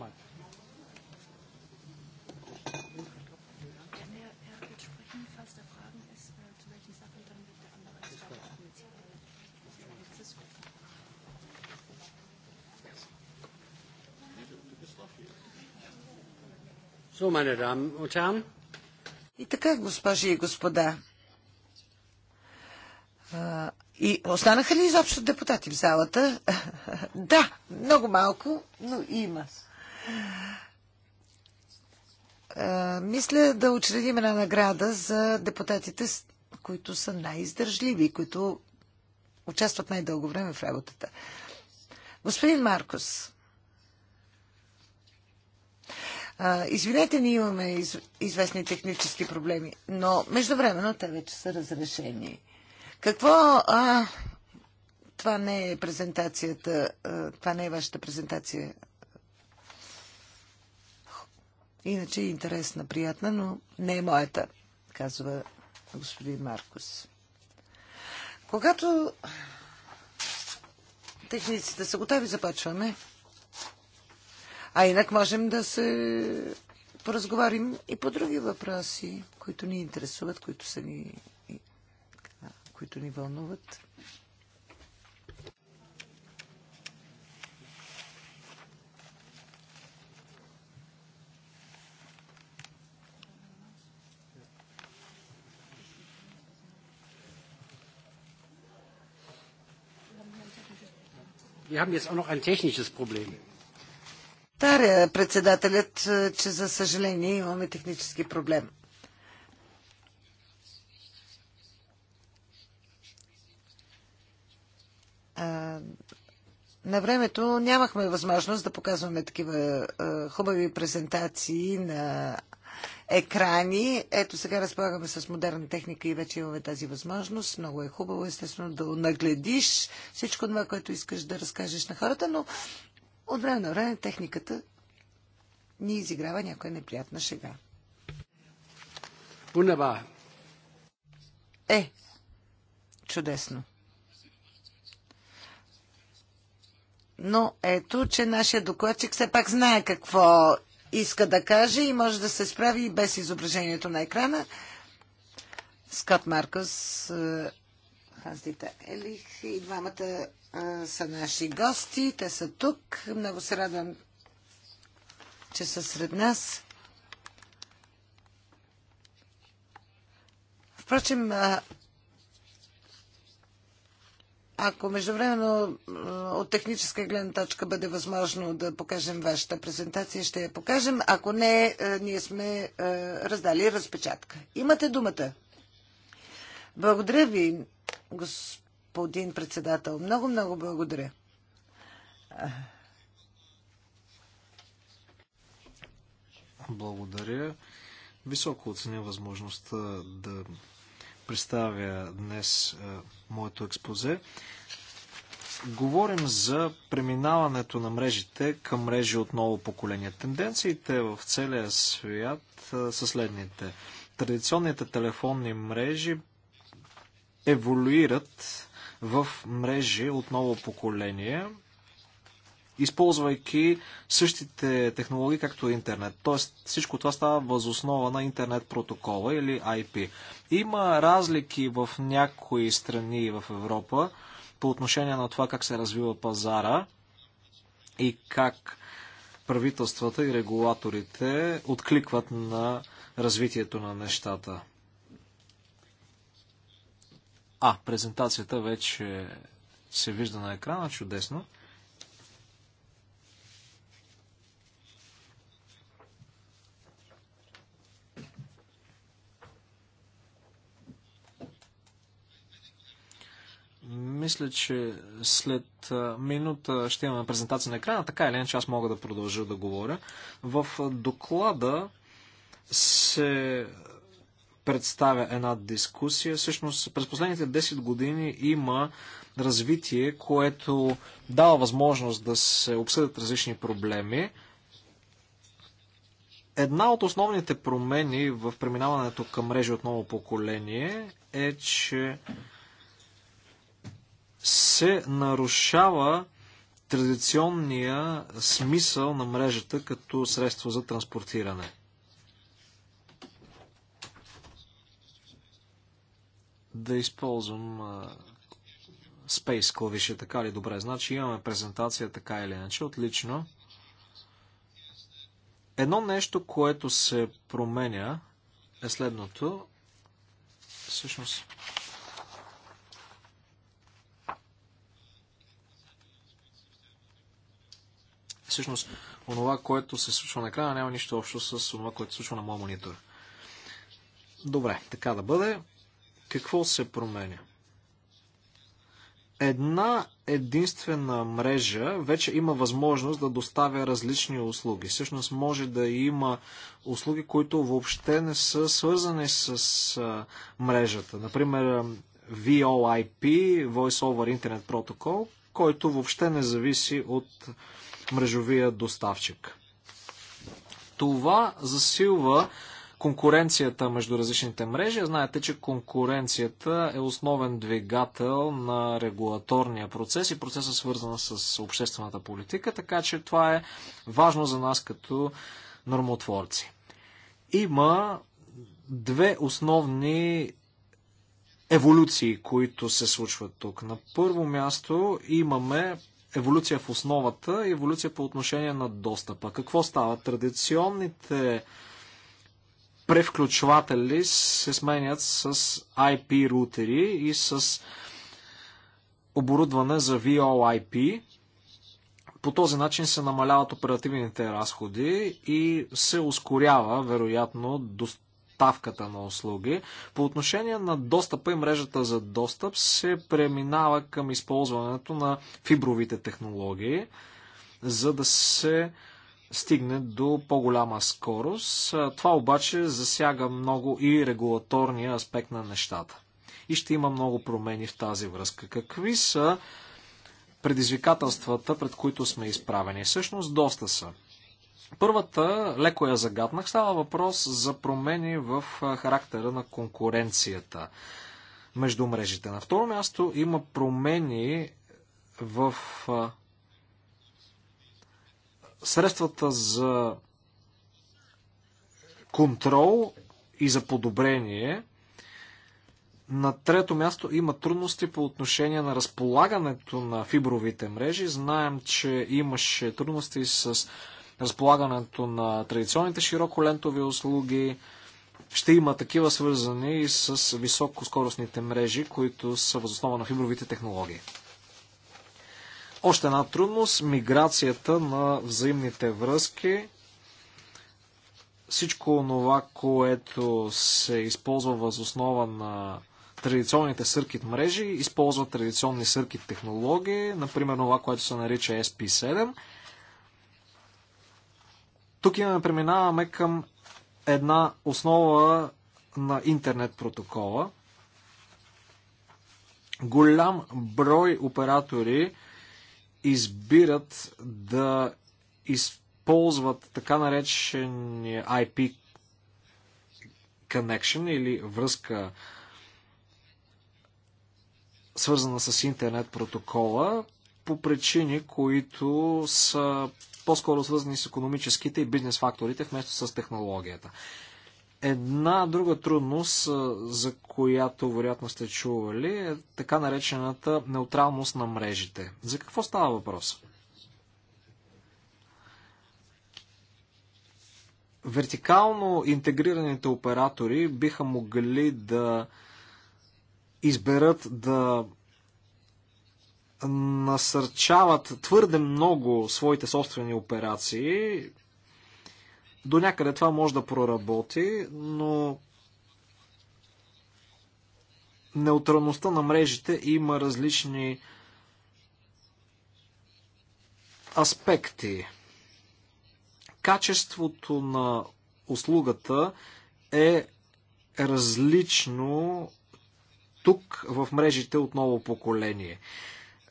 nochmal. И така, госпожи и господа, и останаха ли изобщо депутати в залата? *laughs* да, много малко, но има. Е, мисля да учредим една награда за депутатите, които са най-издържливи, които участват най-дълго време в работата. Господин Маркос, извинете, ние имаме известни технически проблеми, но междувременно те вече са разрешени. Какво... А, това не е презентацията, а, това не е вашата презентация, Иначе е интересна, приятна, но не е моята, казва господин Маркус. Когато техниците са готови, започваме. А инак можем да се поразговарим и по други въпроси, които ни интересуват, които са ни които ни вълнуват. Wir Повтаря е, председателят, е, че за съжаление имаме технически проблем. на времето нямахме възможност да показваме такива е, хубави презентации на екрани. Ето сега разполагаме с модерна техника и вече имаме тази възможност. Много е хубаво, естествено, да нагледиш всичко това, което искаш да разкажеш на хората, но от време на време техниката ни изиграва някоя неприятна шега. Бунава. Е, чудесно. Но ето, че нашия докладчик все пак знае какво иска да каже и може да се справи и без изображението на екрана. Скот Маркос, е, Хансдита Елих и двамата е, са наши гости. Те са тук. Много се радвам, че са сред нас. Впрочем, е, ако междувременно от техническа гледна точка бъде възможно да покажем вашата презентация, ще я покажем. Ако не, е, ние сме е, раздали разпечатка. Имате думата. Благодаря ви, господин председател. Много, много благодаря. Благодаря. Високо оценя възможността да представя днес е, моето експозе. Говорим за преминаването на мрежите към мрежи от ново поколение. Тенденциите в целия свят е, са следните. Традиционните телефонни мрежи еволюират в мрежи от ново поколение – използвайки същите технологии, както интернет. Тоест всичко това става възоснова на интернет протокола или IP. Има разлики в някои страни в Европа по отношение на това как се развива пазара и как правителствата и регулаторите откликват на развитието на нещата. А, презентацията вече се вижда на екрана, чудесно. Мисля, че след минута ще имаме презентация на екрана, така или иначе аз мога да продължа да говоря. В доклада се представя една дискусия. Всъщност през последните 10 години има развитие, което дава възможност да се обсъдят различни проблеми. Една от основните промени в преминаването към мрежи от ново поколение е, че се нарушава традиционния смисъл на мрежата като средство за транспортиране. Да използвам Space клавиша, така ли? Добре, значи имаме презентация, така или иначе, отлично. Едно нещо, което се променя е следното. Всъщност, всъщност онова, което се случва на екрана, няма нищо общо с онова, което се случва на моя монитор. Добре, така да бъде. Какво се променя? Една единствена мрежа вече има възможност да доставя различни услуги. Всъщност може да има услуги, които въобще не са свързани с мрежата. Например, VOIP, Voice over Internet Protocol, който въобще не зависи от мрежовия доставчик. Това засилва конкуренцията между различните мрежи. Знаете, че конкуренцията е основен двигател на регулаторния процес и процеса свързан с обществената политика, така че това е важно за нас като нормотворци. Има две основни еволюции, които се случват тук. На първо място имаме еволюция в основата и еволюция по отношение на достъпа. Какво става? Традиционните превключватели се сменят с IP рутери и с оборудване за VOIP. По този начин се намаляват оперативните разходи и се ускорява, вероятно, доставката на услуги. По отношение на достъпа и мрежата за достъп се преминава към използването на фибровите технологии, за да се стигне до по-голяма скорост. Това обаче засяга много и регулаторния аспект на нещата. И ще има много промени в тази връзка. Какви са предизвикателствата, пред които сме изправени? Всъщност доста са. Първата, леко я загаднах, става въпрос за промени в характера на конкуренцията между мрежите. На второ място има промени в средствата за контрол и за подобрение. На трето място има трудности по отношение на разполагането на фибровите мрежи. Знаем, че имаше трудности с разполагането на традиционните широколентови услуги. Ще има такива свързани и с високоскоростните мрежи, които са възоснова на фибровите технологии. Още една трудност миграцията на взаимните връзки. Всичко това, което се използва възоснова на традиционните съркит мрежи използва традиционни съркит технологии, например това, което се нарича SP7. Тук имаме преминаваме към една основа на интернет протокола. Голям брой оператори избират да използват така наречения IP connection или връзка свързана с интернет протокола по причини, които са по-скоро свързани с економическите и бизнес факторите, вместо с технологията. Една друга трудност, за която вероятно сте чували, е така наречената неутралност на мрежите. За какво става въпрос? Вертикално интегрираните оператори биха могли да изберат да насърчават твърде много своите собствени операции. До някъде това може да проработи, но неутралността на мрежите има различни аспекти. Качеството на услугата е различно тук в мрежите от ново поколение.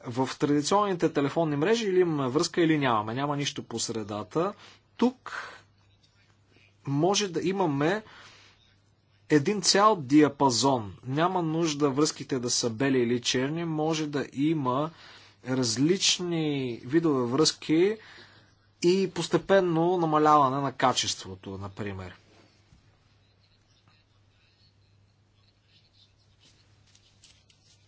В традиционните телефонни мрежи или имаме връзка, или нямаме. Няма нищо по средата. Тук може да имаме един цял диапазон. Няма нужда връзките да са бели или черни. Може да има различни видове връзки и постепенно намаляване на качеството, например.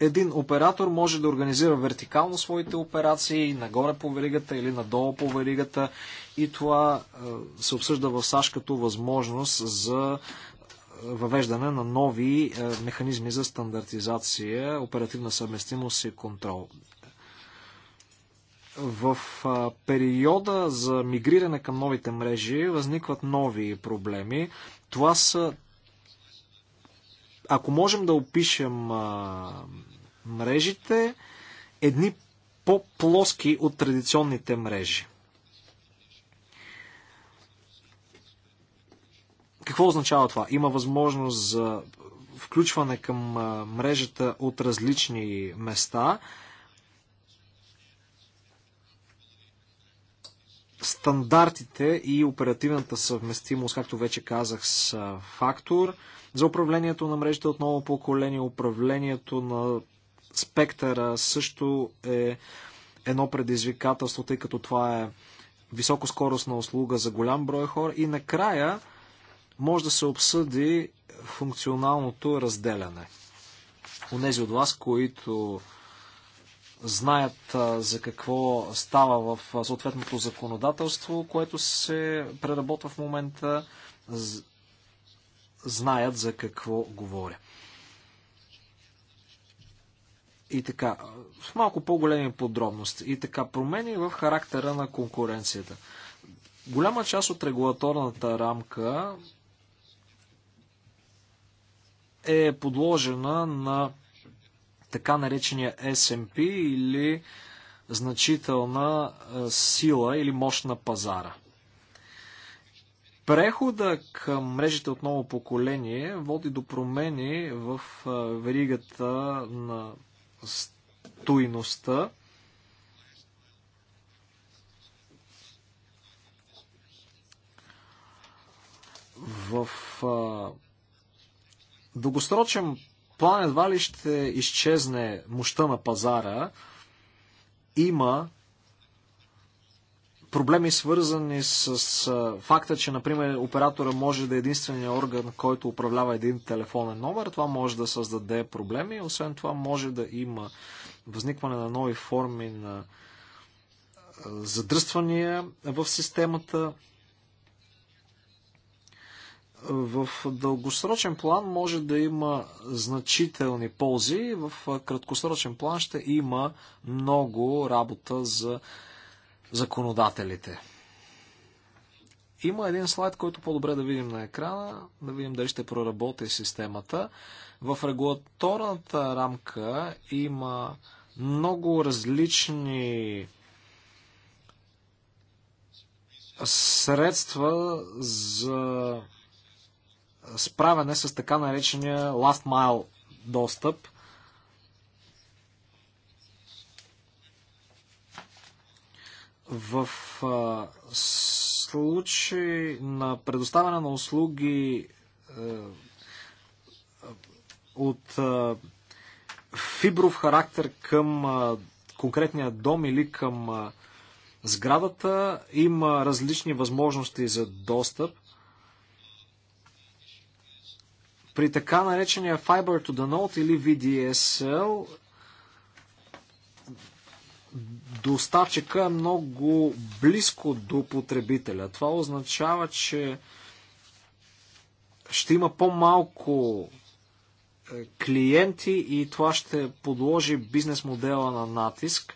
един оператор може да организира вертикално своите операции, нагоре по веригата или надолу по веригата и това е, се обсъжда в САЩ като възможност за е, въвеждане на нови е, механизми за стандартизация, оперативна съвместимост и контрол. В периода за мигриране към новите мрежи възникват нови проблеми. Това са ако можем да опишем а, мрежите, едни по-плоски от традиционните мрежи. Какво означава това? Има възможност за включване към мрежата от различни места. Стандартите и оперативната съвместимост, както вече казах, с фактор. За управлението на мрежите от ново поколение, управлението на спектъра също е едно предизвикателство, тъй като това е високоскоростна услуга за голям брой хора. И накрая може да се обсъди функционалното разделяне. Онези от вас, които знаят за какво става в съответното законодателство, което се преработва в момента знаят за какво говоря. И така, в малко по-големи подробности. И така, промени в характера на конкуренцията. Голяма част от регулаторната рамка е подложена на така наречения SMP или значителна сила или мощ на пазара. Прехода към мрежите от ново поколение води до промени в веригата на стойността. В дългосрочен план едва ли ще изчезне мощта на пазара. Има проблеми свързани с факта, че, например, оператора може да е единствения орган, който управлява един телефонен номер. Това може да създаде проблеми. Освен това, може да има възникване на нови форми на задръствания в системата. В дългосрочен план може да има значителни ползи, в краткосрочен план ще има много работа за законодателите. Има един слайд, който по-добре да видим на екрана, да видим дали ще проработи системата. В регулаторната рамка има много различни средства за справяне с така наречения last mile достъп. В а, случай на предоставяне на услуги а, е, от а, фибров характер към а, конкретния дом или към а, сградата, има различни възможности за достъп. При така наречения Fiber to the Node или VDSL доставчика е много близко до потребителя. Това означава, че ще има по-малко е, клиенти и това ще подложи бизнес модела на натиск.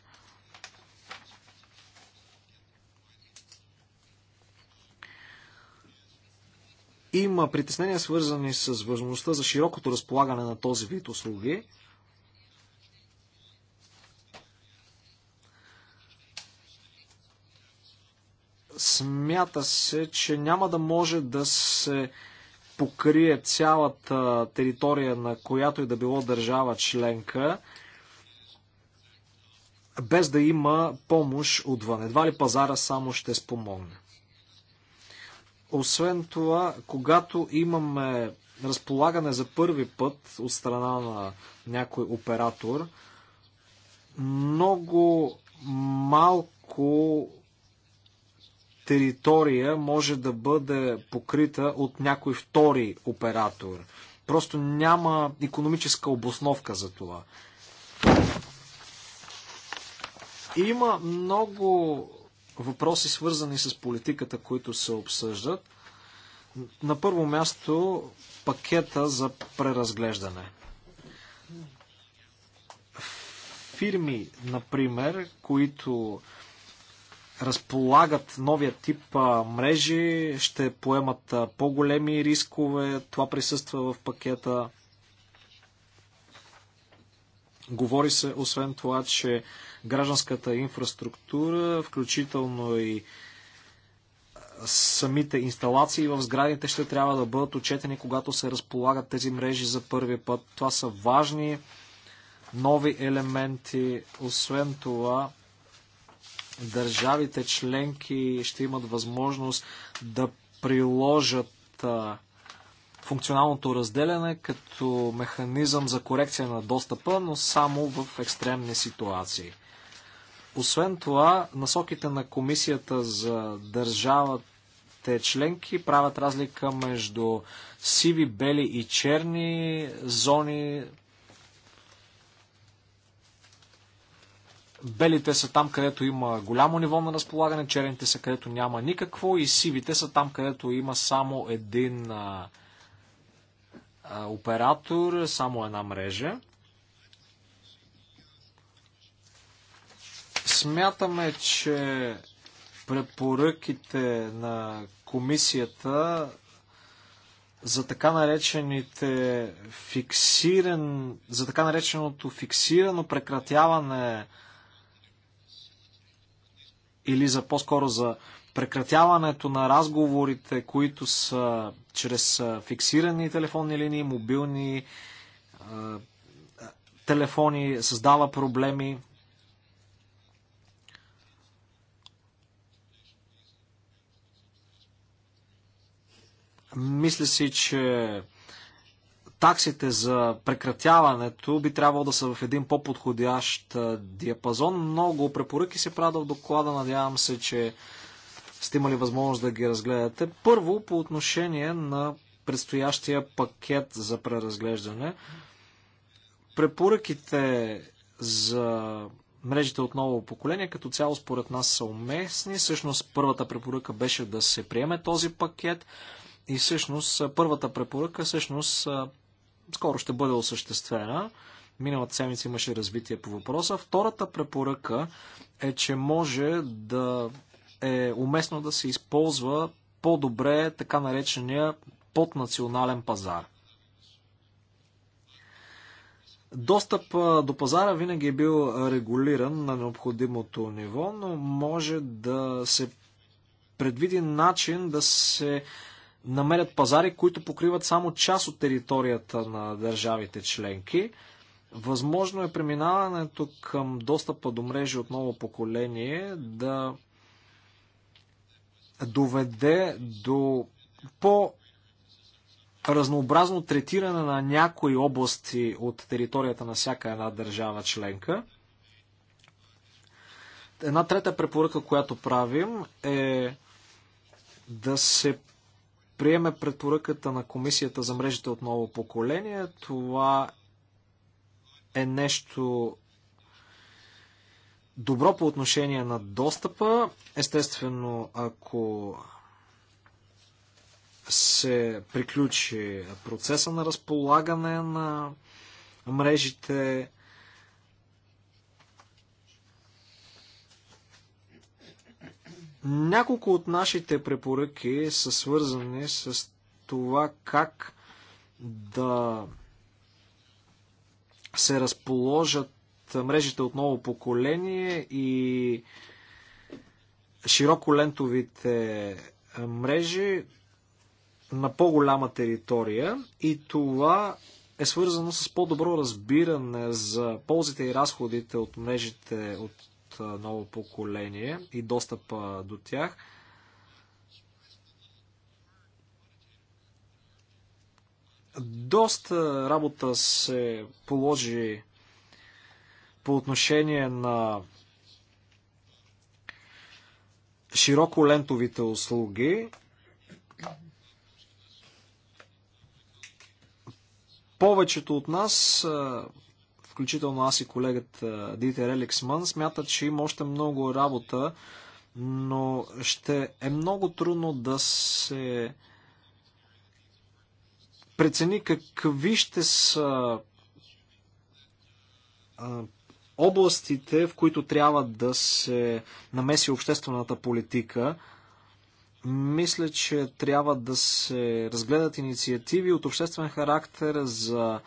Има притеснения свързани с възможността за широкото разполагане на този вид услуги. Смята се, че няма да може да се покрие цялата територия на която и да било държава членка, без да има помощ отвън. Едва ли пазара само ще спомогне. Освен това, когато имаме разполагане за първи път от страна на някой оператор, много малко територия може да бъде покрита от някой втори оператор. Просто няма економическа обосновка за това. Има много въпроси, свързани с политиката, които се обсъждат. На първо място пакета за преразглеждане. Фирми, например, които разполагат новия тип мрежи, ще поемат по-големи рискове. Това присъства в пакета. Говори се, освен това, че гражданската инфраструктура, включително и самите инсталации в сградите ще трябва да бъдат отчетени, когато се разполагат тези мрежи за първи път. Това са важни нови елементи. Освен това, държавите членки ще имат възможност да приложат функционалното разделяне като механизъм за корекция на достъпа, но само в екстремни ситуации. Освен това, насоките на комисията за държавите членки правят разлика между сиви, бели и черни зони, Белите са там, където има голямо ниво на разполагане, черните са където няма никакво и сивите са там, където има само един а, а, оператор, само една мрежа. Смятаме, че препоръките на комисията за така наречените фиксирен, за така нареченото фиксирано прекратяване или за по-скоро за прекратяването на разговорите, които са чрез фиксирани телефонни линии, мобилни телефони, създава проблеми. Мисля си, че таксите за прекратяването би трябвало да са в един по-подходящ диапазон. Много препоръки се правят в доклада. Надявам се, че сте имали възможност да ги разгледате. Първо, по отношение на предстоящия пакет за преразглеждане. Препоръките за мрежите от ново поколение като цяло според нас са уместни. Всъщност първата препоръка беше да се приеме този пакет и всъщност първата препоръка всъщност скоро ще бъде осъществена. Миналата седмица имаше развитие по въпроса. Втората препоръка е, че може да е уместно да се използва по-добре така наречения поднационален пазар. Достъп до пазара винаги е бил регулиран на необходимото ниво, но може да се предвиди начин да се намерят пазари, които покриват само част от територията на държавите членки. Възможно е преминаването към достъпа до мрежи от ново поколение да доведе до по- разнообразно третиране на някои области от територията на всяка една държава членка. Една трета препоръка, която правим е да се приеме предпоръката на Комисията за мрежите от ново поколение. Това е нещо добро по отношение на достъпа. Естествено, ако се приключи процеса на разполагане на мрежите, Няколко от нашите препоръки са свързани с това как да се разположат мрежите от ново поколение и широколентовите мрежи на по-голяма територия и това е свързано с по-добро разбиране за ползите и разходите от мрежите от ново поколение и достъпа до тях. Доста работа се положи по отношение на широко лентовите услуги. Повечето от нас включително аз и колегата Дитер Еликсман, смятат, че има още много работа, но ще е много трудно да се прецени какви ще са областите, в които трябва да се намеси обществената политика. Мисля, че трябва да се разгледат инициативи от обществен характер за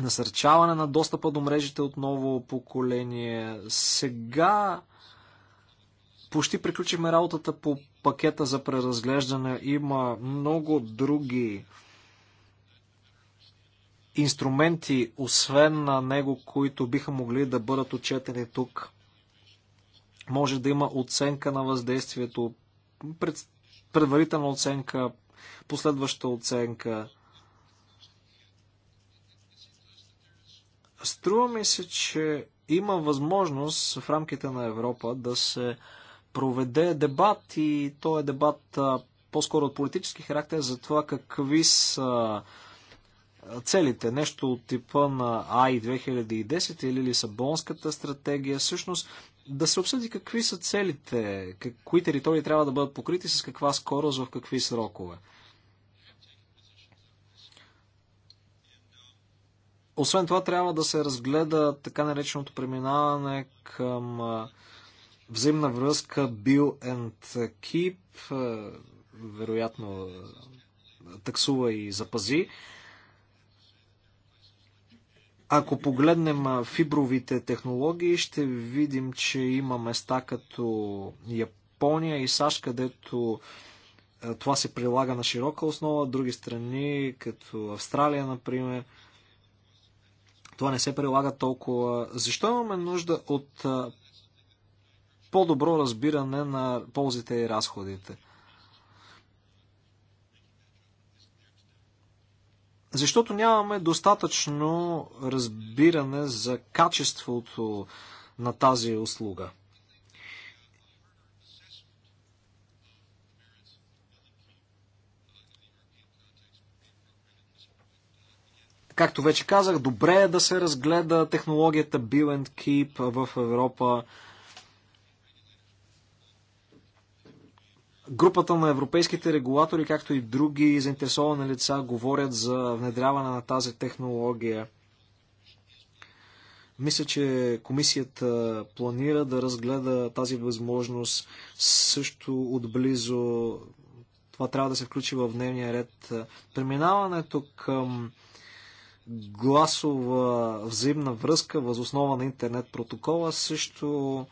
насърчаване на достъпа до мрежите от ново поколение. Сега почти приключихме работата по пакета за преразглеждане. Има много други инструменти, освен на него, които биха могли да бъдат отчетени тук. Може да има оценка на въздействието, пред, предварителна оценка, последваща оценка. Струва ми се, че има възможност в рамките на Европа да се проведе дебат и то е дебат по-скоро от политически характер за това какви са целите, нещо от типа на АИ 2010 или Лисабонската стратегия, всъщност да се обсъди какви са целите, кои територии трябва да бъдат покрити, с каква скорост, в какви срокове. Освен това, трябва да се разгледа така нареченото преминаване към взаимна връзка Bill and Keep, вероятно таксува и запази. Ако погледнем фибровите технологии, ще видим, че има места като Япония и САЩ, където това се прилага на широка основа, други страни, като Австралия, например, това не се прилага толкова. Защо имаме нужда от по-добро разбиране на ползите и разходите? Защото нямаме достатъчно разбиране за качеството на тази услуга. Както вече казах, добре е да се разгледа технологията Bill and Keep в Европа. Групата на европейските регулатори, както и други заинтересовани лица, говорят за внедряване на тази технология. Мисля, че комисията планира да разгледа тази възможност също отблизо. Това трябва да се включи в дневния ред. Преминаването към гласова взаимна връзка възоснова на интернет протокола също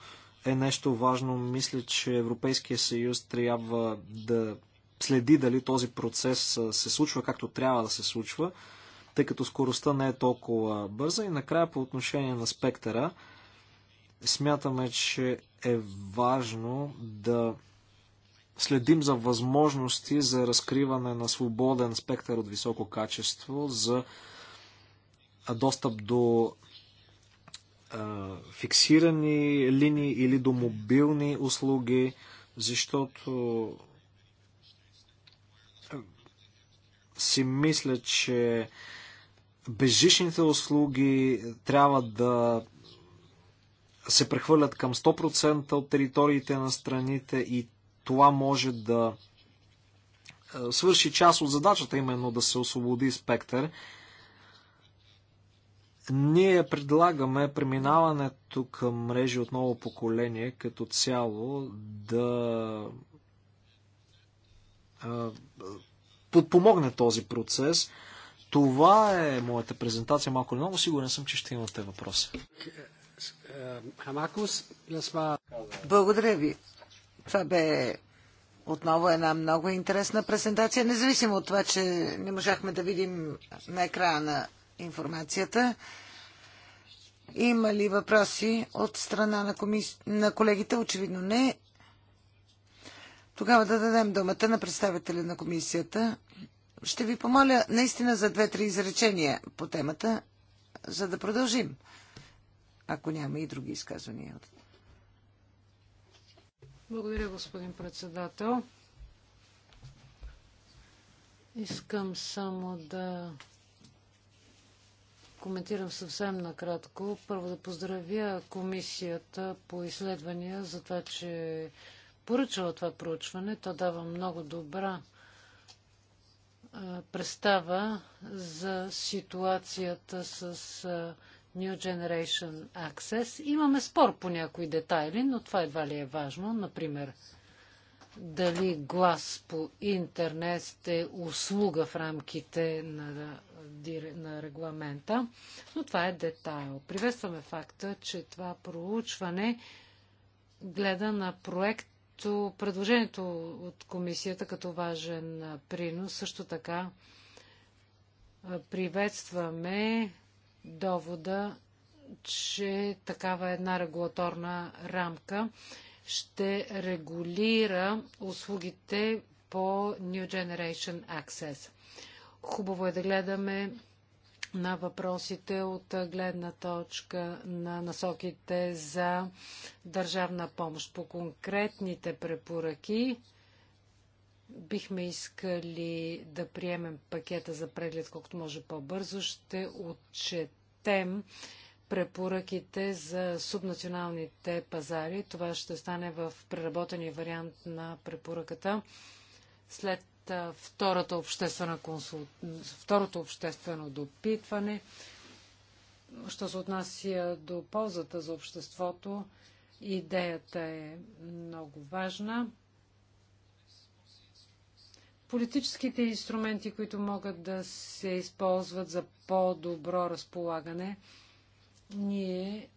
е нещо важно. Мисля, че Европейския съюз трябва да следи дали този процес се случва както трябва да се случва, тъй като скоростта не е толкова бърза. И накрая по отношение на спектъра, смятаме, че е важно да следим за възможности за разкриване на свободен спектър от високо качество, за достъп до фиксирани линии или до мобилни услуги, защото си мисля, че безжичните услуги трябва да се прехвърлят към 100% от териториите на страните и това може да свърши част от задачата, именно да се освободи спектър. Ние предлагаме преминаването към мрежи от ново поколение като цяло да подпомогне този процес. Това е моята презентация. Малко или много сигурен съм, че ще имате въпроси. Благодаря ви. Това бе отново една много интересна презентация, независимо от това, че не можахме да видим на екрана информацията. Има ли въпроси от страна на, коми... на колегите? Очевидно не. Тогава да дадем думата на представителя на комисията. Ще ви помоля наистина за две-три изречения по темата, за да продължим, ако няма и други изказвания. Благодаря, господин председател. Искам само да коментирам съвсем накратко. Първо да поздравя комисията по изследвания за това, че поръчала това проучване. То дава много добра представа за ситуацията с New Generation Access. Имаме спор по някои детайли, но това едва ли е важно. Например, дали глас по интернет е услуга в рамките на, на регламента, но това е детайл. Приветстваме факта, че това проучване гледа на проект предложението от комисията като важен принос. Също така приветстваме довода, че такава е една регулаторна рамка ще регулира услугите по New Generation Access. Хубаво е да гледаме на въпросите от гледна точка на насоките за държавна помощ. По конкретните препоръки бихме искали да приемем пакета за преглед колкото може по-бързо. Ще отчетем препоръките за субнационалните пазари. Това ще стане в преработения вариант на препоръката след втората обществена консул... второто обществено допитване. Що се отнася до ползата за обществото, идеята е много важна. Политическите инструменти, които могат да се използват за по-добро разполагане, ние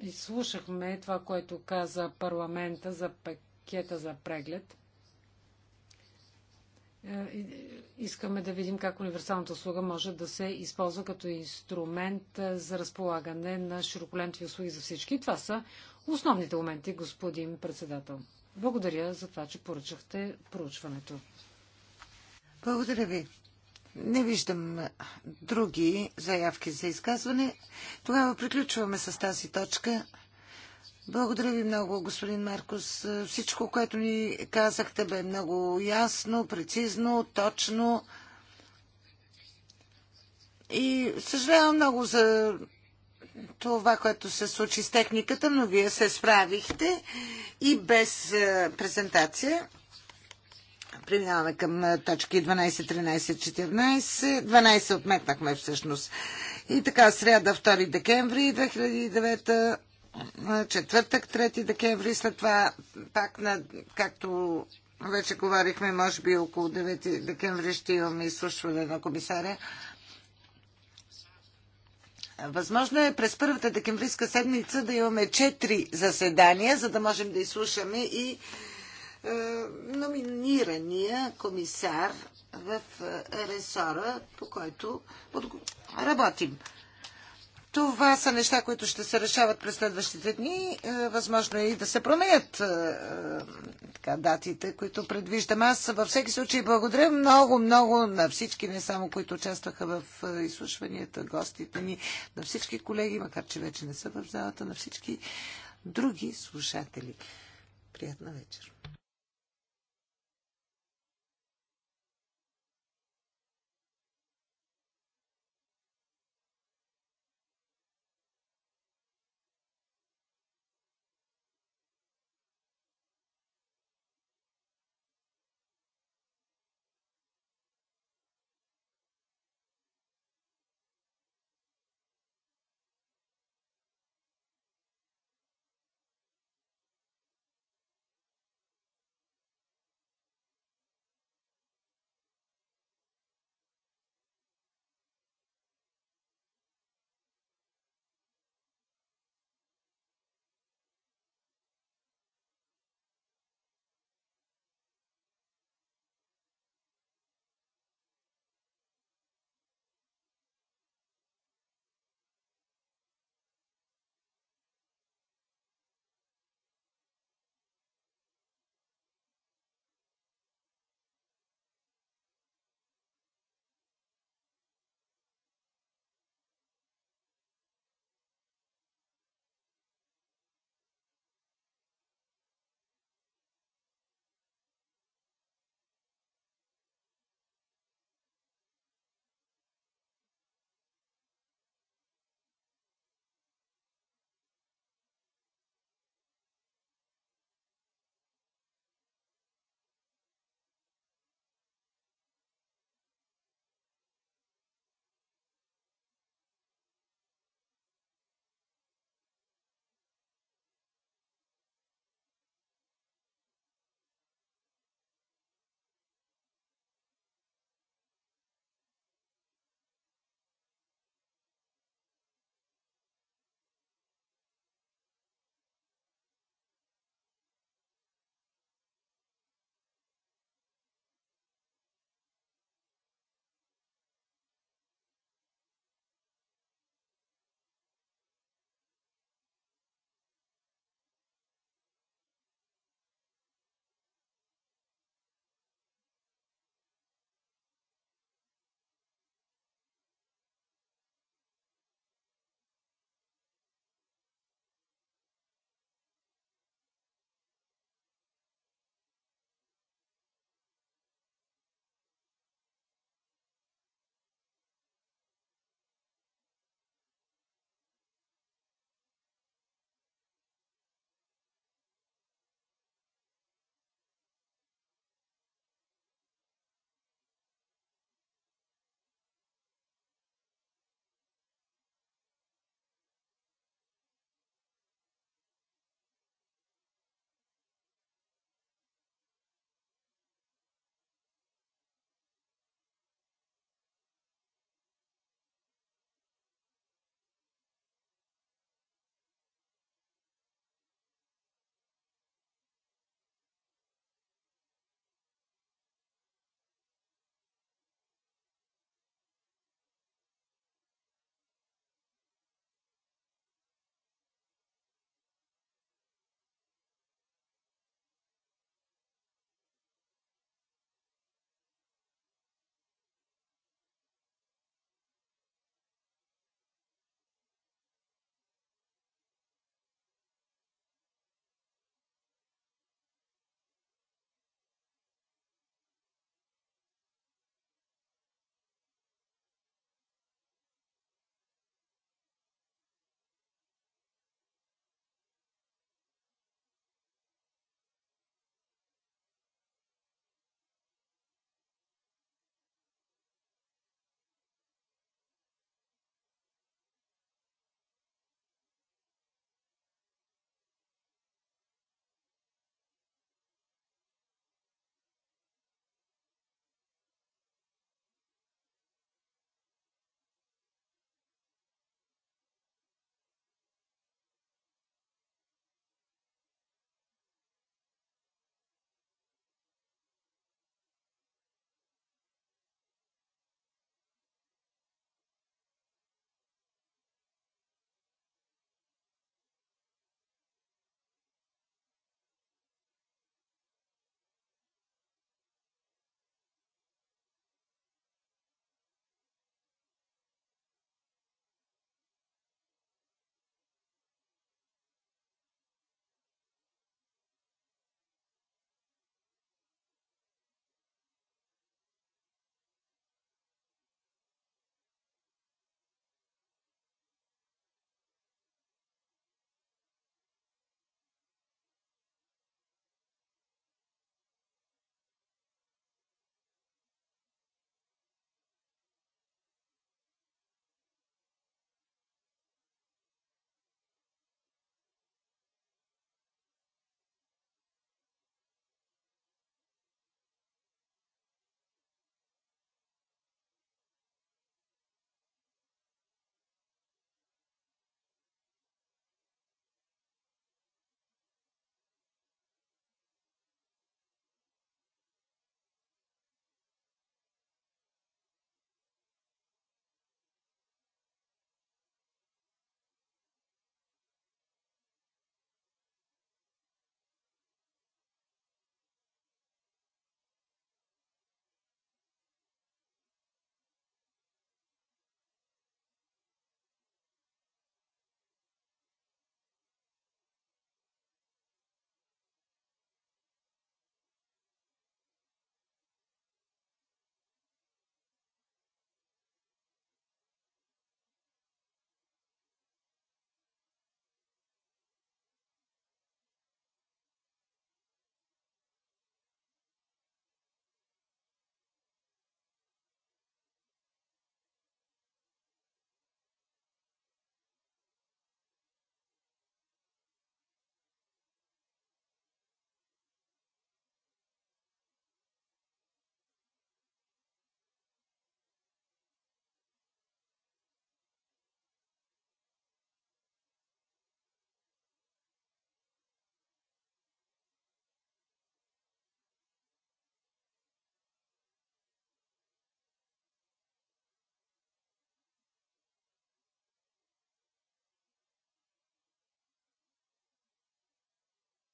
изслушахме това, което каза парламента за пакета за преглед. Е, искаме да видим как универсалната услуга може да се използва като инструмент е, за разполагане на широколентови услуги за всички. Това са основните моменти, господин председател. Благодаря за това, че поръчахте проучването. Благодаря ви. Не виждам други заявки за изказване. Тогава приключваме с тази точка. Благодаря ви много, господин Маркос. Всичко, което ни казахте, бе много ясно, прецизно, точно. И съжалявам много за това, което се случи с техниката, но вие се справихте и без е, презентация. Преминаваме към точки 12, 13, 14. 12 отметнахме всъщност. И така, сряда 2 декември 2009 четвъртък, 3 декември, след това пак на, както вече говорихме, може би около 9 декември ще имаме изслушване на комисаря. Възможно е през първата декемврийска седмица да имаме 4 заседания, за да можем да изслушаме и е, номинирания комисар в е, ресора, по който работим. Това са неща, които ще се решават през следващите дни. Е, възможно е и да се променят така, датите, които предвиждам аз. Във всеки случай благодаря много, много на всички, не само които участваха в изслушванията, гостите ни, на всички колеги, макар че вече не са в залата, на всички други слушатели. Приятна вечер!